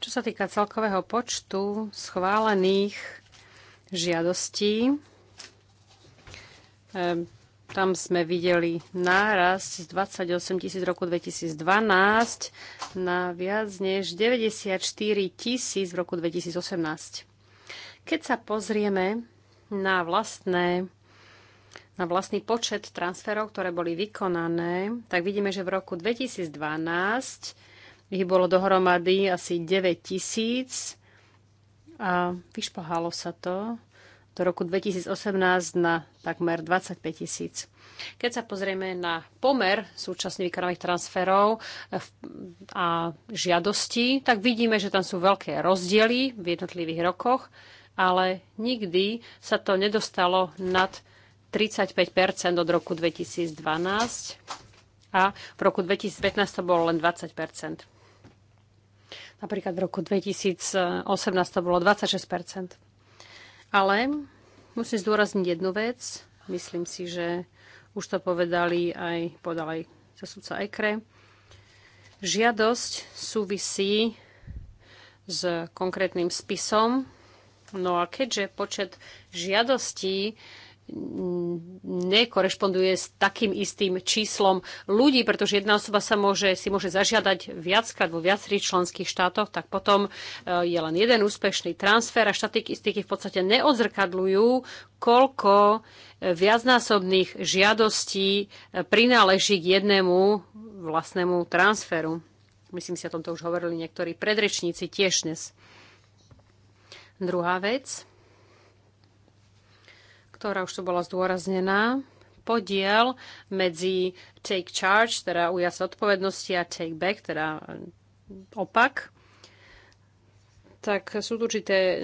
čo sa týka celkového počtu schválených žiadostí. Ehm, tam sme videli nárast z 28 tisíc roku 2012 na viac než 94 tisíc v roku 2018. Keď sa pozrieme na, vlastné, na vlastný počet transferov, ktoré boli vykonané, tak vidíme, že v roku 2012 ich bolo dohromady asi 9 tisíc, a vyšplhalo sa to do roku 2018 na takmer 25 tisíc. Keď sa pozrieme na pomer súčasne vykonaných transferov eh, a žiadostí, tak vidíme, že tam sú veľké rozdiely v jednotlivých rokoch, ale nikdy sa to nedostalo nad 35 od roku 2012 a v roku 2015 to bolo len 20 Napríklad v roku 2018 to bolo 26 Ale musím zdôrazniť jednu vec. Myslím si, že už to povedali aj, podalej aj zasudca EKRE. Žiadosť súvisí s konkrétnym spisom. No a keďže počet žiadostí nekorešponduje s takým istým číslom ľudí, pretože jedna osoba sa môže, si môže zažiadať viackrát vo viacerých členských štátoch, tak potom e, je len jeden úspešný transfer a štatistiky v podstate neodzrkadľujú, koľko e, viacnásobných žiadostí e, prináleží k jednému vlastnému transferu. Myslím si, o tomto už hovorili niektorí predrečníci tiež dnes. Druhá vec ktorá už tu bola zdôraznená, podiel medzi take charge, teda ujať odpovednosti a take back, teda opak, tak sú tu určité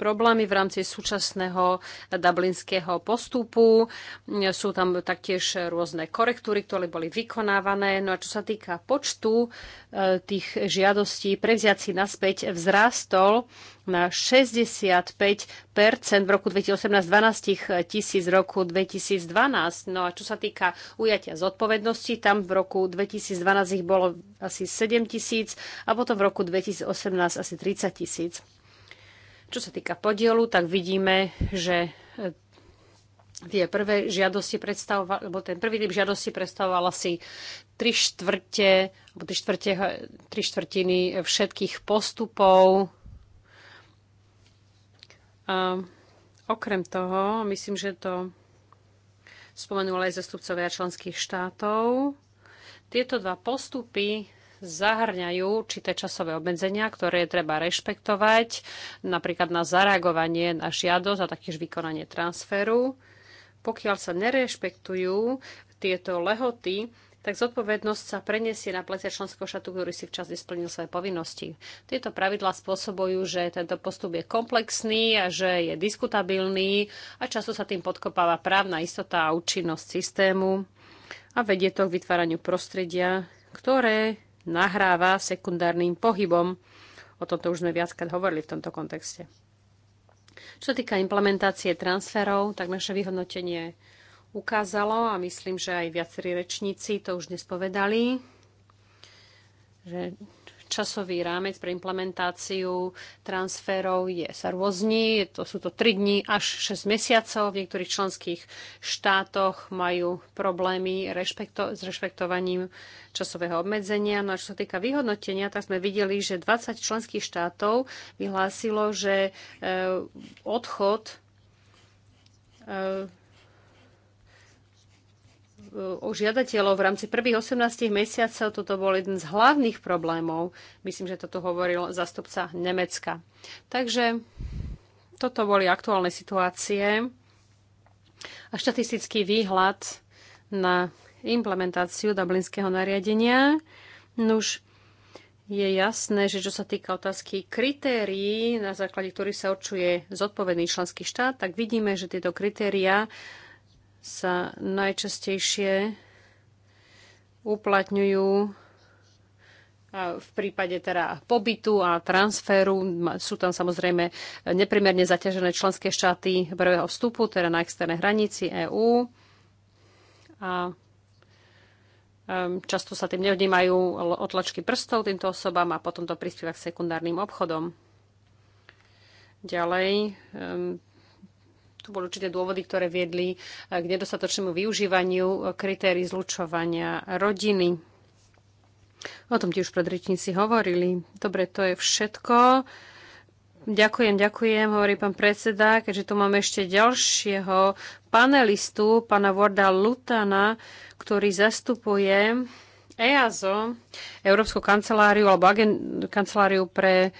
problémy v rámci súčasného dublinského postupu. Sú tam taktiež rôzne korektúry, ktoré boli vykonávané. No a čo sa týka počtu e, tých žiadostí prevziať si naspäť vzrástol na 65 v roku 2018, 12 tisíc v roku 2012. No a čo sa týka ujatia zodpovednosti, tam v roku 2012 ich bolo asi 7 tisíc a potom v roku 2018 asi 30 tisíc. Čo sa týka podielu, tak vidíme, že e, tie prvé žiadosti predstavovali, lebo ten prvý typ žiadosti predstavoval asi 3 štvrte, alebo tri štvrte, e, tri štvrtiny e, všetkých postupov. A okrem toho, myslím, že to spomenul aj zastupcovia členských štátov, tieto dva postupy zahrňajú určité časové obmedzenia, ktoré treba rešpektovať, napríklad na zareagovanie na žiadosť a taktiež vykonanie transferu. Pokiaľ sa nerešpektujú tieto lehoty, tak zodpovednosť sa preniesie na plecia členského šatu, ktorý si včas nesplnil svoje povinnosti. Tieto pravidlá spôsobujú, že tento postup je komplexný a že je diskutabilný a často sa tým podkopáva právna istota a účinnosť systému a vedie to k vytváraniu prostredia, ktoré nahráva sekundárnym pohybom. O tomto už sme viackrát hovorili v tomto kontexte. Čo sa týka implementácie transferov, tak naše vyhodnotenie ukázalo a myslím, že aj viacerí rečníci to už dnes povedali, že časový rámec pre implementáciu transferov je, sa rôzni. To sú to 3 dní až 6 mesiacov. V niektorých členských štátoch majú problémy rešpekto- s rešpektovaním časového obmedzenia. No a čo sa týka vyhodnotenia, tak sme videli, že 20 členských štátov vyhlásilo, že e, odchod e, o žiadateľov v rámci prvých 18 mesiacov toto bol jeden z hlavných problémov. Myslím, že toto hovoril zastupca Nemecka. Takže toto boli aktuálne situácie a štatistický výhľad na implementáciu dublinského nariadenia. Nuž, je jasné, že čo sa týka otázky kritérií, na základe ktorých sa určuje zodpovedný členský štát, tak vidíme, že tieto kritériá sa najčastejšie uplatňujú v prípade teda pobytu a transferu sú tam samozrejme neprimerne zaťažené členské štáty prvého vstupu, teda na externej hranici EÚ. A často sa tým nevnímajú otlačky prstov týmto osobám a potom to prispieva k sekundárnym obchodom. Ďalej, tu boli určité dôvody, ktoré viedli eh, k nedostatočnému využívaniu eh, kritérií zlučovania rodiny. O tom ti už predričníci hovorili. Dobre, to je všetko. Ďakujem, ďakujem, hovorí pán predseda, keďže tu máme ešte ďalšieho panelistu, pána Vorda Lutana, ktorý zastupuje EASO, Európsku kanceláriu alebo agen- kanceláriu pre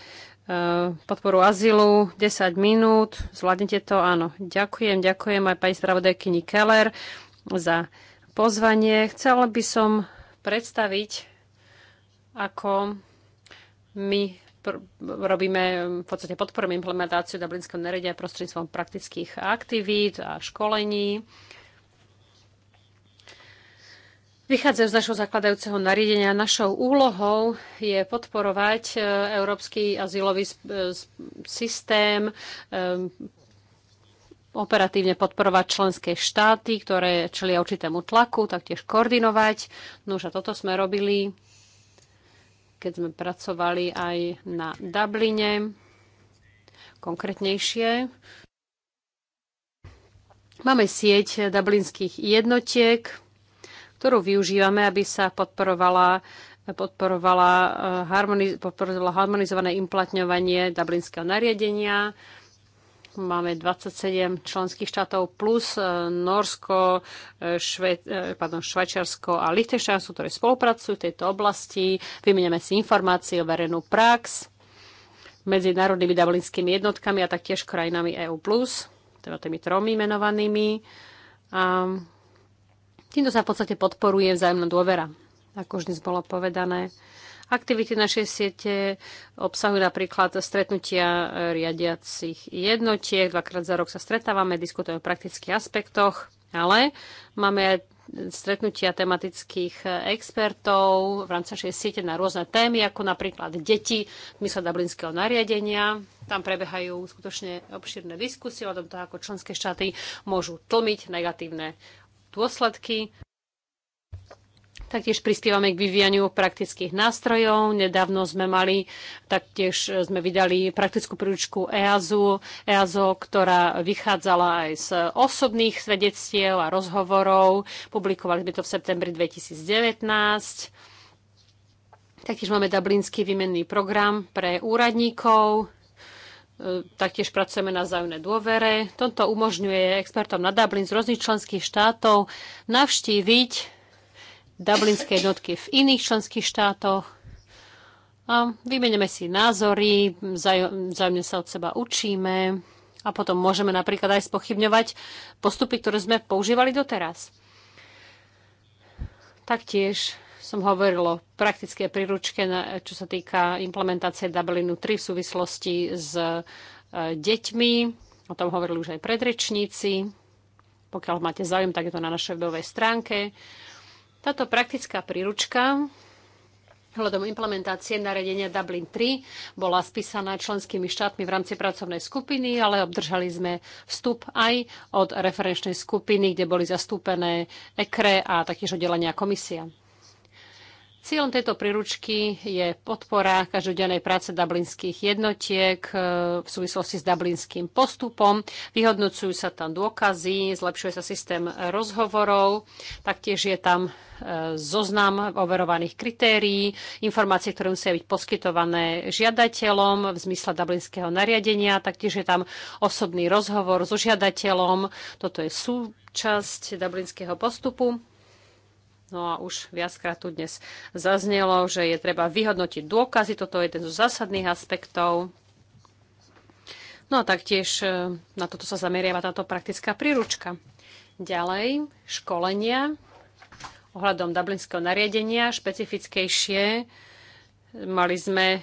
Eh, podporu azylu, 10 minút, zvládnete to, áno. Ďakujem, ďakujem aj pani spravodajkyni Keller za pozvanie. Chcela by som predstaviť, ako my robíme, v podstate podporujeme implementáciu Dublinského nariadenia prostredníctvom praktických aktivít a školení. Uh, vychádzajú z našho zakladajúceho nariadenia. Našou úlohou je podporovať e, európsky azylový e, systém, e, operatívne podporovať členské štáty, ktoré čelia určitému tlaku, taktiež koordinovať. No už a toto sme robili, keď sme pracovali aj na Dubline, konkrétnejšie. Máme sieť dublinských jednotiek, ktorú využívame, aby sa podporovala podporovala, eh, harmoniz- podporovala harmonizované implatňovanie Dublinského nariadenia. Máme 27 členských štátov plus eh, Norsko, eh, Šve- Švajčiarsko a Liechtensteinsko, ktoré spolupracujú v tejto oblasti. Vymeniame si informácie o verejnú prax medzi národnými dublinskými jednotkami a taktiež krajinami EU+, teda tými tromi menovanými. Týmto sa v podstate podporuje vzájomná dôvera, ako už dnes bolo povedané. Aktivity našej siete obsahujú napríklad stretnutia e, riadiacich jednotiek. Dvakrát za rok sa stretávame, diskutujeme o praktických aspektoch, ale máme aj stretnutia tematických e, expertov v rámci našej siete na rôzne témy, ako napríklad deti v mysle Dublinského nariadenia. Tam prebehajú skutočne obšírne diskusie o tom, ako členské štáty môžu tlmiť negatívne dôsledky. Taktiež prispievame k vyvíjaniu praktických nástrojov. Nedávno sme mali, taktiež sme vydali praktickú príručku EASU, EASO, ktorá vychádzala aj z osobných svedectiev a rozhovorov. Publikovali sme to v septembri 2019. Taktiež máme Dublinský výmenný program pre úradníkov. Taktiež pracujeme na zájomné dôvere. Toto umožňuje expertom na Dublin z rôznych členských štátov navštíviť dublinské jednotky v iných členských štátoch a vymeneme si názory, vzájomne sa od seba učíme a potom môžeme napríklad aj spochybňovať postupy, ktoré sme používali doteraz. Taktiež som hovoril o praktické príručke, čo sa týka implementácie Dublinu 3 v súvislosti s e, deťmi. O tom hovorili už aj predrečníci. Pokiaľ máte záujem, tak je to na našej webovej stránke. Táto praktická príručka Hľadom implementácie nariadenia Dublin 3 bola spísaná členskými štátmi v rámci pracovnej skupiny, ale obdržali sme vstup aj od referenčnej skupiny, kde boli zastúpené EKRE a taktiež oddelenia komisia. Cieľom tejto príručky je podpora každodennej práce dublinských jednotiek e, v súvislosti s dublinským postupom. Vyhodnocujú sa tam dôkazy, zlepšuje sa systém rozhovorov, taktiež je tam e, zoznam overovaných kritérií, informácie, ktoré musia byť poskytované žiadateľom v zmysle dublinského nariadenia, taktiež je tam osobný rozhovor so žiadateľom, toto je súčasť dublinského postupu. No a už viackrát tu dnes zaznelo, že je treba vyhodnotiť dôkazy. Toto je jeden zo zásadných aspektov. No a taktiež e, na toto sa zameriava táto praktická príručka. Ďalej, školenia ohľadom dublinského nariadenia, špecifickejšie. Mali sme e,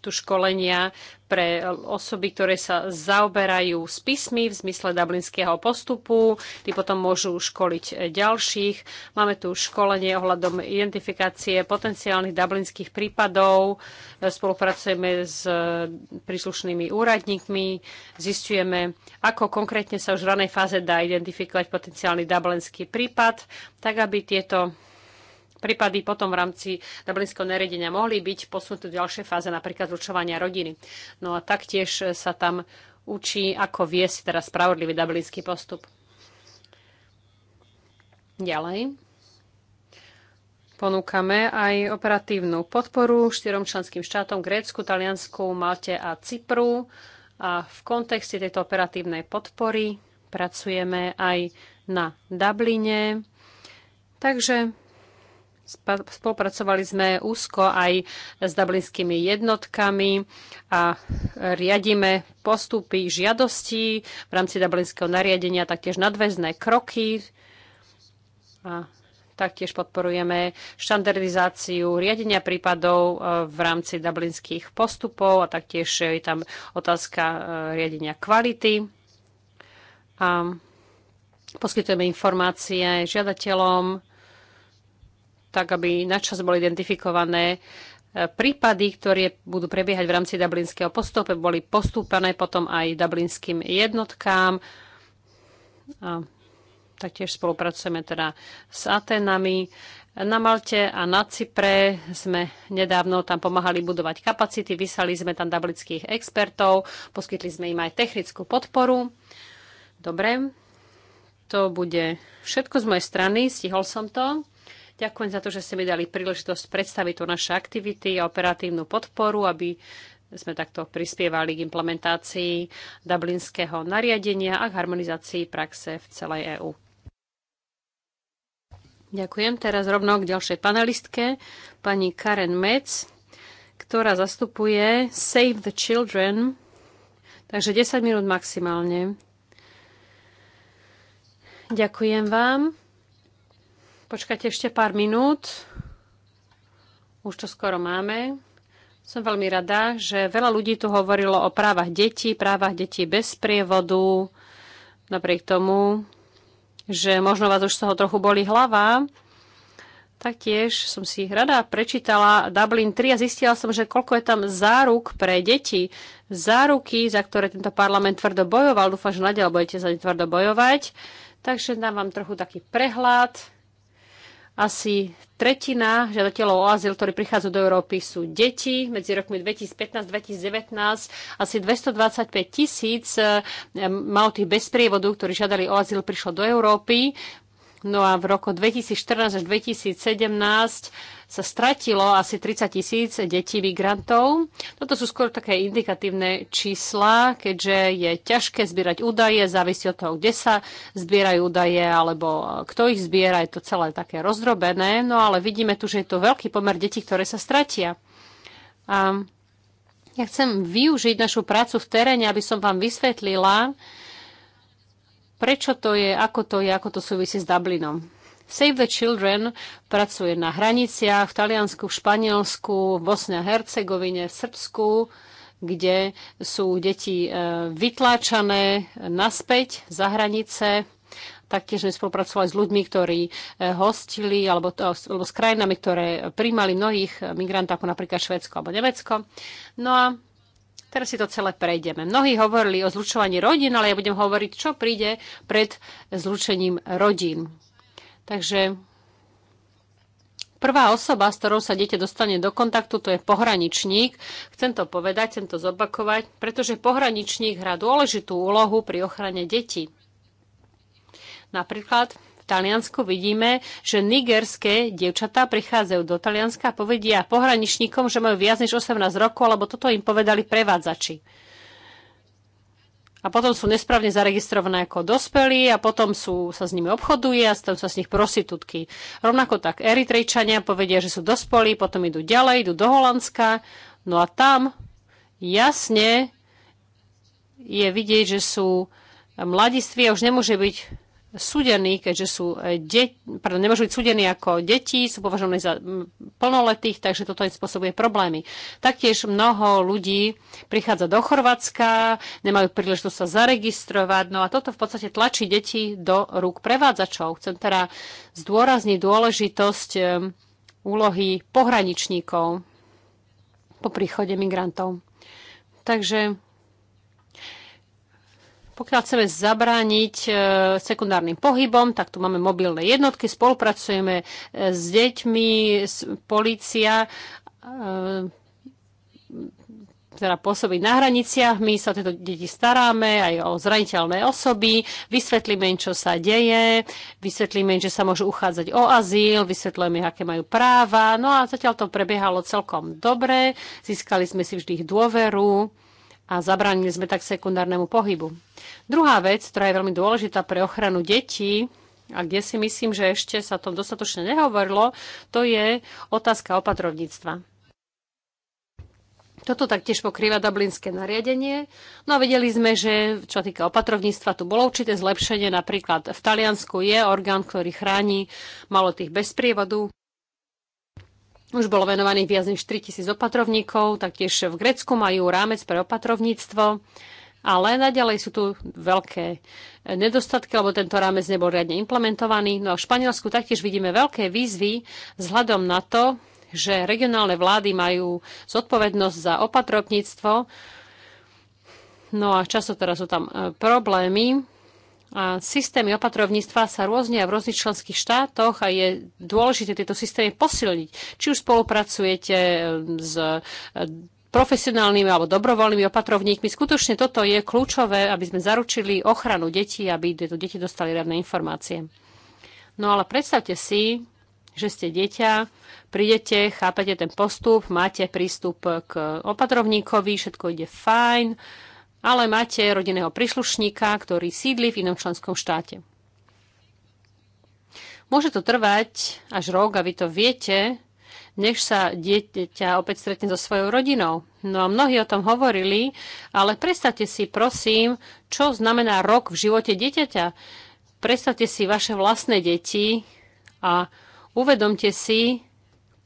tu školenia pre osoby, ktoré sa zaoberajú s písmi v zmysle dublinského postupu. Tí potom môžu školiť ďalších. Máme tu školenie ohľadom identifikácie potenciálnych dublinských prípadov. Spolupracujeme s príslušnými úradníkmi. Zistujeme, ako konkrétne sa už v ranej fáze dá identifikovať potenciálny dublinský prípad, tak aby tieto prípady potom v rámci Dublinského nariadenia mohli byť posunuté do ďalšej fáze, napríklad zlučovania rodiny. No a taktiež sa tam učí, ako viesť teraz spravodlivý dublinský postup. Ďalej. Ponúkame aj operatívnu podporu štyrom členským štátom Grécku, Taliansku, Malte a Cypru. A v kontexte tejto operatívnej podpory pracujeme aj na Dubline. Takže Spolupracovali sme úzko aj s dublinskými jednotkami a riadíme postupy žiadostí v rámci dublinského nariadenia, taktiež nadväzné kroky a taktiež podporujeme štandardizáciu riadenia prípadov e, v rámci dublinských postupov a taktiež je tam otázka e, riadenia kvality. A poskytujeme informácie žiadateľom tak aby načas boli identifikované e, prípady, ktoré budú prebiehať v rámci dublinského postupu, boli postúpené potom aj dublinským jednotkám. A taktiež spolupracujeme teda s Atenami. Na Malte a na Cypre sme nedávno tam pomáhali budovať kapacity, vysali sme tam dublických expertov, poskytli sme im aj technickú podporu. Dobre, to bude všetko z mojej strany, stihol som to. Ďakujem za to, že ste mi dali príležitosť predstaviť tu naše aktivity a operatívnu podporu, aby sme takto prispievali k implementácii dublinského nariadenia a k harmonizácii praxe v celej EÚ. Ďakujem teraz rovno k ďalšej panelistke, pani Karen Metz, ktorá zastupuje Save the Children. Takže 10 minút maximálne. Ďakujem vám. Počkajte ešte pár minút. Už to skoro máme. Som veľmi rada, že veľa ľudí tu hovorilo o právach detí, právach detí bez prievodu, napriek tomu, že možno vás už z toho trochu boli hlava. Taktiež som si rada prečítala Dublin 3 a zistila som, že koľko je tam záruk pre deti. Záruky, za ktoré tento parlament tvrdo bojoval. Dúfam, že nadiaľ budete za ne tvrdo bojovať. Takže dám vám trochu taký prehľad asi tretina žiadateľov o azyl, ktorí prichádzajú do Európy, sú deti. Medzi rokmi 2015-2019 asi 225 tisíc eh, malých bez prievodu, ktorí žiadali o azyl, prišlo do Európy. No a v roku 2014 až 2017 sa stratilo asi 30 tisíc detí migrantov. Toto sú skôr také indikatívne čísla, keďže je ťažké zbierať údaje, závisí od toho, kde sa zbierajú údaje alebo kto ich zbiera. Je to celé také rozdrobené, no ale vidíme tu, že je to veľký pomer detí, ktoré sa stratia. A ja chcem využiť našu prácu v teréne, aby som vám vysvetlila, prečo to je, ako to je, ako to súvisí s Dublinom. Save the Children pracuje na hraniciach v Taliansku, v Španielsku, v Bosne a Hercegovine, v Srbsku, kde sú deti e, vytláčané naspäť za hranice taktiež sme spolupracovali s ľuďmi, ktorí e, hostili alebo, to, alebo s krajinami, ktoré príjmali mnohých migrantov, ako napríklad Švedsko alebo Nemecko. No a teraz si to celé prejdeme. Mnohí hovorili o zlučovaní rodín, ale ja budem hovoriť, čo príde pred zlučením rodín. Takže prvá osoba, s ktorou sa dieťa dostane do kontaktu, to je pohraničník. Chcem to povedať, chcem to zopakovať, pretože pohraničník hrá dôležitú úlohu pri ochrane detí. Napríklad v Taliansku vidíme, že nigerské dievčatá prichádzajú do Talianska a povedia pohraničníkom, že majú viac než 18 rokov, lebo toto im povedali prevádzači a potom sú nesprávne zaregistrované ako dospelí a potom sú, sa s nimi obchoduje a stanú sa z nich prostitútky. Rovnako tak Eritrejčania povedia, že sú dospelí, potom idú ďalej, idú do Holandska, no a tam jasne je vidieť, že sú mladiství a už nemôže byť súdení, keďže sú eh, de- pardon, nemôžu byť súdení ako deti, sú považované za mm, plnoletých, takže toto im spôsobuje problémy. Taktiež mnoho ľudí prichádza do Chorvátska, nemajú príležitosť sa zaregistrovať, no a toto v podstate tlačí deti do rúk prevádzačov. Chcem teda zdôrazniť dôležitosť eh, úlohy pohraničníkov po príchode migrantov. Takže pokiaľ chceme zabrániť e, sekundárnym pohybom, tak tu máme mobilné jednotky, spolupracujeme e, s deťmi, policia, ktorá e, teda pôsobí na hraniciach. My sa o tieto deti staráme, aj o zraniteľné osoby, vysvetlíme im, čo sa deje, vysvetlíme im, že sa môžu uchádzať o azyl, vysvetlíme, aké majú práva. No a zatiaľ to prebiehalo celkom dobre, získali sme si vždy ich dôveru a zabránili sme tak sekundárnemu pohybu. Druhá vec, ktorá je veľmi dôležitá pre ochranu detí, a kde si myslím, že ešte sa o tom dostatočne nehovorilo, to je otázka opatrovníctva. Toto taktiež pokrýva dublinské nariadenie. No a vedeli sme, že čo týka opatrovníctva, tu bolo určité zlepšenie. Napríklad v Taliansku je orgán, ktorý chráni malo tých bez prievodu. Už bolo venovaných viac než 3000 opatrovníkov, taktiež v Grécku majú rámec pre opatrovníctvo, ale naďalej sú tu veľké nedostatky, lebo tento rámec nebol riadne implementovaný. No a v Španielsku taktiež vidíme veľké výzvy vzhľadom na to, že regionálne vlády majú zodpovednosť za opatrovníctvo, no a často teraz sú tam e, problémy systémy opatrovníctva sa rôznia v rôznych členských štátoch a je dôležité tieto systémy posilniť. Či už spolupracujete e, s e, profesionálnymi alebo dobrovoľnými opatrovníkmi. Skutočne toto je kľúčové, aby sme zaručili ochranu detí, aby tieto deti dostali rovné informácie. No ale predstavte si, že ste dieťa, prídete, chápete ten postup, máte prístup k opatrovníkovi, všetko ide fajn, ale máte rodinného príslušníka, ktorý sídli v inom členskom štáte. Môže to trvať až rok a vy to viete, než sa dieťa opäť stretne so svojou rodinou. No a mnohí o tom hovorili, ale predstavte si prosím, čo znamená rok v živote dieťaťa. Predstavte si vaše vlastné deti a uvedomte si,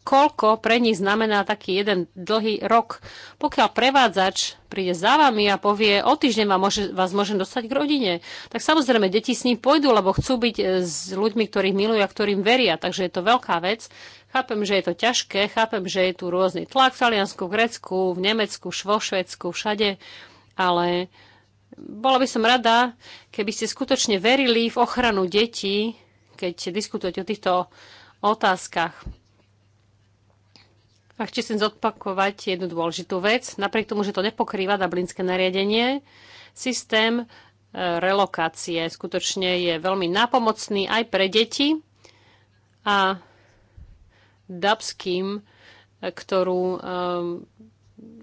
koľko pre nich znamená taký jeden dlhý rok. Pokiaľ prevádzač príde za vami a povie, o týždeň vás, môže, vás môžem dostať k rodine, tak samozrejme deti s ním pôjdu, lebo chcú byť eh, s ľuďmi, ktorých milujú a ktorým veria. Takže je to veľká vec. Chápem, že je to ťažké, chápem, že je tu rôzny tlak v Taliansku, v Grécku, v Nemecku, vo Švedsku, všade, ale bola by som rada, keby ste skutočne verili v ochranu detí, keď diskutujete o týchto otázkach. A chcem zopakovať jednu dôležitú vec. Napriek tomu, že to nepokrýva dublinské nariadenie, systém e, relokácie skutočne je veľmi nápomocný aj pre deti a dubským, e, ktorú um,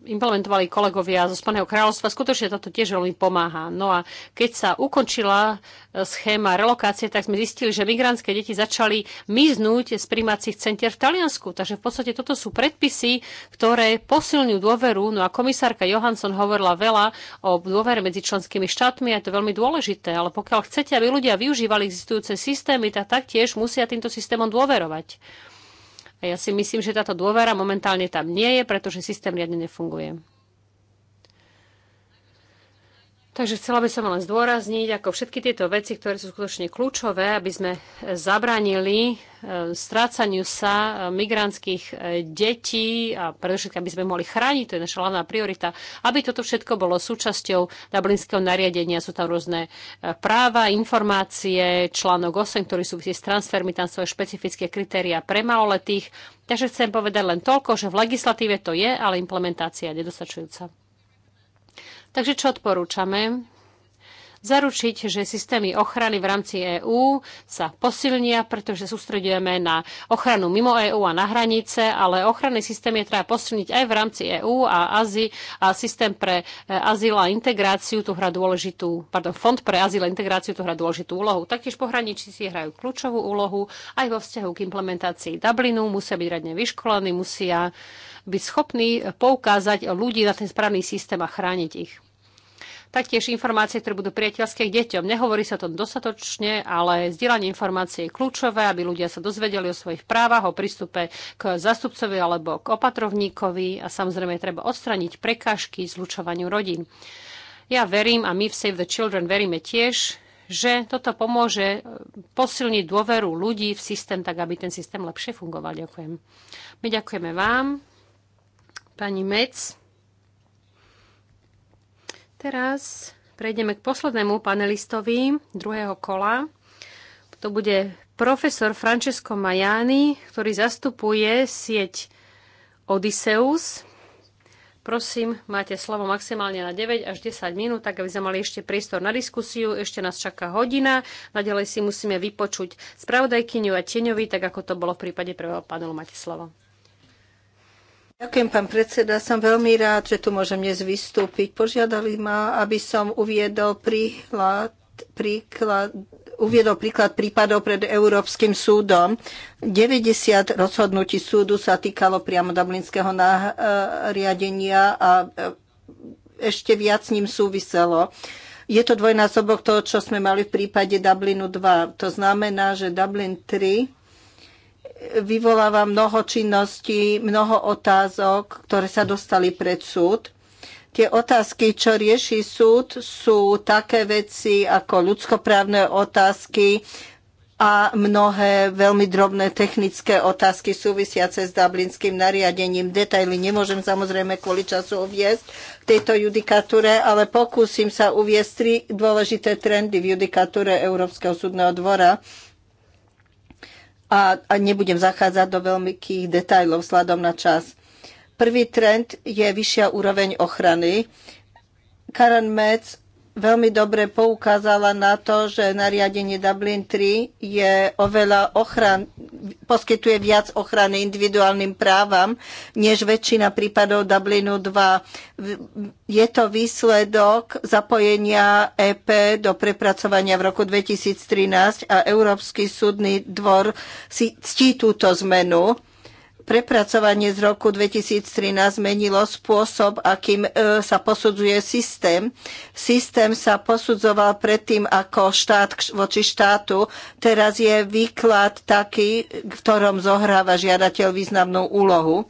implementovali kolegovia zo Spaného kráľovstva, skutočne toto tiež veľmi pomáha. No a keď sa ukončila e, schéma relokácie, tak sme zistili, že migrantské deti začali miznúť z príjmacích centier v Taliansku. Takže v podstate toto sú predpisy, ktoré posilňujú dôveru. No a komisárka Johansson hovorila veľa o dôvere medzi členskými štátmi a je to veľmi dôležité. Ale pokiaľ chcete, aby ľudia využívali existujúce systémy, tak taktiež musia týmto systémom dôverovať. A ja si myslím, že táto dôvera momentálne tam nie je, pretože systém riadne nefunguje. Takže chcela by som len zdôrazniť, ako všetky tieto veci, ktoré sú skutočne kľúčové, aby sme zabranili e, strácaniu sa e, migrantských e, detí a predovšetkým, aby sme mohli chrániť, to je naša hlavná priorita, aby toto všetko bolo súčasťou Dublinského nariadenia. Sú tam rôzne práva, informácie, článok 8, ktorý súvisí s transfermi, tam svoje špecifické kritéria pre maloletých. Takže chcem povedať len toľko, že v legislatíve to je, ale implementácia je nedostačujúca. Takže čo odporúčame? zaručiť, že systémy ochrany v rámci EÚ sa posilnia, pretože sústredujeme na ochranu mimo EÚ a na hranice, ale ochranný systém je treba posilniť aj v rámci EÚ a, azy, a systém pre e, azyl a integráciu tu hra dôležitú, pardon, fond pre azyl a integráciu tu hrá dôležitú úlohu. Taktiež pohraničníci hrajú kľúčovú úlohu aj vo vzťahu k implementácii Dublinu, musia byť radne vyškolení, musia byť schopní poukázať ľudí na ten správny systém a chrániť ich taktiež informácie, ktoré budú priateľské k deťom. Nehovorí sa to dostatočne, ale zdieľanie informácií je kľúčové, aby ľudia sa dozvedeli o svojich právach, o prístupe k zastupcovi alebo k opatrovníkovi a samozrejme treba odstraniť prekážky zlučovaniu rodín. Ja verím a my v Save the Children veríme tiež, že toto pomôže e, posilniť dôveru ľudí v systém, tak aby ten systém lepšie fungoval. Ďakujem. My ďakujeme vám, pani Mec. Teraz prejdeme k poslednému panelistovi druhého kola. To bude profesor Francesco Majani, ktorý zastupuje sieť Odysseus. Prosím, máte slovo maximálne na 9 až 10 minút, tak aby sme mali ešte priestor na diskusiu. Ešte nás čaká hodina. Naďalej si musíme vypočuť spravodajkyňu a tieňovi, tak ako to bolo v prípade prvého panelu. Máte slovo. Ďakujem, pán predseda. Som veľmi rád, že tu môžem dnes vystúpiť. Požiadali ma, aby som uviedol príklad, príklad uviedol príklad prípadov pred Európskym súdom. 90 rozhodnutí súdu sa týkalo priamo dublinského nariadenia a e, ešte viac s ním súviselo. Je to dvojnásobok toho, čo sme mali v prípade Dublinu 2. To znamená, že Dublin 3 vyvoláva mnoho činností, mnoho otázok, ktoré sa dostali pred súd. Tie otázky, čo rieši súd, sú také veci ako ľudskoprávne otázky a mnohé veľmi drobné technické otázky súvisiace s dublinským nariadením. Detaily nemôžem samozrejme kvôli času uviesť v tejto judikatúre, ale pokúsim sa uviesť tri dôležité trendy v judikatúre Európskeho súdneho dvora a, a nebudem zachádzať do veľmikých detajlov vzhľadom na čas. Prvý trend je vyššia úroveň ochrany. Karen Metz veľmi dobre poukázala na to, že nariadenie Dublin 3 je oveľa ochran, poskytuje viac ochrany individuálnym právam, než väčšina prípadov Dublinu 2. Je to výsledok zapojenia EP do prepracovania v roku 2013 a Európsky súdny dvor si ctí túto zmenu Prepracovanie z roku 2013 zmenilo spôsob, akým e, sa posudzuje systém. Systém sa posudzoval predtým ako štát voči štátu. Teraz je výklad taký, v ktorom zohráva žiadateľ významnú úlohu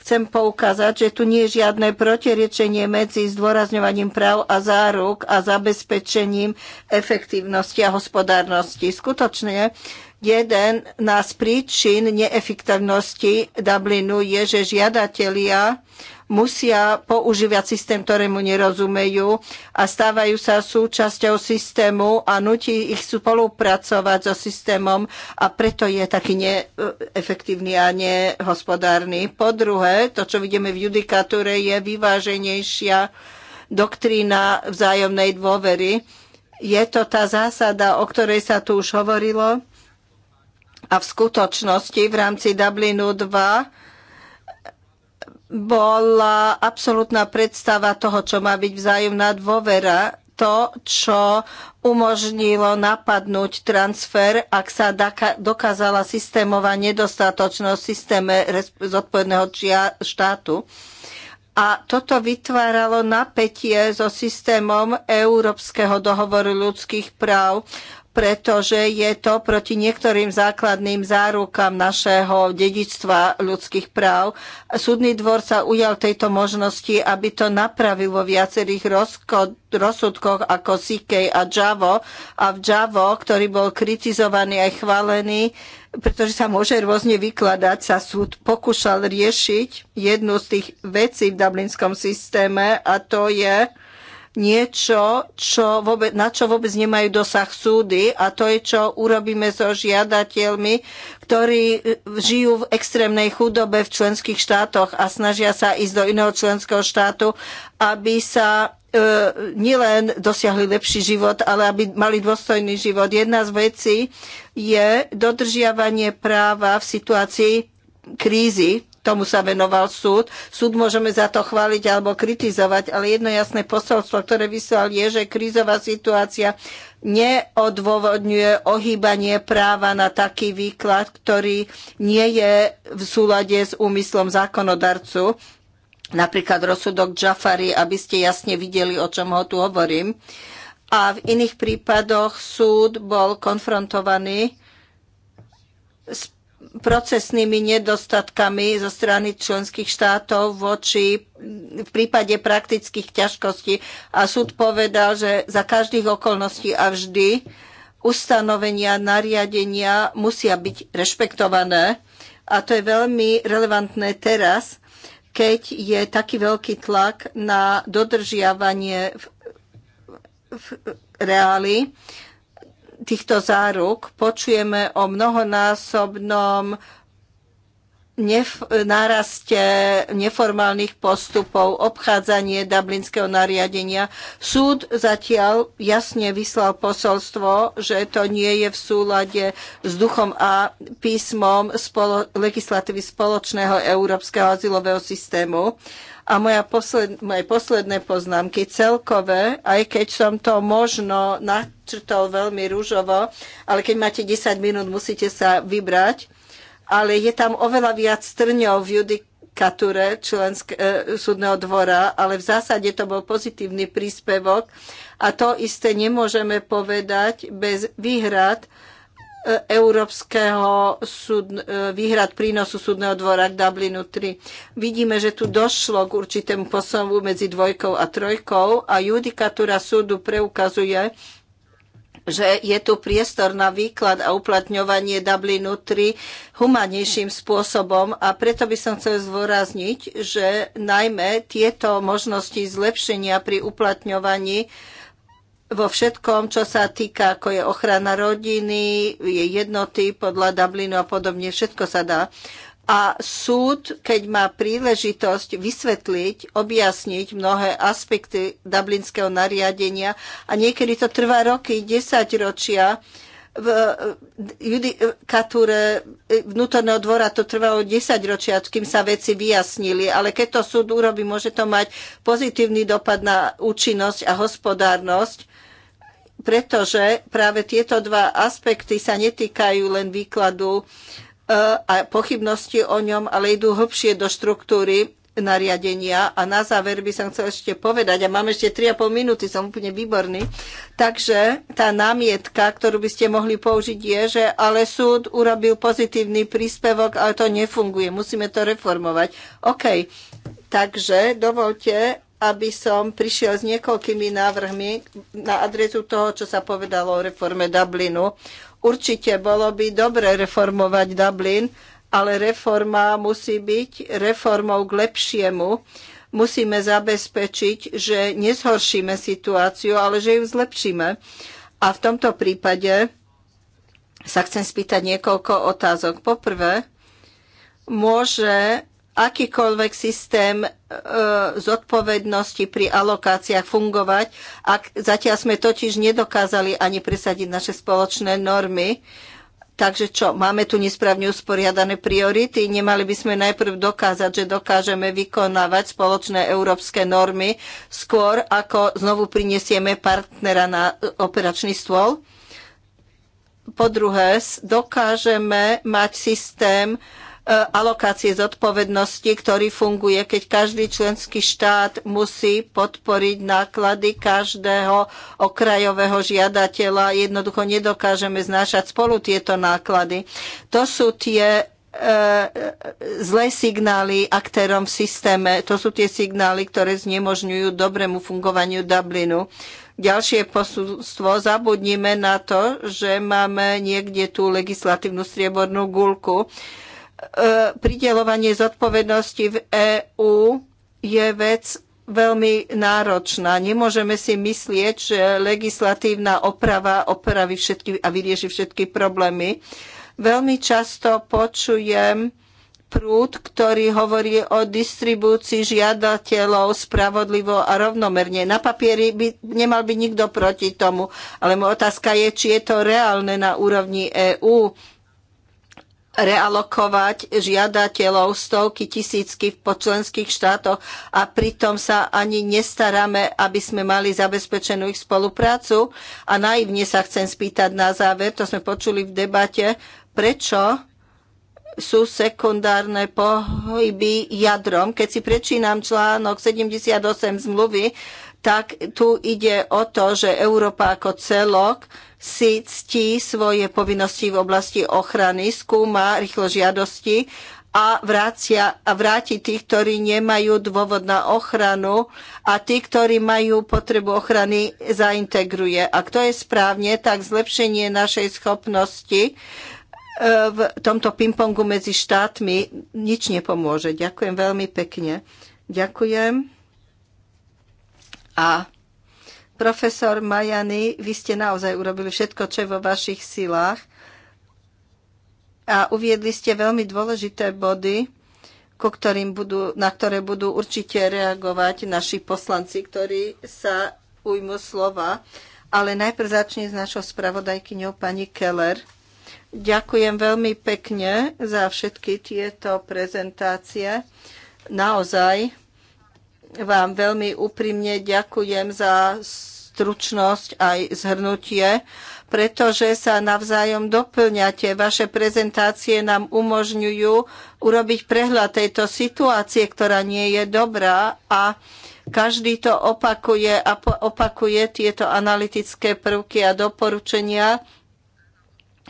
chcem poukázať, že tu nie je žiadne protirečenie medzi zdôrazňovaním práv a záruk a zabezpečením efektívnosti a hospodárnosti. Skutočne Jeden z príčin neefektívnosti Dublinu je, že žiadatelia musia používať systém, ktorému nerozumejú a stávajú sa súčasťou systému a nutí ich spolupracovať so systémom a preto je taký neefektívny a nehospodárny. Po druhé, to, čo vidíme v judikatúre, je vyváženejšia doktrína vzájomnej dôvery. Je to tá zásada, o ktorej sa tu už hovorilo, a v skutočnosti v rámci Dublinu 2 bola absolútna predstava toho, čo má byť vzájomná dôvera, to, čo umožnilo napadnúť transfer, ak sa dokázala systémová nedostatočnosť systéme zodpovedného štátu. A toto vytváralo napätie so systémom Európskeho dohovoru ľudských práv, pretože je to proti niektorým základným zárukám našeho dedičstva ľudských práv. Súdny dvor sa ujal tejto možnosti, aby to napravil vo viacerých rozkod, rozsudkoch ako CK a Javo. A v Javo, ktorý bol kritizovaný aj chválený, pretože sa môže rôzne vykladať, sa súd pokúšal riešiť jednu z tých vecí v dublinskom systéme a to je niečo, čo vôbec, na čo vôbec nemajú dosah súdy a to je, čo urobíme so žiadateľmi, ktorí e, žijú v extrémnej chudobe v členských štátoch a snažia sa ísť do iného členského štátu, aby sa e, nielen dosiahli lepší život, ale aby mali dôstojný život. Jedna z vecí je dodržiavanie práva v situácii krízy, tomu sa venoval súd. Súd môžeme za to chváliť alebo kritizovať, ale jedno jasné posolstvo, ktoré vyslal, je, že krízová situácia neodôvodňuje ohýbanie práva na taký výklad, ktorý nie je v súlade s úmyslom zákonodarcu. Napríklad rozsudok Jafari, aby ste jasne videli, o čom ho tu hovorím. A v iných prípadoch súd bol konfrontovaný s procesnými nedostatkami zo strany členských štátov voči v prípade praktických ťažkostí. A súd povedal, že za každých okolností a vždy ustanovenia, nariadenia musia byť rešpektované. A to je veľmi relevantné teraz, keď je taký veľký tlak na dodržiavanie v, v, v reáli týchto záruk počujeme o mnohonásobnom nef- náraste neformálnych postupov, obchádzanie dublinského nariadenia. Súd zatiaľ jasne vyslal posolstvo, že to nie je v súlade s duchom a písmom spolo- legislatívy spoločného európskeho azylového systému. A moja posled, moje posledné poznámky celkové, aj keď som to možno načrtol veľmi rúžovo, ale keď máte 10 minút, musíte sa vybrať. Ale je tam oveľa viac strňov v judikatúre členské, e, súdneho dvora, ale v zásade to bol pozitívny príspevok. A to isté nemôžeme povedať bez výhrad, Európskeho súd, e, výhrad prínosu súdneho dvora k Dublinu 3. Vidíme, že tu došlo k určitému posunu medzi dvojkou a trojkou a judikatúra súdu preukazuje, že je tu priestor na výklad a uplatňovanie Dublinu 3 humanejším spôsobom a preto by som chcel zdôrazniť, že najmä tieto možnosti zlepšenia pri uplatňovaní vo všetkom, čo sa týka, ako je ochrana rodiny, je jednoty podľa Dublinu a podobne, všetko sa dá. A súd, keď má príležitosť vysvetliť, objasniť mnohé aspekty dublinského nariadenia, a niekedy to trvá roky, desaťročia, v judikatúre e, vnútorného dvora to trvalo 10 ročia, kým sa veci vyjasnili, ale keď to súd urobí, môže to mať pozitívny dopad na účinnosť a hospodárnosť pretože práve tieto dva aspekty sa netýkajú len výkladu e, a pochybnosti o ňom, ale idú hlbšie do štruktúry nariadenia. A na záver by som chcel ešte povedať, a mám ešte 3,5 minúty, som úplne výborný, takže tá námietka, ktorú by ste mohli použiť, je, že ale súd urobil pozitívny príspevok, ale to nefunguje, musíme to reformovať. OK, takže dovolte, aby som prišiel s niekoľkými návrhmi na adresu toho, čo sa povedalo o reforme Dublinu. Určite bolo by dobre reformovať Dublin, ale reforma musí byť reformou k lepšiemu. Musíme zabezpečiť, že nezhoršíme situáciu, ale že ju zlepšíme. A v tomto prípade sa chcem spýtať niekoľko otázok. Poprvé, môže akýkoľvek systém e, zodpovednosti pri alokáciách fungovať, ak zatiaľ sme totiž nedokázali ani presadiť naše spoločné normy. Takže čo, máme tu nesprávne usporiadané priority? Nemali by sme najprv dokázať, že dokážeme vykonávať spoločné európske normy skôr, ako znovu prinesieme partnera na operačný stôl? Po druhé, dokážeme mať systém, E, alokácie zodpovednosti, ktorý funguje, keď každý členský štát musí podporiť náklady každého okrajového žiadateľa. Jednoducho nedokážeme znášať spolu tieto náklady. To sú tie e, zlé signály aktérom v systéme. To sú tie signály, ktoré znemožňujú dobrému fungovaniu Dublinu. Ďalšie posúdstvo, zabudnime na to, že máme niekde tú legislatívnu striebornú gulku. Uh, E, pridelovanie zodpovednosti v EÚ je vec veľmi náročná. Nemôžeme si myslieť, že legislatívna oprava opraví všetky a vyrieši všetky problémy. Veľmi často počujem prúd, ktorý hovorí o distribúcii žiadateľov spravodlivo a rovnomerne. Na papieri by nemal byť nikto proti tomu, ale moja otázka je, či je to reálne na úrovni EÚ realokovať žiadateľov stovky tisícky po členských štátoch a pritom sa ani nestaráme, aby sme mali zabezpečenú ich spoluprácu. A naivne sa chcem spýtať na záver, to sme počuli v debate, prečo sú sekundárne pohyby jadrom. Keď si prečínam článok 78 zmluvy, tak tu ide o to, že Európa ako celok si ctí svoje povinnosti v oblasti ochrany, skúma rýchlo žiadosti a, vrácia, a vráti tých, ktorí nemajú dôvod na ochranu a tí, ktorí majú potrebu ochrany, zaintegruje. A to je správne, tak zlepšenie našej schopnosti e, v tomto pingpongu medzi štátmi nič nepomôže. Ďakujem veľmi pekne. Ďakujem. A Profesor Majany, vy ste naozaj urobili všetko, čo je vo vašich silách a uviedli ste veľmi dôležité body, ku ktorým budú, na ktoré budú určite reagovať naši poslanci, ktorí sa ujmu slova. Ale najprv začne s našou spravodajkyňou pani Keller. Ďakujem veľmi pekne za všetky tieto prezentácie. Naozaj vám veľmi úprimne ďakujem za stručnosť aj zhrnutie, pretože sa navzájom doplňate. Vaše prezentácie nám umožňujú urobiť prehľad tejto situácie, ktorá nie je dobrá a každý to opakuje a opakuje tieto analytické prvky a doporučenia.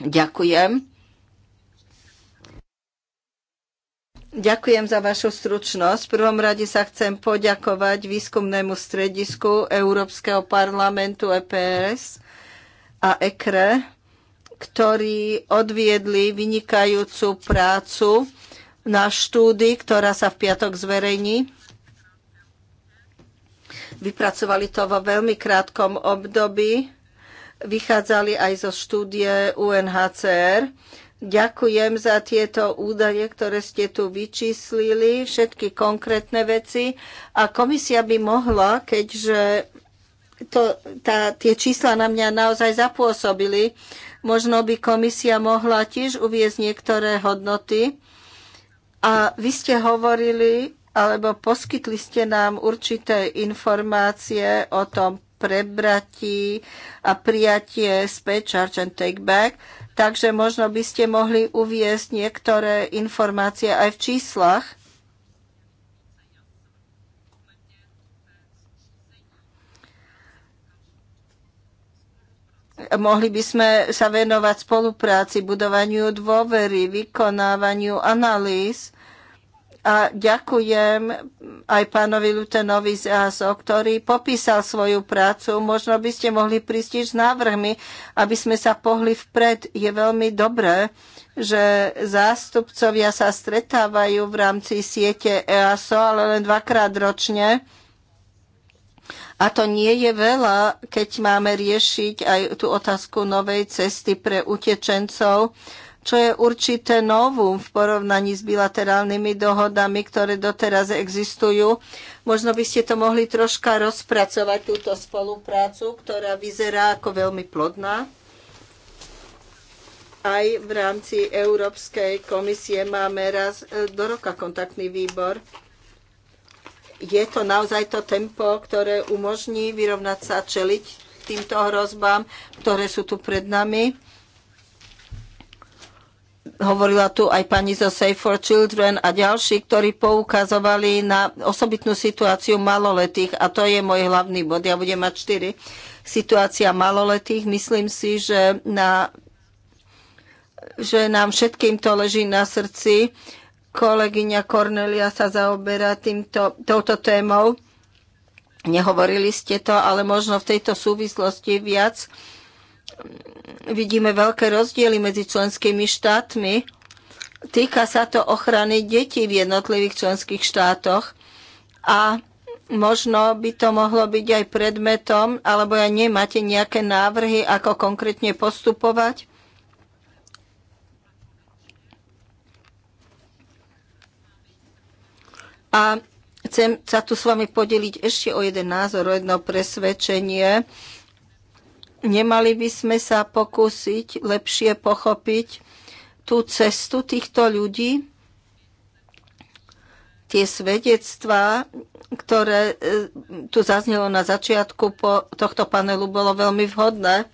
Ďakujem. Ďakujem za vašu stručnosť. V prvom rade sa chcem poďakovať výskumnému stredisku Európskeho parlamentu EPS a ECRE, e, ktorí odviedli vynikajúcu prácu na štúdy, ktorá sa v piatok zverejní. Vypracovali to vo veľmi krátkom období. Vychádzali aj zo štúdie UNHCR Ďakujem za tieto údaje, ktoré ste tu vyčíslili, všetky konkrétne veci. A komisia by mohla, keďže to, tá, tie čísla na mňa naozaj zapôsobili, možno by komisia mohla tiež uviezť niektoré hodnoty. A vy ste hovorili, alebo poskytli ste nám určité informácie o tom prebratí a prijatie späť, charge and take back takže možno by ste mohli uviezť niektoré informácie aj v číslach. Mohli by sme sa venovať spolupráci, budovaniu dôvery, vykonávaniu analýz a ďakujem aj pánovi Lutenovi z EASO, ktorý popísal svoju prácu. Možno by ste mohli prísť s návrhmi, aby sme sa pohli vpred. Je veľmi dobré, že zástupcovia sa stretávajú v rámci siete EASO, ale len dvakrát ročne. A to nie je veľa, keď máme riešiť aj tú otázku novej cesty pre utečencov čo je určité novum v porovnaní s bilaterálnymi dohodami, ktoré doteraz existujú. Možno by ste to mohli troška rozpracovať, túto spoluprácu, ktorá vyzerá ako veľmi plodná. Aj v rámci Európskej komisie máme raz e, do roka kontaktný výbor. Je to naozaj to tempo, ktoré umožní vyrovnať sa čeliť týmto hrozbám, ktoré sú tu pred nami hovorila tu aj pani zo Save for Children a ďalší, ktorí poukazovali na osobitnú situáciu maloletých a to je môj hlavný bod. Ja budem mať 4. Situácia maloletých, myslím si, že, na, že nám všetkým to leží na srdci. Kolegyňa Cornelia sa zaoberá týmto, touto témou. Nehovorili ste to, ale možno v tejto súvislosti viac vidíme veľké rozdiely medzi členskými štátmi. Týka sa to ochrany detí v jednotlivých členských štátoch a možno by to mohlo byť aj predmetom, alebo ja nemáte nejaké návrhy, ako konkrétne postupovať? A chcem sa tu s vami podeliť ešte o jeden názor, o jedno presvedčenie. Nemali by sme sa pokúsiť lepšie pochopiť tú cestu týchto ľudí, tie svedectvá, ktoré e, tu zaznelo na začiatku po tohto panelu, bolo veľmi vhodné.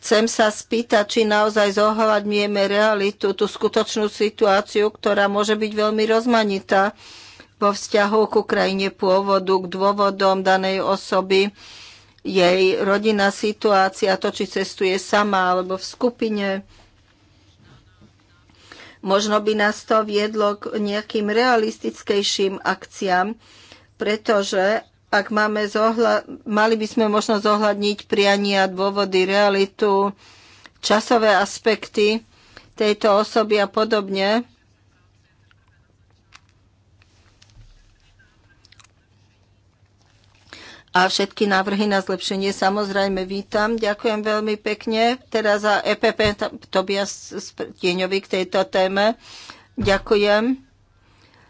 Chcem sa spýtať, či naozaj zohľadňujeme realitu, tú skutočnú situáciu, ktorá môže byť veľmi rozmanitá vo vzťahu k krajine pôvodu, k dôvodom danej osoby, jej rodinná situácia, to, či cestuje sama alebo v skupine. Možno by nás to viedlo k nejakým realistickejším akciám, pretože ak máme zohľa- mali by sme možno zohľadniť priania, dôvody, realitu, časové aspekty tejto osoby a podobne, a všetky návrhy na zlepšenie samozrejme vítam. Ďakujem veľmi pekne. Teraz za EPP Tobias Tieňovi k tejto téme. Ďakujem.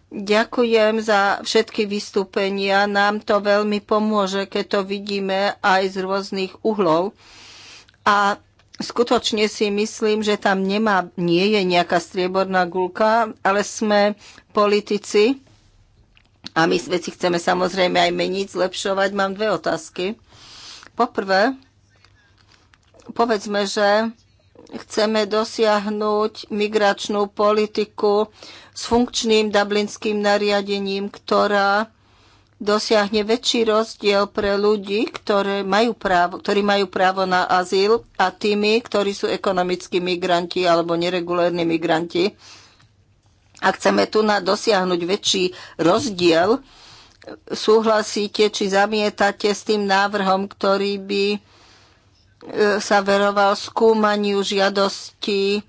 Ďakujem za všetky vystúpenia. Nám to veľmi pomôže, keď to vidíme aj z rôznych uhlov. A skutočne si myslím, že tam nemá, nie je nejaká strieborná gulka, ale sme politici a my veci chceme samozrejme aj meniť, zlepšovať. Mám dve otázky. Poprvé, povedzme, že chceme dosiahnuť migračnú politiku s funkčným dublinským nariadením, ktorá dosiahne väčší rozdiel pre ľudí, ktoré majú právo, ktorí majú právo na azyl a tými, ktorí sú ekonomickí migranti alebo neregulérni migranti. A chceme tu na dosiahnuť väčší rozdiel, súhlasíte či zamietate s tým návrhom, ktorý by e, sa veroval skúmaniu žiadosti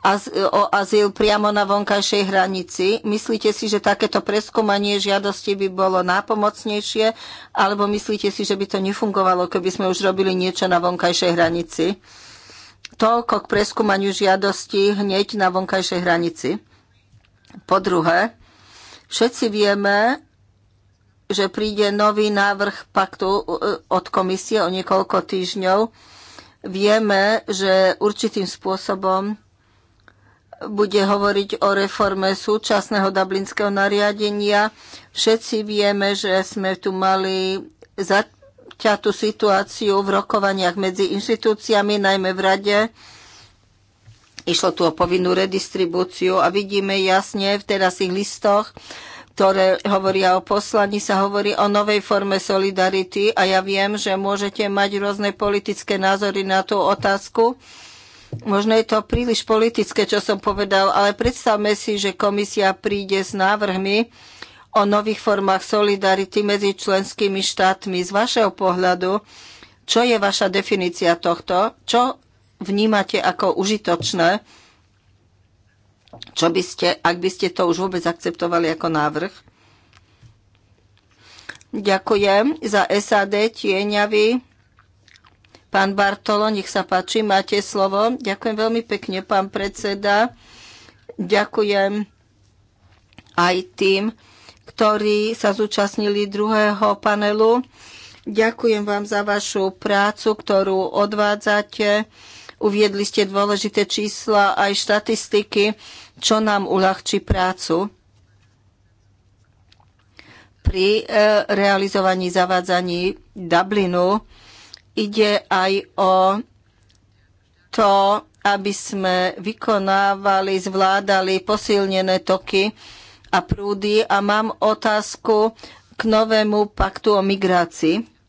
e, o azyl priamo na vonkajšej hranici. Myslíte si, že takéto preskúmanie žiadosti by bolo nápomocnejšie, alebo myslíte si, že by to nefungovalo, keby sme už robili niečo na vonkajšej hranici? Toľko k preskúmaniu žiadosti hneď na vonkajšej hranici. Po druhé, všetci vieme, že príde nový návrh paktu e, od komisie o niekoľko týždňov. Vieme, že určitým spôsobom bude hovoriť o reforme súčasného dublinského nariadenia. Všetci vieme, že sme tu mali zaťatú situáciu v rokovaniach medzi inštitúciami, najmä v Rade Išlo tu o povinnú redistribúciu a vidíme jasne v terasých listoch, ktoré hovoria o poslaní, sa hovorí o novej forme solidarity a ja viem, že môžete mať rôzne politické názory na tú otázku. Možno je to príliš politické, čo som povedal, ale predstavme si, že komisia príde s návrhmi o nových formách solidarity medzi členskými štátmi. Z vašeho pohľadu, čo je vaša definícia tohto? Čo vnímate ako užitočné, čo by ste, ak by ste to už vôbec akceptovali ako návrh? Ďakujem za SAD tieňavy, Pán Bartolo, nech sa páči, máte slovo. Ďakujem veľmi pekne, pán predseda. Ďakujem aj tým, ktorí sa zúčastnili druhého panelu. Ďakujem vám za vašu prácu, ktorú odvádzate Uviedli ste dôležité čísla aj štatistiky, čo nám uľahčí prácu pri e, realizovaní zavádzaní Dublinu. Ide aj o to, aby sme vykonávali, zvládali posilnené toky a prúdy. A mám otázku k novému paktu o migrácii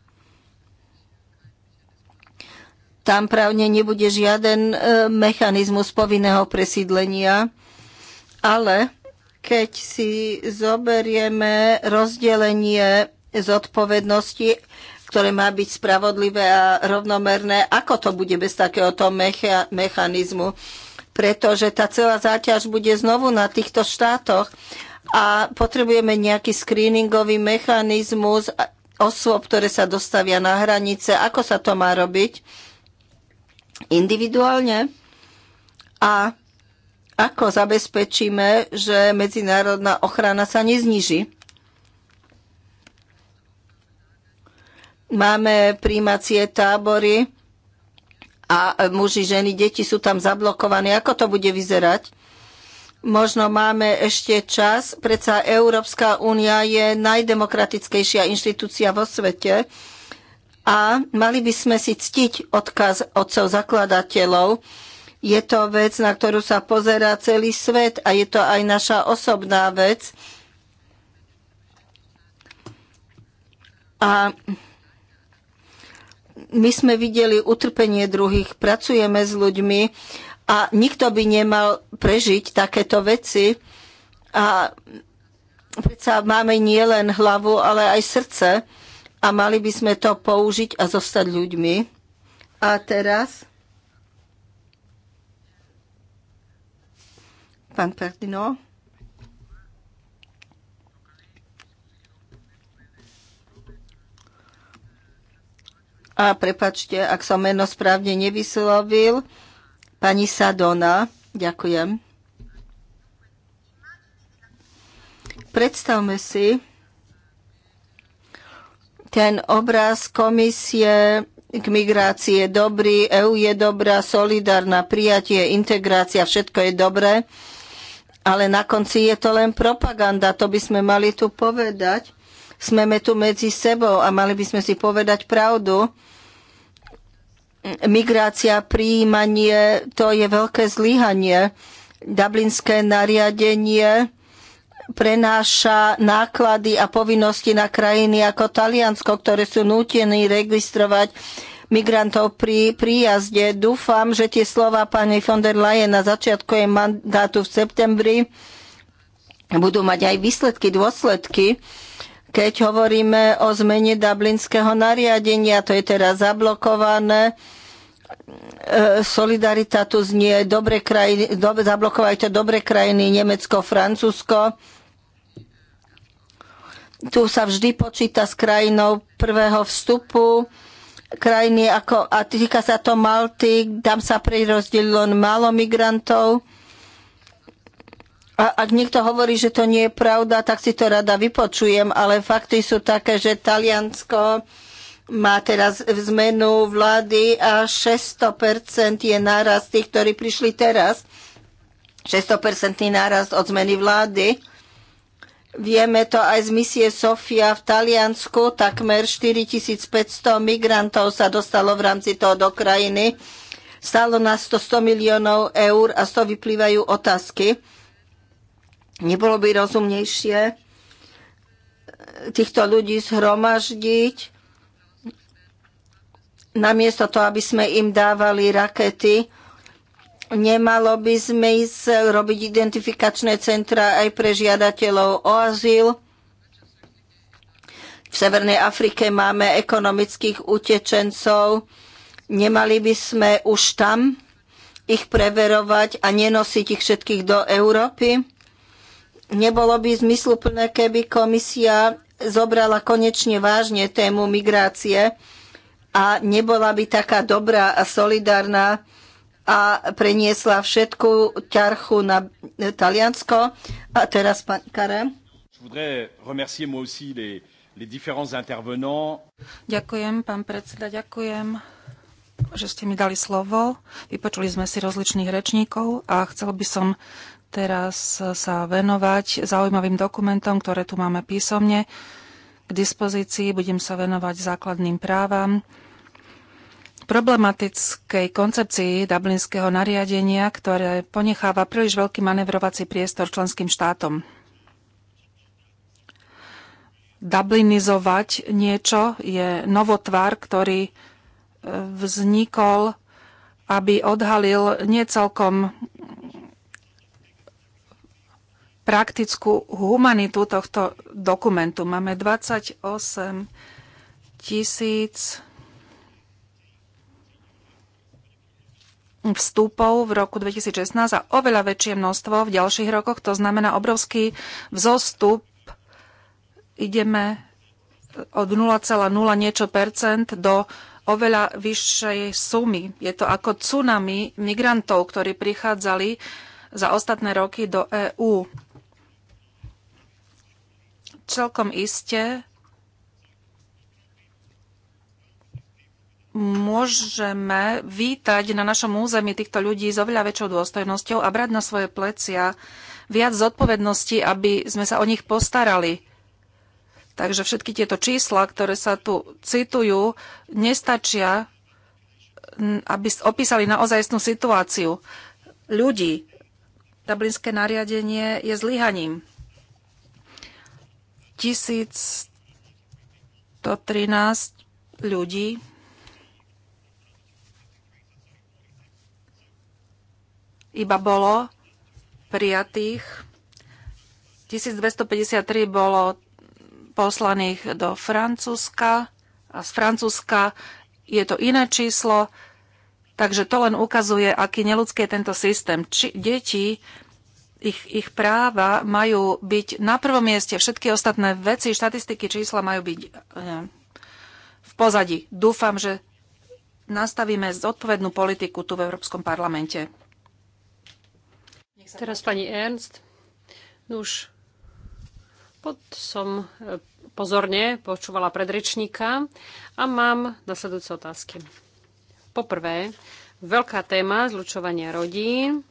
tam právne nebude žiaden e, mechanizmus povinného presídlenia, ale keď si zoberieme rozdelenie zodpovednosti, ktoré má byť spravodlivé a rovnomerné, ako to bude bez takéhoto mecha- mechanizmu, pretože tá celá záťaž bude znovu na týchto štátoch a potrebujeme nejaký screeningový mechanizmus osôb, ktoré sa dostavia na hranice, ako sa to má robiť individuálne a ako zabezpečíme, že medzinárodná ochrana sa nezniží. Máme príjmacie tábory a muži, ženy, deti sú tam zablokovaní. Ako to bude vyzerať? Možno máme ešte čas, predsa Európska únia je najdemokratickejšia inštitúcia vo svete a mali by sme si ctiť odkaz otcov zakladateľov. Je to vec, na ktorú sa pozerá celý svet a je to aj naša osobná vec. A my sme videli utrpenie druhých, pracujeme s ľuďmi a nikto by nemal prežiť takéto veci. A predsa máme nielen hlavu, ale aj srdce a mali by sme to použiť a zostať ľuďmi. A teraz pán Perdino. A prepačte, ak som meno správne nevyslovil, pani Sadona, ďakujem. Predstavme si, ten obraz komisie k migrácii je dobrý, EU je dobrá, solidárna, prijatie, integrácia, všetko je dobré, ale na konci je to len propaganda, to by sme mali tu povedať. Sme tu medzi sebou a mali by sme si povedať pravdu. Migrácia, príjmanie, to je veľké zlyhanie. Dublinské nariadenie, prenáša náklady a povinnosti na krajiny ako Taliansko, ktoré sú nútení registrovať migrantov pri príjazde. Dúfam, že tie slova pani von der Leyen na začiatku jej mandátu v septembri budú mať aj výsledky, dôsledky. Keď hovoríme o zmene dublinského nariadenia, to je teraz zablokované, e, solidarita tu znie, dobre krajiny, dobre, zablokovali to dobre krajiny Nemecko, Francúzsko, tu sa vždy počíta s krajinou prvého vstupu krajiny ako, a týka sa to Malty, tam sa prirozdelilo len málo migrantov. A ak niekto hovorí, že to nie je pravda, tak si to rada vypočujem, ale fakty sú také, že Taliansko má teraz zmenu vlády a 600% je náraz tých, ktorí prišli teraz. 600% náraz od zmeny vlády. Vieme to aj z misie Sofia v Taliansku, takmer 4500 migrantov sa dostalo v rámci toho do krajiny. Stalo nás to 100 miliónov eur a z toho vyplývajú otázky. Nebolo by rozumnejšie týchto ľudí zhromaždiť, namiesto toho, aby sme im dávali rakety, Nemalo by sme ísť robiť identifikačné centra aj pre žiadateľov o azyl. V Severnej Afrike máme ekonomických utečencov. Nemali by sme už tam ich preverovať a nenosiť ich všetkých do Európy. Nebolo by zmysluplné, keby komisia zobrala konečne vážne tému migrácie a nebola by taká dobrá a solidárna a preniesla všetku ťarchu na Taliansko. A teraz pán Karem. Ďakujem, pán predseda, ďakujem, že ste mi dali slovo. Vypočuli sme si rozličných rečníkov a chcel by som teraz sa venovať zaujímavým dokumentom, ktoré tu máme písomne k dispozícii. Budem sa venovať základným právam, problematickej koncepcii dublinského nariadenia, ktoré ponecháva príliš veľký manevrovací priestor členským štátom. Dublinizovať niečo je novotvar, ktorý e, vznikol, aby odhalil niecelkom praktickú humanitu tohto dokumentu. Máme 28 tisíc vstupov v roku 2016 a oveľa väčšie množstvo v ďalších rokoch. To znamená obrovský vzostup. Ideme od 0,0 niečo percent do oveľa vyššej sumy. Je to ako tsunami migrantov, ktorí prichádzali za ostatné roky do EÚ. Celkom iste môžeme vítať na našom území týchto ľudí s oveľa väčšou dôstojnosťou a brať na svoje plecia viac zodpovednosti, aby sme sa o nich postarali. Takže všetky tieto čísla, ktoré sa tu citujú, nestačia, aby opísali naozajstnú situáciu ľudí. Dublinské nariadenie je zlyhaním. 1113 ľudí iba bolo prijatých. 1253 bolo poslaných do Francúzska a z Francúzska je to iné číslo, takže to len ukazuje, aký neludský je tento systém. Či, deti, ich, ich práva majú byť na prvom mieste, všetky ostatné veci, štatistiky, čísla majú byť ne, eh, v pozadí. Dúfam, že nastavíme zodpovednú politiku tu v Európskom parlamente. Teraz pani Ernst. Nuž, no pod som e, pozorne počúvala predrečníka a mám nasledujúce otázky. Poprvé, veľká téma zlučovania rodín.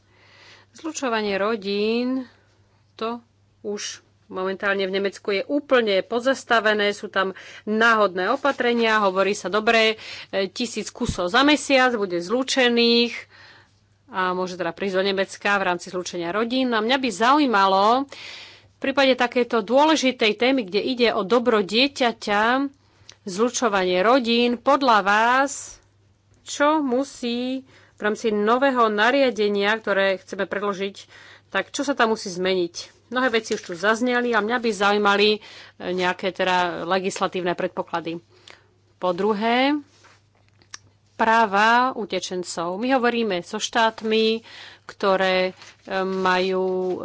Zlučovanie rodín, to už momentálne v Nemecku je úplne pozastavené, sú tam náhodné opatrenia, hovorí sa dobre, e, tisíc kusov za mesiac bude zlúčených a môže teda prísť do Nemecka v rámci zlučenia rodín. A mňa by zaujímalo, v prípade takéto dôležitej témy, kde ide o dobro dieťaťa, zlučovanie rodín, podľa vás, čo musí v rámci nového nariadenia, ktoré chceme predložiť, tak čo sa tam musí zmeniť? Mnohé veci už tu zazneli a mňa by zaujímali nejaké teda legislatívne predpoklady. Po druhé, práva utečencov. My hovoríme so štátmi, ktoré e, majú e,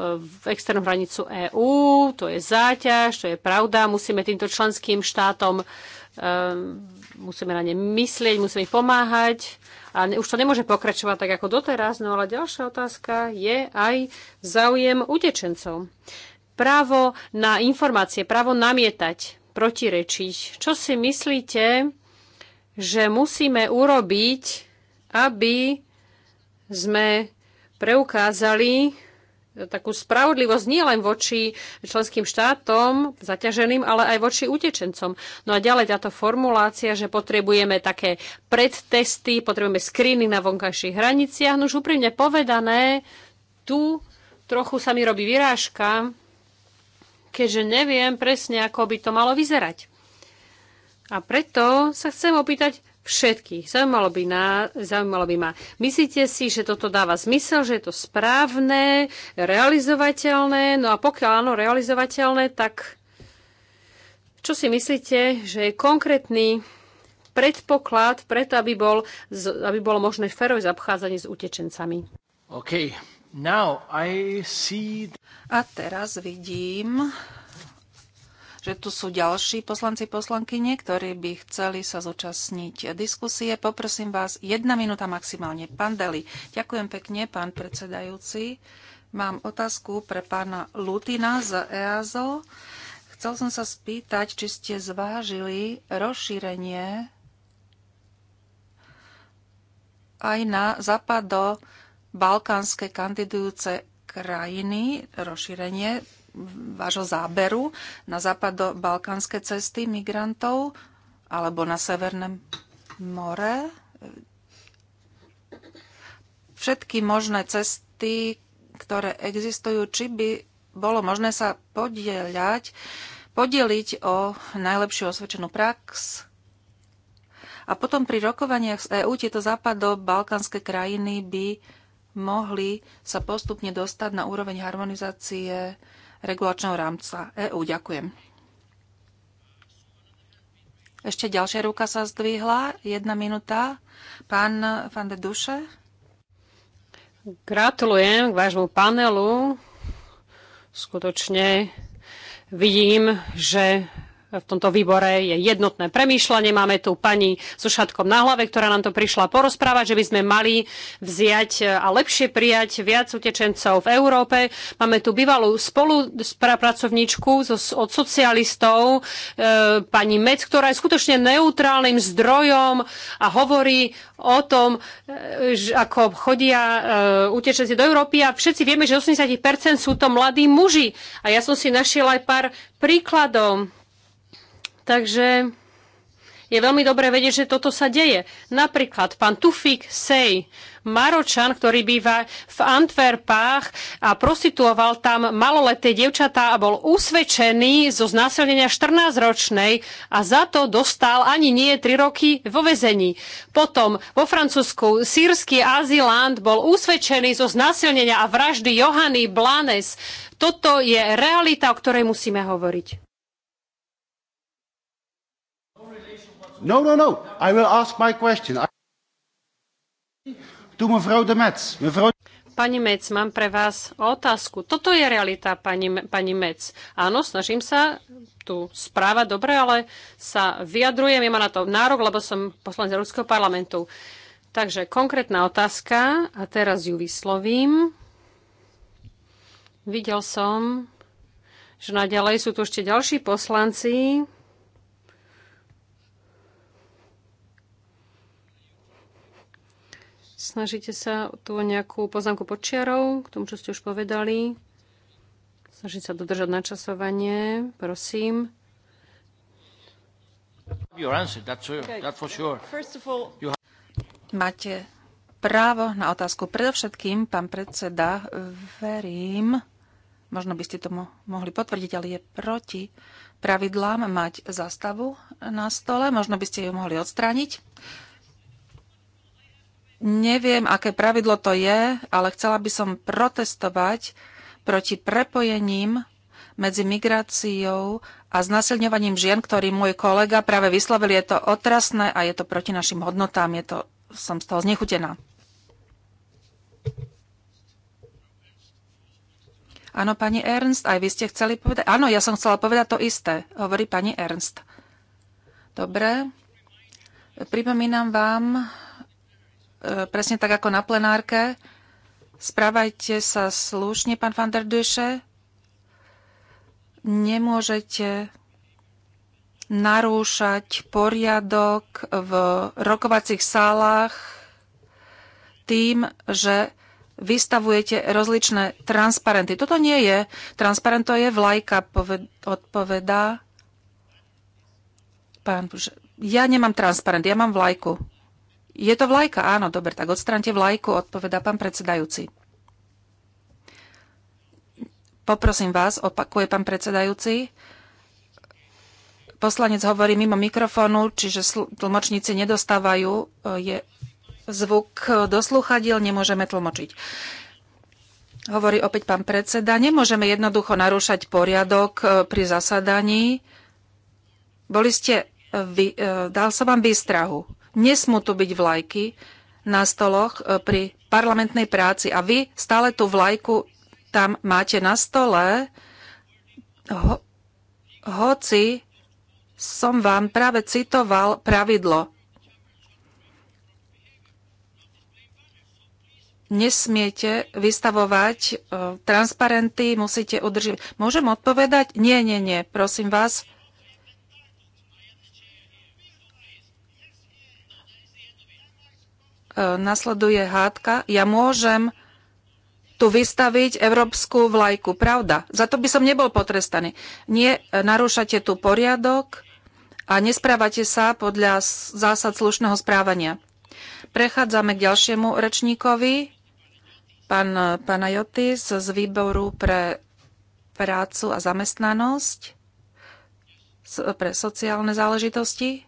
externú hranicu EÚ, to je záťaž, to je pravda, musíme týmto členským štátom e, musíme na ne myslieť, musíme ich pomáhať a už to nemôže pokračovať tak ako doteraz, no ale ďalšia otázka je aj záujem utečencov. Právo na informácie, právo namietať, protirečiť. Čo si myslíte, že musíme urobiť, aby sme preukázali takú spravodlivosť nielen voči členským štátom zaťaženým, ale aj voči utečencom. No a ďalej táto formulácia, že potrebujeme také predtesty, potrebujeme screeny na vonkajších hraniciach. No už úprimne povedané, tu trochu sa mi robí vyrážka, keďže neviem presne, ako by to malo vyzerať. A preto sa chcem opýtať všetkých. Zaujímalo by, na, zaujímalo by ma. Myslíte si, že toto dáva zmysel, že je to správne, realizovateľné? No a pokiaľ áno, realizovateľné, tak čo si myslíte, že je konkrétny predpoklad preto, aby, bol, aby bolo možné férové zapchádzanie s utečencami? OK. Now I see... A teraz vidím že tu sú ďalší poslanci poslankyne, ktorí by chceli sa zúčastniť diskusie. Poprosím vás, jedna minúta maximálne. Pán Deli, ďakujem pekne, pán predsedajúci. Mám otázku pre pána Lutina z EASO. Chcel som sa spýtať, či ste zvážili rozšírenie aj na západo balkánske kandidujúce krajiny, rozšírenie vášho záberu na západo-balkánske cesty migrantov alebo na Severné more. Všetky možné cesty, ktoré existujú, či by bolo možné sa podieľať, podeliť o najlepšiu osvedčenú prax. A potom pri rokovaniach z EÚ tieto západo-balkánske krajiny by mohli sa postupne dostať na úroveň harmonizácie regulačného rámca EÚ. Ďakujem. Ešte ďalšia ruka sa zdvihla. Jedna minúta. Pán van de Duše. Gratulujem k vášmu panelu. Skutočne vidím, že v tomto výbore je jednotné premýšľanie. Máme tu pani so šatkom na hlave, ktorá nám to prišla porozprávať, že by sme mali vziať e, a lepšie prijať viac utečencov v Európe. Máme tu bývalú spolupracovníčku od socialistov, e, pani Mec, ktorá je skutočne neutrálnym zdrojom a hovorí o tom, e, ako chodia utečenci do Európy a všetci vieme, že 80% sú to mladí muži. A ja som si našiel aj pár príkladov Takže je veľmi dobré vedieť, že toto sa deje. Napríklad pán Tufik Sej, Maročan, ktorý býva v Antwerpách a prostituoval tam maloleté dievčatá a bol usvedčený zo znásilnenia 14-ročnej a za to dostal ani nie 3 roky vo vezení. Potom vo Francúzsku sírsky azylant bol usvedčený zo znásilnenia a vraždy Johany Blanes. Toto je realita, o ktorej musíme hovoriť. No, no, no. I will ask my question. I... Tu mevrouw de Metz. Mevrouw... Pani Mec, mám pre vás otázku. Toto je realita, pani, pani Mec. Áno, snažím sa tu správa dobre, ale sa vyjadrujem, ja mám na to nárok, lebo som poslanec Európskeho parlamentu. Takže konkrétna otázka a teraz ju vyslovím. Videl som, že naďalej sú tu ešte ďalší poslanci, Snažíte sa tu nejakú poznámku pod čiarou, k tomu, čo ste už povedali. Snažiť sa dodržať načasovanie, prosím. Máte právo na otázku. Predovšetkým, pán predseda, verím, možno by ste tomu mohli potvrdiť, ale je proti pravidlám mať zastavu na stole. Možno by ste ju mohli odstrániť Neviem, aké pravidlo to je, ale chcela by som protestovať proti prepojením medzi migráciou a znasilňovaním žien, ktorý môj kolega práve vyslovil. Je to otrasné a je to proti našim hodnotám. Je to, som z toho znechutená. Áno, pani Ernst, aj vy ste chceli povedať. Áno, ja som chcela povedať to isté, hovorí pani Ernst. Dobre. Pripomínam vám, E, presne tak ako na plenárke. Správajte sa slušne, pán van der Duše. Nemôžete narúšať poriadok v rokovacích sálach tým, že vystavujete rozličné transparenty. Toto nie je transparent, to je vlajka, odpovedá pán. Ja nemám transparent, ja mám vlajku. Je to vlajka, áno, dobre, tak odstrante vlajku, odpoveda pán predsedajúci. Poprosím vás, opakuje pán predsedajúci. Poslanec hovorí mimo mikrofónu, čiže tlmočníci nedostávajú e, je zvuk do sluchadiel, nemôžeme tlmočiť. Hovorí opäť pán predseda, nemôžeme jednoducho narúšať poriadok e, pri zasadaní. Boli ste, e, vy, dal som vám výstrahu. Nesmú tu byť vlajky na stoloch e, pri parlamentnej práci a vy stále tú vlajku tam máte na stole, ho, hoci som vám práve citoval pravidlo. Nesmiete vystavovať e, transparenty, musíte udržiť. Môžem odpovedať? Nie, nie, nie, prosím vás. E, nasleduje hádka. Ja môžem tu vystaviť európsku vlajku. Pravda. Za to by som nebol potrestaný. Nie, narúšate tu poriadok a nesprávate sa podľa zásad slušného správania. Prechádzame k ďalšiemu rečníkovi, pán Panajotis z výboru pre prácu a zamestnanosť, pre sociálne záležitosti.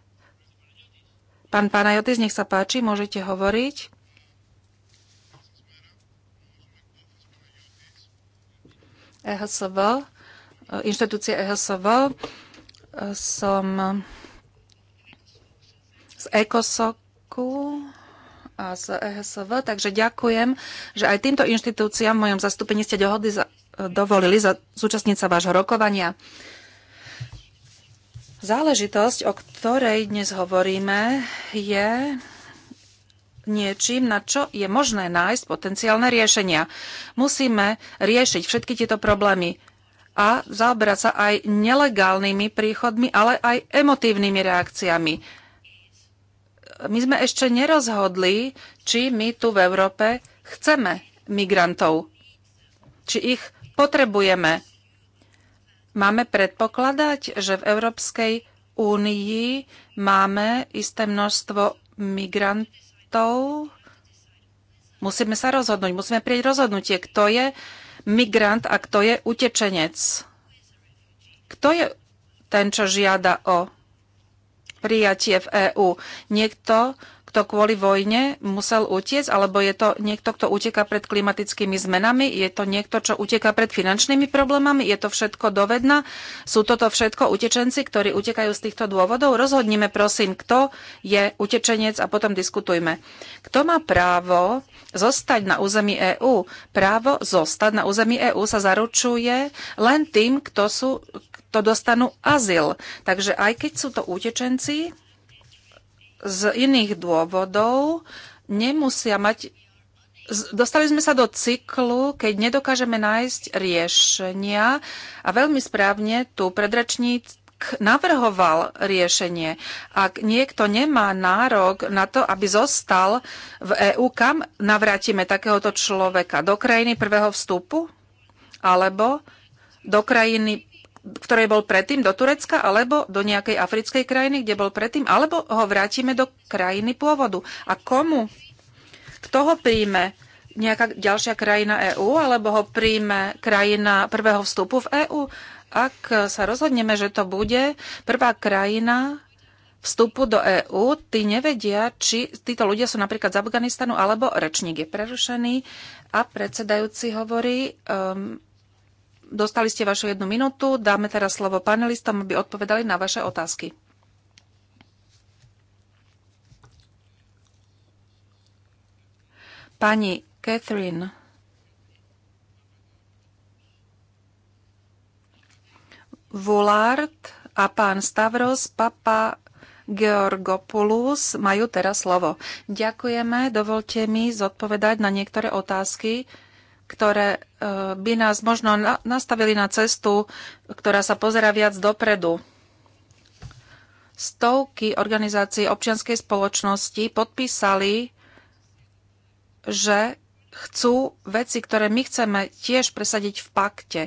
Pán Panajotis, nech sa páči, môžete hovoriť. EHSV, inštitúcie EHSV, e, som z ECOSOKu a z EHSV, takže ďakujem, že aj týmto inštitúciám v mojom zastúpení ste dohody za, dovolili za, zúčastniť sa vášho rokovania. Záležitosť, o ktorej dnes hovoríme, je niečím, na čo je možné nájsť potenciálne riešenia. Musíme riešiť všetky tieto problémy a zaoberať sa aj nelegálnymi príchodmi, ale aj emotívnymi reakciami. My sme ešte nerozhodli, či my tu v Európe chceme migrantov, či ich potrebujeme Máme predpokladať, že v Európskej únii máme isté množstvo migrantov. Musíme sa rozhodnúť, musíme prieť rozhodnutie, kto je migrant a kto je utečenec. Kto je ten, čo žiada o prijatie v EÚ? Niekto kto kvôli vojne musel utiec, alebo je to niekto, kto uteka pred klimatickými zmenami, je to niekto, čo uteka pred finančnými problémami, je to všetko dovedna, sú toto všetko utečenci, ktorí utekajú z týchto dôvodov. Rozhodnime prosím, kto je utečenec a potom diskutujme. Kto má právo zostať na území EÚ? Právo zostať na území EÚ sa zaručuje len tým, kto, sú, to dostanú azyl. Takže aj keď sú to utečenci, z iných dôvodov nemusia mať. Dostali sme sa do cyklu, keď nedokážeme nájsť riešenia a veľmi správne tu predračník navrhoval riešenie. Ak niekto nemá nárok na to, aby zostal v EÚ, kam navrátime takéhoto človeka? Do krajiny prvého vstupu? Alebo do krajiny ktorej bol predtým, do Turecka alebo do nejakej africkej krajiny, kde bol predtým, alebo ho vrátime do krajiny pôvodu. A komu? Kto ho príjme? Nejaká ďalšia krajina EÚ alebo ho príjme krajina prvého vstupu v EÚ? Ak sa rozhodneme, že to bude prvá krajina vstupu do EÚ, tí nevedia, či títo ľudia sú napríklad z Afganistanu, alebo rečník je prerušený a predsedajúci hovorí, um, Dostali ste vašu jednu minútu. Dáme teraz slovo panelistom, aby odpovedali na vaše otázky. Pani Catherine. Vulard a pán Stavros Papa Georgopoulos majú teraz slovo. Ďakujeme, dovolte mi zodpovedať na niektoré otázky, ktoré e, by nás možno nastavili na cestu, ktorá sa pozera viac dopredu. Stovky organizácií občianskej spoločnosti podpísali, že chcú veci, ktoré my chceme tiež presadiť v pakte.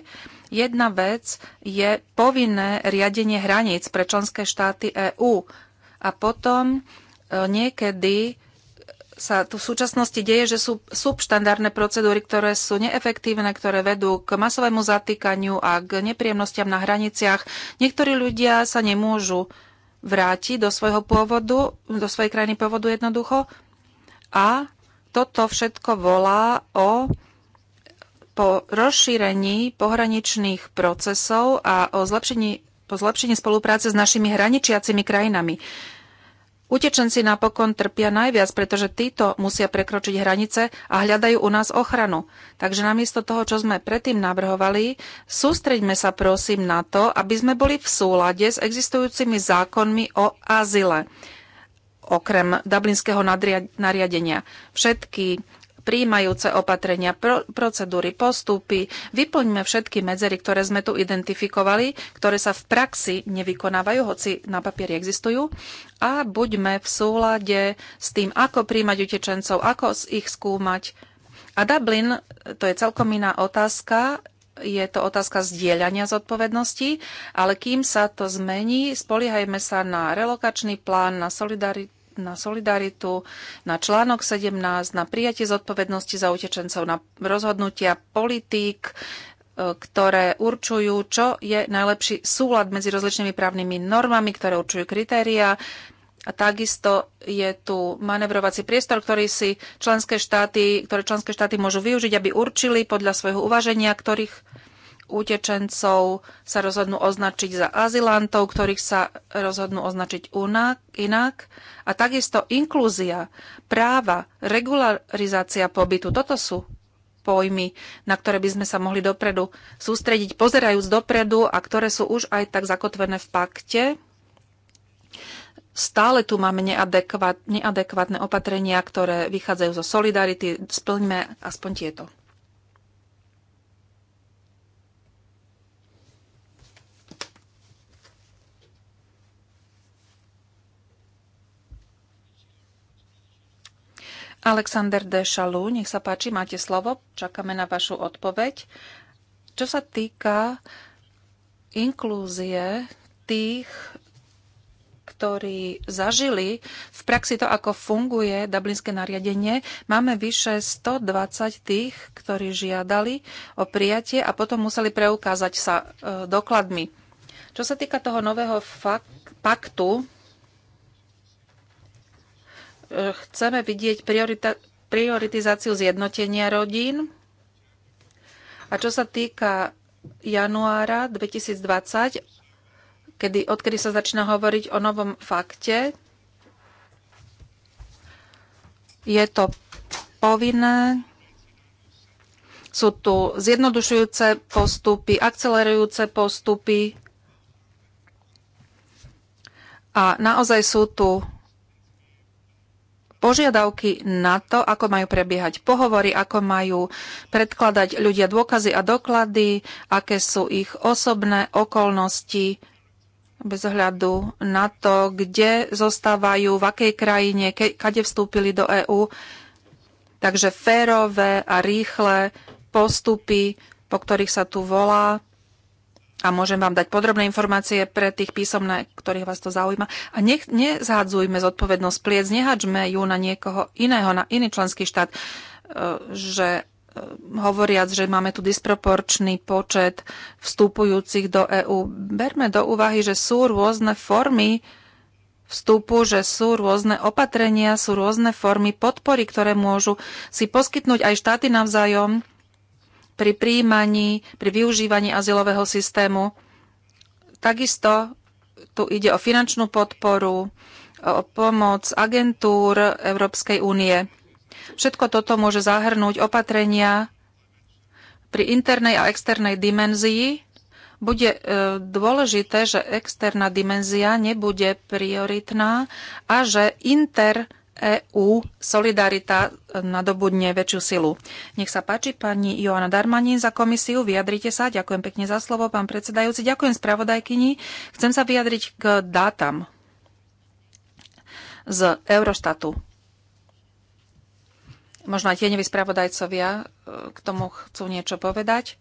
Jedna vec je povinné riadenie hraníc pre členské štáty EÚ a potom e, niekedy sa tu v súčasnosti deje, že sú subštandardné procedúry, ktoré sú neefektívne, ktoré vedú k masovému zatýkaniu a k nepríjemnostiam na hraniciach. Niektorí ľudia sa nemôžu vrátiť do svojho pôvodu, do svojej krajiny pôvodu jednoducho. A toto všetko volá o po rozšírení pohraničných procesov a o zlepšení, po zlepšení spolupráce s našimi hraničiacimi krajinami. Utečenci napokon trpia najviac, pretože títo musia prekročiť hranice a hľadajú u nás ochranu. Takže namiesto toho, čo sme predtým navrhovali, sústreďme sa prosím na to, aby sme boli v súlade s existujúcimi zákonmi o azyle okrem dublinského nariadenia. Všetky príjmajúce opatrenia, pro, procedúry, postupy. Vyplňme všetky medzery, ktoré sme tu identifikovali, ktoré sa v praxi nevykonávajú, hoci na papieri existujú. A buďme v súlade s tým, ako príjmať utečencov, ako ich skúmať. A Dublin, to je celkom iná otázka, je to otázka zdieľania zodpovednosti, ale kým sa to zmení, spoliehajme sa na relokačný plán, na solidaritu na solidaritu, na článok 17, na prijatie zodpovednosti za utečencov, na rozhodnutia politík, e, ktoré určujú, čo je najlepší súlad medzi rozličnými právnymi normami, ktoré určujú kritéria. A takisto je tu manevrovací priestor, ktorý si členské štáty, ktoré členské štáty môžu využiť, aby určili podľa svojho uvaženia, ktorých utečencov sa rozhodnú označiť za azylantov, ktorých sa rozhodnú označiť inak. A takisto inklúzia, práva, regularizácia pobytu. Toto sú pojmy, na ktoré by sme sa mohli dopredu sústrediť, pozerajúc dopredu a ktoré sú už aj tak zakotvené v pakte. Stále tu máme neadekvát, neadekvátne opatrenia, ktoré vychádzajú zo solidarity. Splňme aspoň tieto. Alexander de Chalou, nech sa páči, máte slovo, čakáme na vašu odpoveď. Čo sa týka inklúzie tých, ktorí zažili v praxi to, ako funguje dublinské nariadenie, máme vyše 120 tých, ktorí žiadali o prijatie a potom museli preukázať sa e, dokladmi. Čo sa týka toho nového faktu, paktu, Chceme vidieť priorita- prioritizáciu zjednotenia rodín. A čo sa týka januára 2020, kedy, odkedy sa začína hovoriť o novom fakte, je to povinné. Sú tu zjednodušujúce postupy, akcelerujúce postupy a naozaj sú tu požiadavky na to, ako majú prebiehať pohovory, ako majú predkladať ľudia dôkazy a doklady, aké sú ich osobné okolnosti bez ohľadu na to, kde zostávajú, v akej krajine, ke, kade vstúpili do EÚ. Takže férové a rýchle postupy, po ktorých sa tu volá, a môžem vám dať podrobné informácie pre tých písomné, ktorých vás to zaujíma. A nech, nezhádzujme zodpovednosť pliec, nehačme ju na niekoho iného, na iný členský štát, e, že e, hovoriac, že máme tu disproporčný počet vstupujúcich do EÚ. Berme do úvahy, že sú rôzne formy vstupu, že sú rôzne opatrenia, sú rôzne formy podpory, ktoré môžu si poskytnúť aj štáty navzájom pri príjmaní, pri využívaní azylového systému. Takisto tu ide o finančnú podporu, o pomoc agentúr Európskej únie. Všetko toto môže zahrnúť opatrenia pri internej a externej dimenzii. Bude e, dôležité, že externá dimenzia nebude prioritná a že inter EÚ solidarita nadobudne väčšiu silu. Nech sa páči, pani Joana Darmani za komisiu, vyjadrite sa. Ďakujem pekne za slovo, pán predsedajúci. Ďakujem spravodajkyni. Chcem sa vyjadriť k dátam z Eurostatu. Možno aj tieňoví spravodajcovia e, k tomu chcú niečo povedať.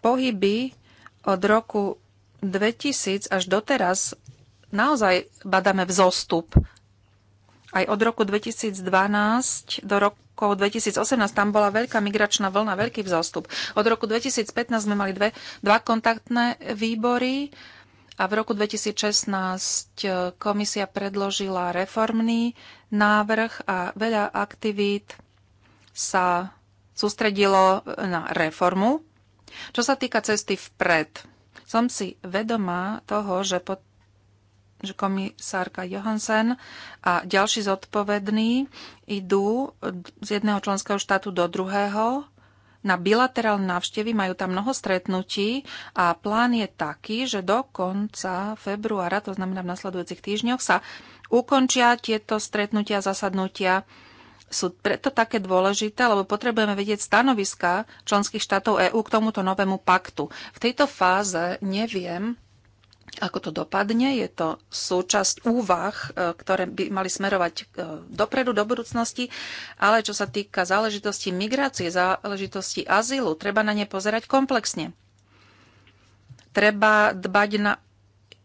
Pohyby od roku 2000 až doteraz naozaj badáme vzostup aj od roku 2012 do roku 2018 tam bola veľká migračná vlna, veľký vzostup. Od roku 2015 sme mali dve, dva kontaktné výbory a v roku 2016 e, komisia predložila reformný návrh a veľa aktivít sa sústredilo na reformu. Čo sa týka cesty vpred, som si vedomá toho, že pod že komisárka Johansen a ďalší zodpovední idú z jedného členského štátu do druhého na bilaterálne návštevy, majú tam mnoho stretnutí a plán je taký, že do konca februára, to znamená v nasledujúcich týždňoch, sa ukončia tieto stretnutia, zasadnutia. Sú preto také dôležité, lebo potrebujeme vedieť stanoviska členských štátov EÚ k tomuto novému paktu. V tejto fáze neviem, ako to dopadne. Je to súčasť úvah, e, ktoré by mali smerovať e, dopredu, do budúcnosti, ale čo sa týka záležitosti migrácie, záležitosti azylu, treba na ne pozerať komplexne. Treba dbať na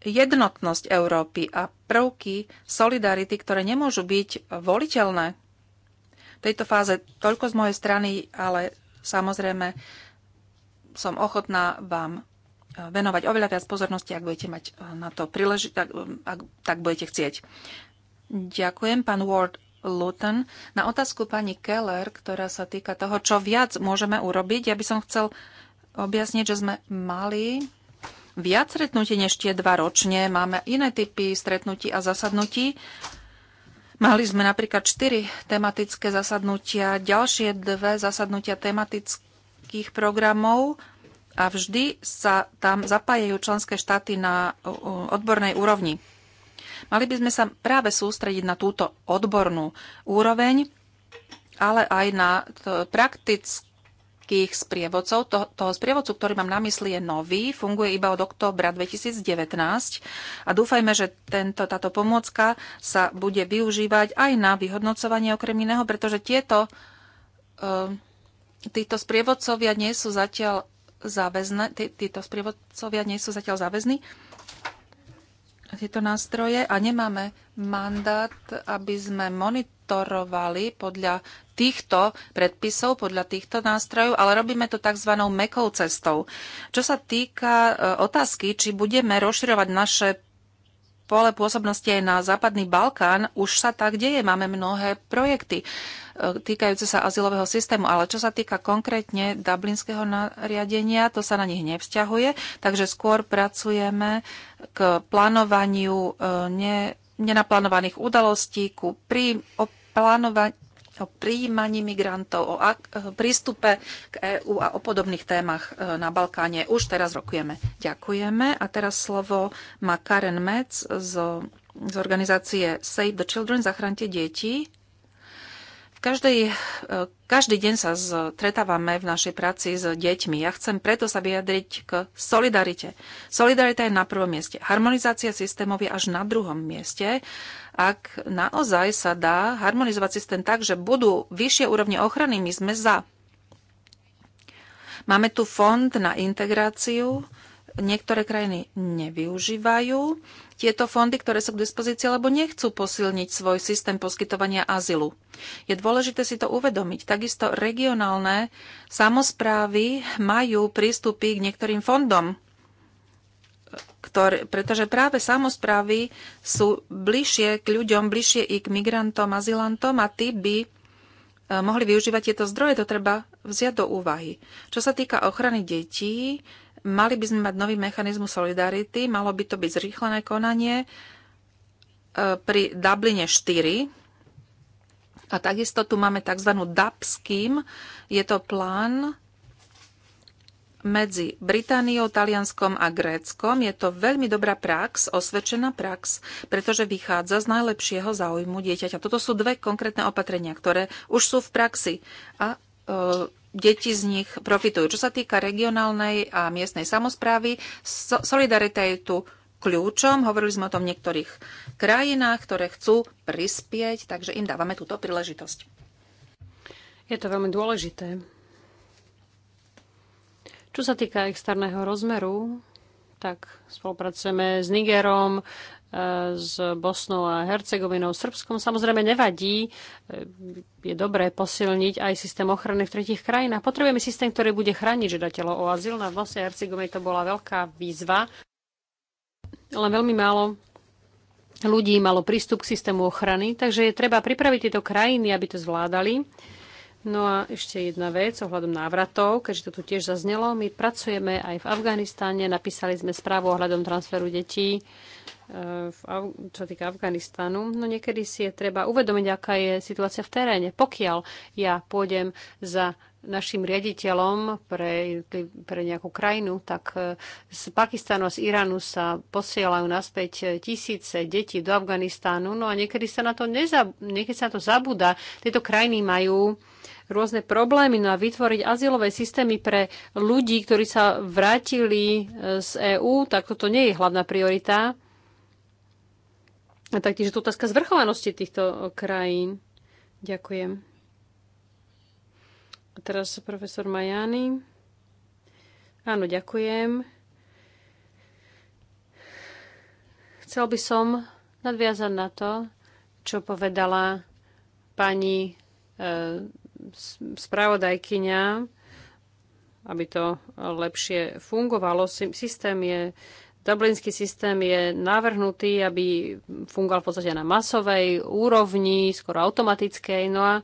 jednotnosť Európy a prvky solidarity, ktoré nemôžu byť voliteľné. V tejto fáze toľko z mojej strany, ale samozrejme som ochotná vám venovať oveľa viac pozornosti, ak budete mať eh, na to príležitosť, ak, ak, tak budete chcieť. Ďakujem, pán Ward Luton. Na otázku pani Keller, ktorá sa týka toho, čo viac môžeme urobiť, ja by som chcel objasniť, že sme mali viac stretnutí než tie dva ročne. Máme iné typy stretnutí a zasadnutí. Mali sme napríklad štyri tematické zasadnutia, ďalšie dve zasadnutia tematických programov a vždy sa tam zapájajú členské štáty na odbornej úrovni. Mali by sme sa práve sústrediť na túto odbornú úroveň, ale aj na praktických sprievodcov. To, toho sprievodcu, ktorý mám na mysli, je nový, funguje iba od októbra 2019 a dúfajme, že tento, táto pomôcka sa bude využívať aj na vyhodnocovanie okrem iného, pretože tieto, e, títo sprievodcovia nie sú zatiaľ záväzné, tí, títo sprievodcovia nie sú zatiaľ záväzní, tieto nástroje a nemáme mandát, aby sme monitorovali podľa týchto predpisov, podľa týchto nástrojov, ale robíme to tzv. mekou cestou. Čo sa týka e, otázky, či budeme rozširovať naše pole pôsobnosti aj na Západný Balkán. Už sa tak deje, máme mnohé projekty e, týkajúce sa azylového systému, ale čo sa týka konkrétne dublinského nariadenia, to sa na nich nevzťahuje, takže skôr pracujeme k plánovaniu e, ne, nenaplánovaných udalostí, ku pri, o, plánova, o príjmaní migrantov, o eh, prístupe k EÚ a o podobných témach eh, na Balkáne. Už teraz rokujeme. Ďakujeme. A teraz slovo má Karen Metz z, z organizácie Save the Children, zachránte deti. každej, eh, každý deň sa stretávame v našej práci s deťmi. Ja chcem preto sa vyjadriť k solidarite. Solidarita je na prvom mieste. Harmonizácia systémov je až na druhom mieste. Ak naozaj sa dá harmonizovať systém tak, že budú vyššie úrovne ochrany, my sme za. Máme tu fond na integráciu. Niektoré krajiny nevyužívajú tieto fondy, ktoré sú k dispozícii, lebo nechcú posilniť svoj systém poskytovania azylu. Je dôležité si to uvedomiť. Takisto regionálne samozprávy majú prístupy k niektorým fondom, ktoré, pretože práve samozprávy sú bližšie k ľuďom, bližšie i k migrantom, azilantom a tí by e, mohli využívať tieto zdroje, to treba vziať do úvahy. Čo sa týka ochrany detí, mali by sme mať nový mechanizmus solidarity, malo by to byť zrýchlené konanie e, pri Dubline 4. A takisto tu máme tzv. DAP scheme. Je to plán medzi Britániou, Talianskom a Gréckom je to veľmi dobrá prax, osvedčená prax, pretože vychádza z najlepšieho záujmu dieťaťa. Toto sú dve konkrétne opatrenia, ktoré už sú v praxi a e, deti z nich profitujú. Čo sa týka regionálnej a miestnej samozprávy, so, solidarita je tu kľúčom. Hovorili sme o tom v niektorých krajinách, ktoré chcú prispieť, takže im dávame túto príležitosť. Je to veľmi dôležité čo sa týka externého rozmeru, tak spolupracujeme s Nigerom, e, s Bosnou a Hercegovinou, Srbskom. Samozrejme nevadí, e, je dobré posilniť aj systém ochrany v tretich krajinách. Potrebujeme systém, ktorý bude chrániť žiadateľov o azyl. Na Bosne a Hercegovine to bola veľká výzva, Len veľmi málo ľudí malo prístup k systému ochrany, takže je treba pripraviť tieto krajiny, aby to zvládali. No a ešte jedna vec ohľadom návratov, keďže to tu tiež zaznelo. My pracujeme aj v Afganistáne, napísali sme správu ohľadom transferu detí, e, čo týka Afganistanu. No niekedy si je treba uvedomiť, aká je situácia v teréne. Pokiaľ ja pôjdem za našim riaditeľom pre, pre nejakú krajinu, tak e, z Pakistanu a z Iránu sa posielajú naspäť tisíce detí do Afganistánu. No a niekedy sa na to, neza, niekedy sa na to zabúda. Tieto krajiny majú uh, rôzne problémy. No a vytvoriť azylové systémy pre ľudí, ktorí sa vrátili e, z EÚ, tak toto nie je hlavná priorita. A taktiež je to otázka zvrchovanosti týchto e, krajín. Ďakujem. A teraz profesor Majani. Áno, ďakujem. Chcel by som nadviazať na to, čo povedala pani e, spravodajkyňa, aby to lepšie fungovalo. Systém je, Dublinský systém je navrhnutý, aby fungoval v podstate na masovej úrovni, skoro automatickej. No a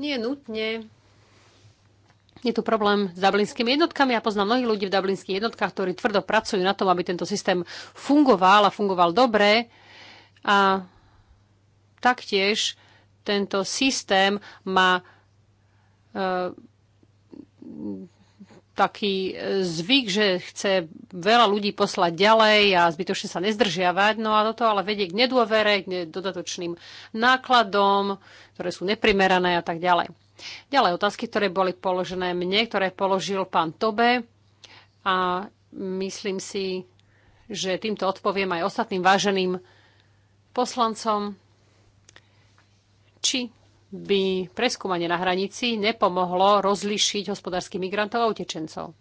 nie nutne je tu problém s dublinskými jednotkami. Ja poznám mnohých ľudí v dublinských jednotkách, ktorí tvrdo pracujú na tom, aby tento systém fungoval a fungoval dobre. A taktiež tento systém má e, taký zvyk, že chce veľa ľudí poslať ďalej a zbytočne sa nezdržiavať, no a toto ale vedie k nedôvere, k dodatočným nákladom, ktoré sú neprimerané a tak ďalej. Ďalej otázky, ktoré boli položené mne, ktoré položil pán Tobe a myslím si, že týmto odpoviem aj ostatným váženým poslancom či by preskúmanie na hranici nepomohlo rozlišiť hospodárskych migrantov a utečencov.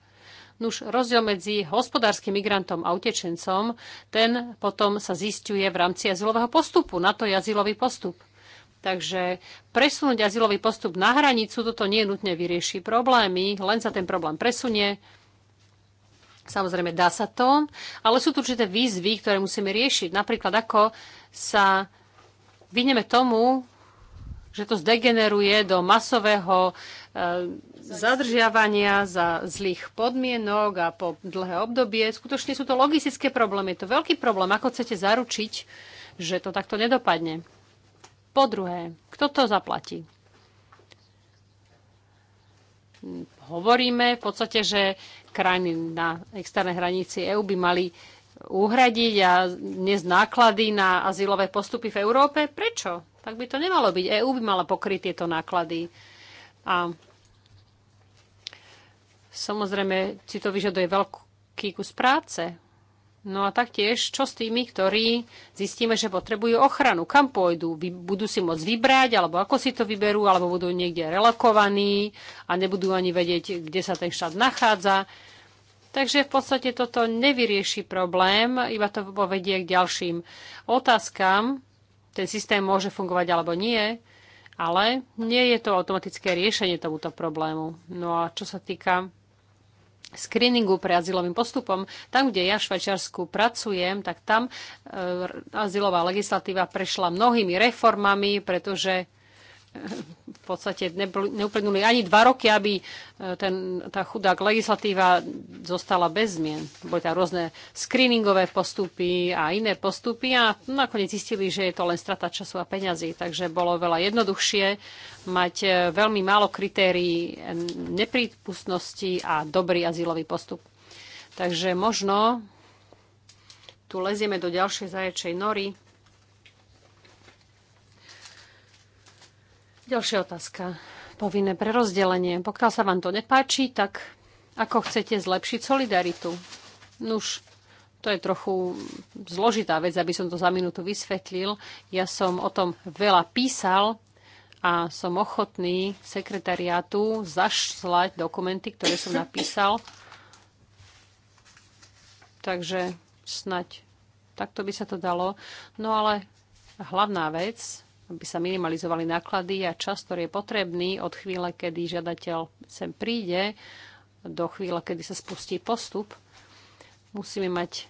Nuž rozdiel medzi hospodárskym migrantom a utečencom, ten potom sa zistuje v rámci azylového postupu. Na to je azylový postup. Takže presunúť azylový postup na hranicu, toto nie nutne vyrieši problémy, len sa ten problém presunie. Samozrejme, dá sa to, ale sú tu určité výzvy, ktoré musíme riešiť. Napríklad, ako sa vyhneme tomu, že to zdegeneruje do masového e, zadržiavania za zlých podmienok a po dlhé obdobie. Skutočne sú to logistické problémy. Je to veľký problém. Ako chcete zaručiť, že to takto nedopadne? Po druhé, kto to zaplatí? Hovoríme v podstate, že krajiny na externej hranici EÚ by mali uhradiť a dnes náklady na azylové postupy v Európe. Prečo? tak by to nemalo byť. EÚ by mala pokryť tieto náklady. A samozrejme si to vyžaduje veľký kus práce. No a taktiež, čo s tými, ktorí zistíme, že potrebujú ochranu? Kam pôjdu? Budú si môcť vybrať, alebo ako si to vyberú, alebo budú niekde relokovaní a nebudú ani vedieť, kde sa ten štát nachádza. Takže v podstate toto nevyrieši problém, iba to povedie k ďalším otázkam ten systém môže fungovať alebo nie, ale nie je to automatické riešenie tomuto problému. No a čo sa týka screeningu pre azylovým postupom. Tam, kde ja v Švajčiarsku pracujem, tak tam e, azylová legislatíva prešla mnohými reformami, pretože v podstate neuplynuli ani dva roky, aby e, ten, tá chudák legislatíva zostala bez zmien. Boli tam rôzne screeningové postupy a iné postupy a nakoniec zistili, že je to len strata času a peňazí. Takže bolo veľa jednoduchšie mať e, veľmi málo kritérií neprípustnosti a dobrý azylový postup. Takže možno tu lezieme do ďalšej zaječej nory, Ďalšia otázka. Povinné prerozdelenie. Pokiaľ sa vám to nepáči, tak ako chcete zlepšiť solidaritu? Nuž, to je trochu zložitá vec, aby som to za minútu vysvetlil. Ja som o tom veľa písal a som ochotný sekretariátu zašlať dokumenty, ktoré som napísal. Takže snaď takto by sa to dalo. No ale hlavná vec, aby sa minimalizovali náklady a čas, ktorý je potrebný od chvíle, kedy žiadateľ sem príde, do chvíle, kedy sa spustí postup. Musíme mať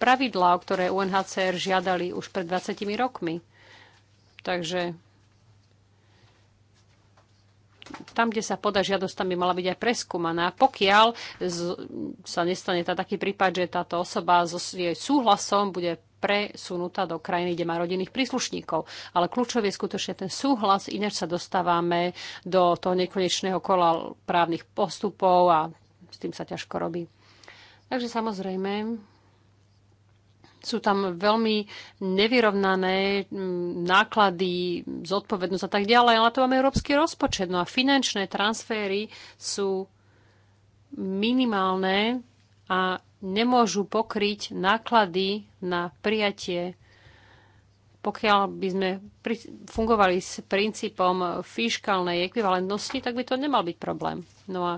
pravidlá, o ktoré UNHCR žiadali už pred 20 rokmi. Takže tam, kde sa podá žiadosť, tam by mala byť aj preskúmaná. Pokiaľ z, sa nestane tá taký prípad, že táto osoba so jej súhlasom bude presunutá do krajiny, kde má rodinných príslušníkov. Ale kľúčový je skutočne ten súhlas, ináč sa dostávame do toho nekonečného kola právnych postupov a s tým sa ťažko robí. Takže samozrejme, sú tam veľmi nevyrovnané náklady, zodpovednosť a tak ďalej, ale to máme európsky rozpočet. No a finančné transfery sú minimálne a nemôžu pokryť náklady na prijatie. Pokiaľ by sme fungovali s princípom fiškálnej ekvivalentnosti, tak by to nemal byť problém. No a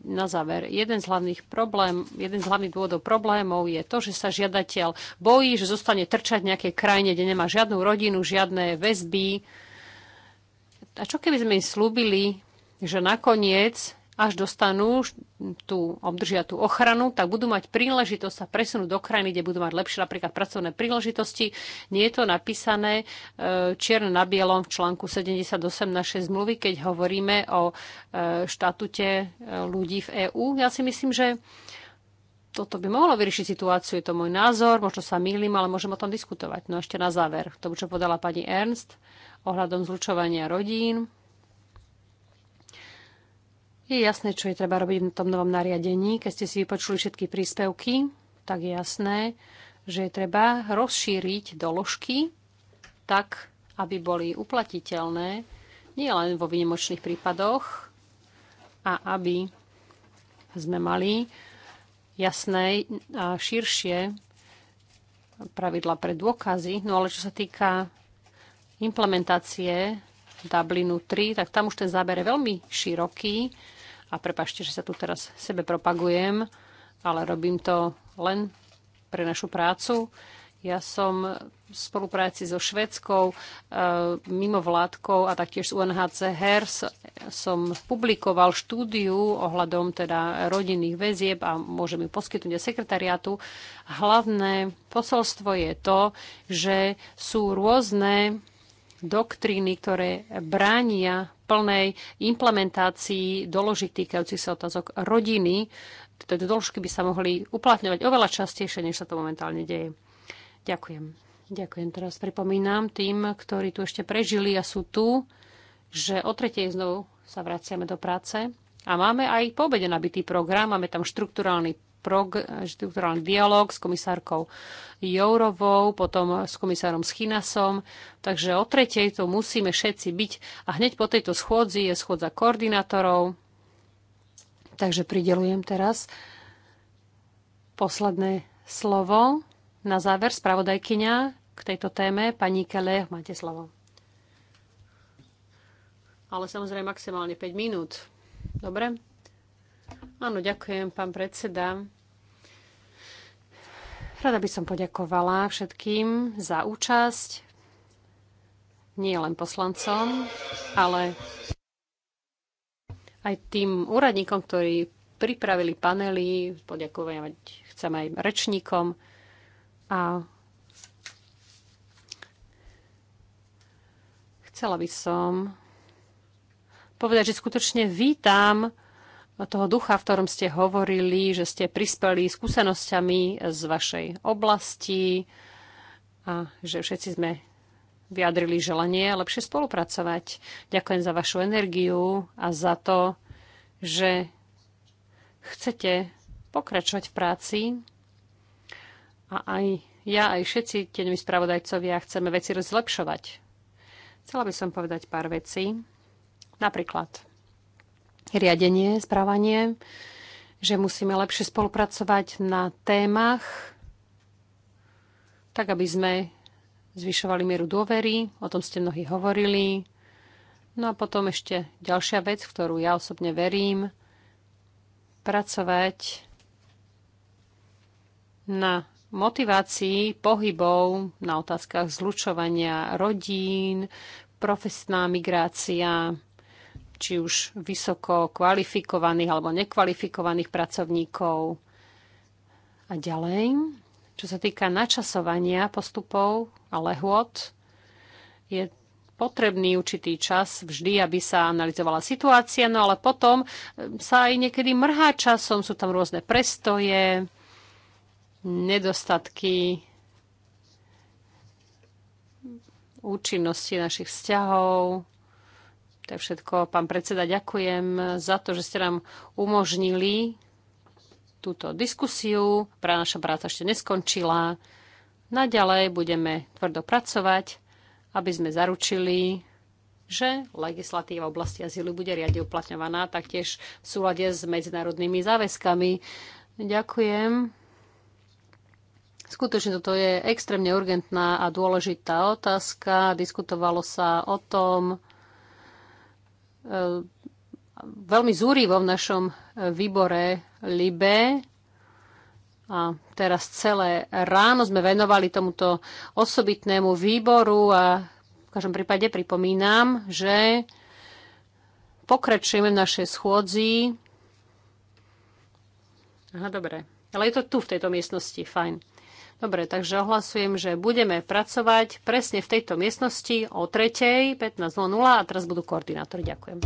na záver, jeden z hlavných problém, jeden z hlavných dôvodov problémov je to, že sa žiadateľ bojí, že zostane trčať v nejakej krajine, kde nemá žiadnu rodinu, žiadne väzby. A čo keby sme im slúbili, že nakoniec až dostanú tú, obdržia tú ochranu, tak budú mať príležitosť sa presunúť do krajiny, kde budú mať lepšie napríklad pracovné príležitosti. Nie je to napísané e, čierne na bielom v článku 78 našej zmluvy, keď hovoríme o e, štatute e, ľudí v EÚ. Ja si myslím, že toto by mohlo vyriešiť situáciu, je to môj názor, možno sa mýlim, ale môžem o tom diskutovať. No ešte na záver, to, čo podala pani Ernst ohľadom zlučovania rodín. Je jasné, čo je treba robiť v tom novom nariadení. Keď ste si vypočuli všetky príspevky, tak je jasné, že je treba rozšíriť doložky tak, aby boli uplatiteľné nielen vo výnimočných prípadoch a aby sme mali jasné a širšie pravidla pre dôkazy. No ale čo sa týka implementácie Dublinu 3, tak tam už ten záber je veľmi široký a prepašte, že sa tu teraz sebe propagujem, ale robím to len pre našu prácu. Ja som v spolupráci so švedskou e, mimo mimovládkou a taktiež s UNHCR som publikoval štúdiu ohľadom teda rodinných väzieb a môžem ju poskytnúť aj sekretariátu. Hlavné posolstvo je to, že sú rôzne doktríny, ktoré bránia plnej implementácii doložiť týkajúcich sa otázok rodiny. Tieto doložky by sa mohli uplatňovať oveľa častejšie, než sa to momentálne deje. Ďakujem. Ďakujem. Teraz pripomínam tým, ktorí tu ešte prežili a sú tu, že o tretej znovu sa vraciame do práce. A máme aj po obede nabitý program, máme tam štrukturálny štruktúrálny dialog s komisárkou Jourovou, potom s komisárom Schinasom. Takže o tretej to musíme všetci byť. A hneď po tejto schôdzi je schôdza koordinátorov. Takže pridelujem teraz posledné slovo. Na záver spravodajkyňa k tejto téme, pani Kele, máte slovo. Ale samozrejme maximálne 5 minút. Dobre? Áno, ďakujem, pán predseda. Rada by som poďakovala všetkým za účasť, nie len poslancom, ale aj tým úradníkom, ktorí pripravili panely, poďakovať chcem aj rečníkom a chcela by som povedať, že skutočne vítam toho ducha, v ktorom ste hovorili, že ste prispeli skúsenosťami z vašej oblasti a že všetci sme vyjadrili želanie lepšie spolupracovať. Ďakujem za vašu energiu a za to, že chcete pokračovať v práci a aj ja, aj všetci tieňmi spravodajcovia chceme veci zlepšovať. Chcela by som povedať pár vecí. Napríklad, riadenie, správanie, že musíme lepšie spolupracovať na témach, tak aby sme zvyšovali mieru dôvery, o tom ste mnohí hovorili. No a potom ešte ďalšia vec, ktorú ja osobne verím, pracovať na motivácii pohybov, na otázkach zlučovania rodín, profesná migrácia, či už vysoko kvalifikovaných alebo nekvalifikovaných pracovníkov a ďalej. Čo sa týka načasovania postupov a lehôd, je potrebný určitý čas vždy, aby sa analyzovala situácia, no ale potom sa aj niekedy mrhá časom, sú tam rôzne prestoje, nedostatky účinnosti našich vzťahov, to je všetko. Pán predseda, ďakujem za to, že ste nám umožnili túto diskusiu. Pra naša práca ešte neskončila. Naďalej budeme tvrdo pracovať, aby sme zaručili, že legislatíva v oblasti azylu bude riadne uplatňovaná taktiež v súlade s medzinárodnými záväzkami. Ďakujem. Skutočne toto je extrémne urgentná a dôležitá otázka. Diskutovalo sa o tom, veľmi zúrivo v našom e, výbore Libe. A teraz celé ráno sme venovali tomuto osobitnému výboru a v každom prípade pripomínam, že pokračujeme v našej schôdzi. Aha, dobre. Ale je to tu, v tejto miestnosti, fajn. Dobre, takže ohlasujem, že budeme pracovať presne v tejto miestnosti o 3.15.00 a teraz budú koordinátori. Ďakujem.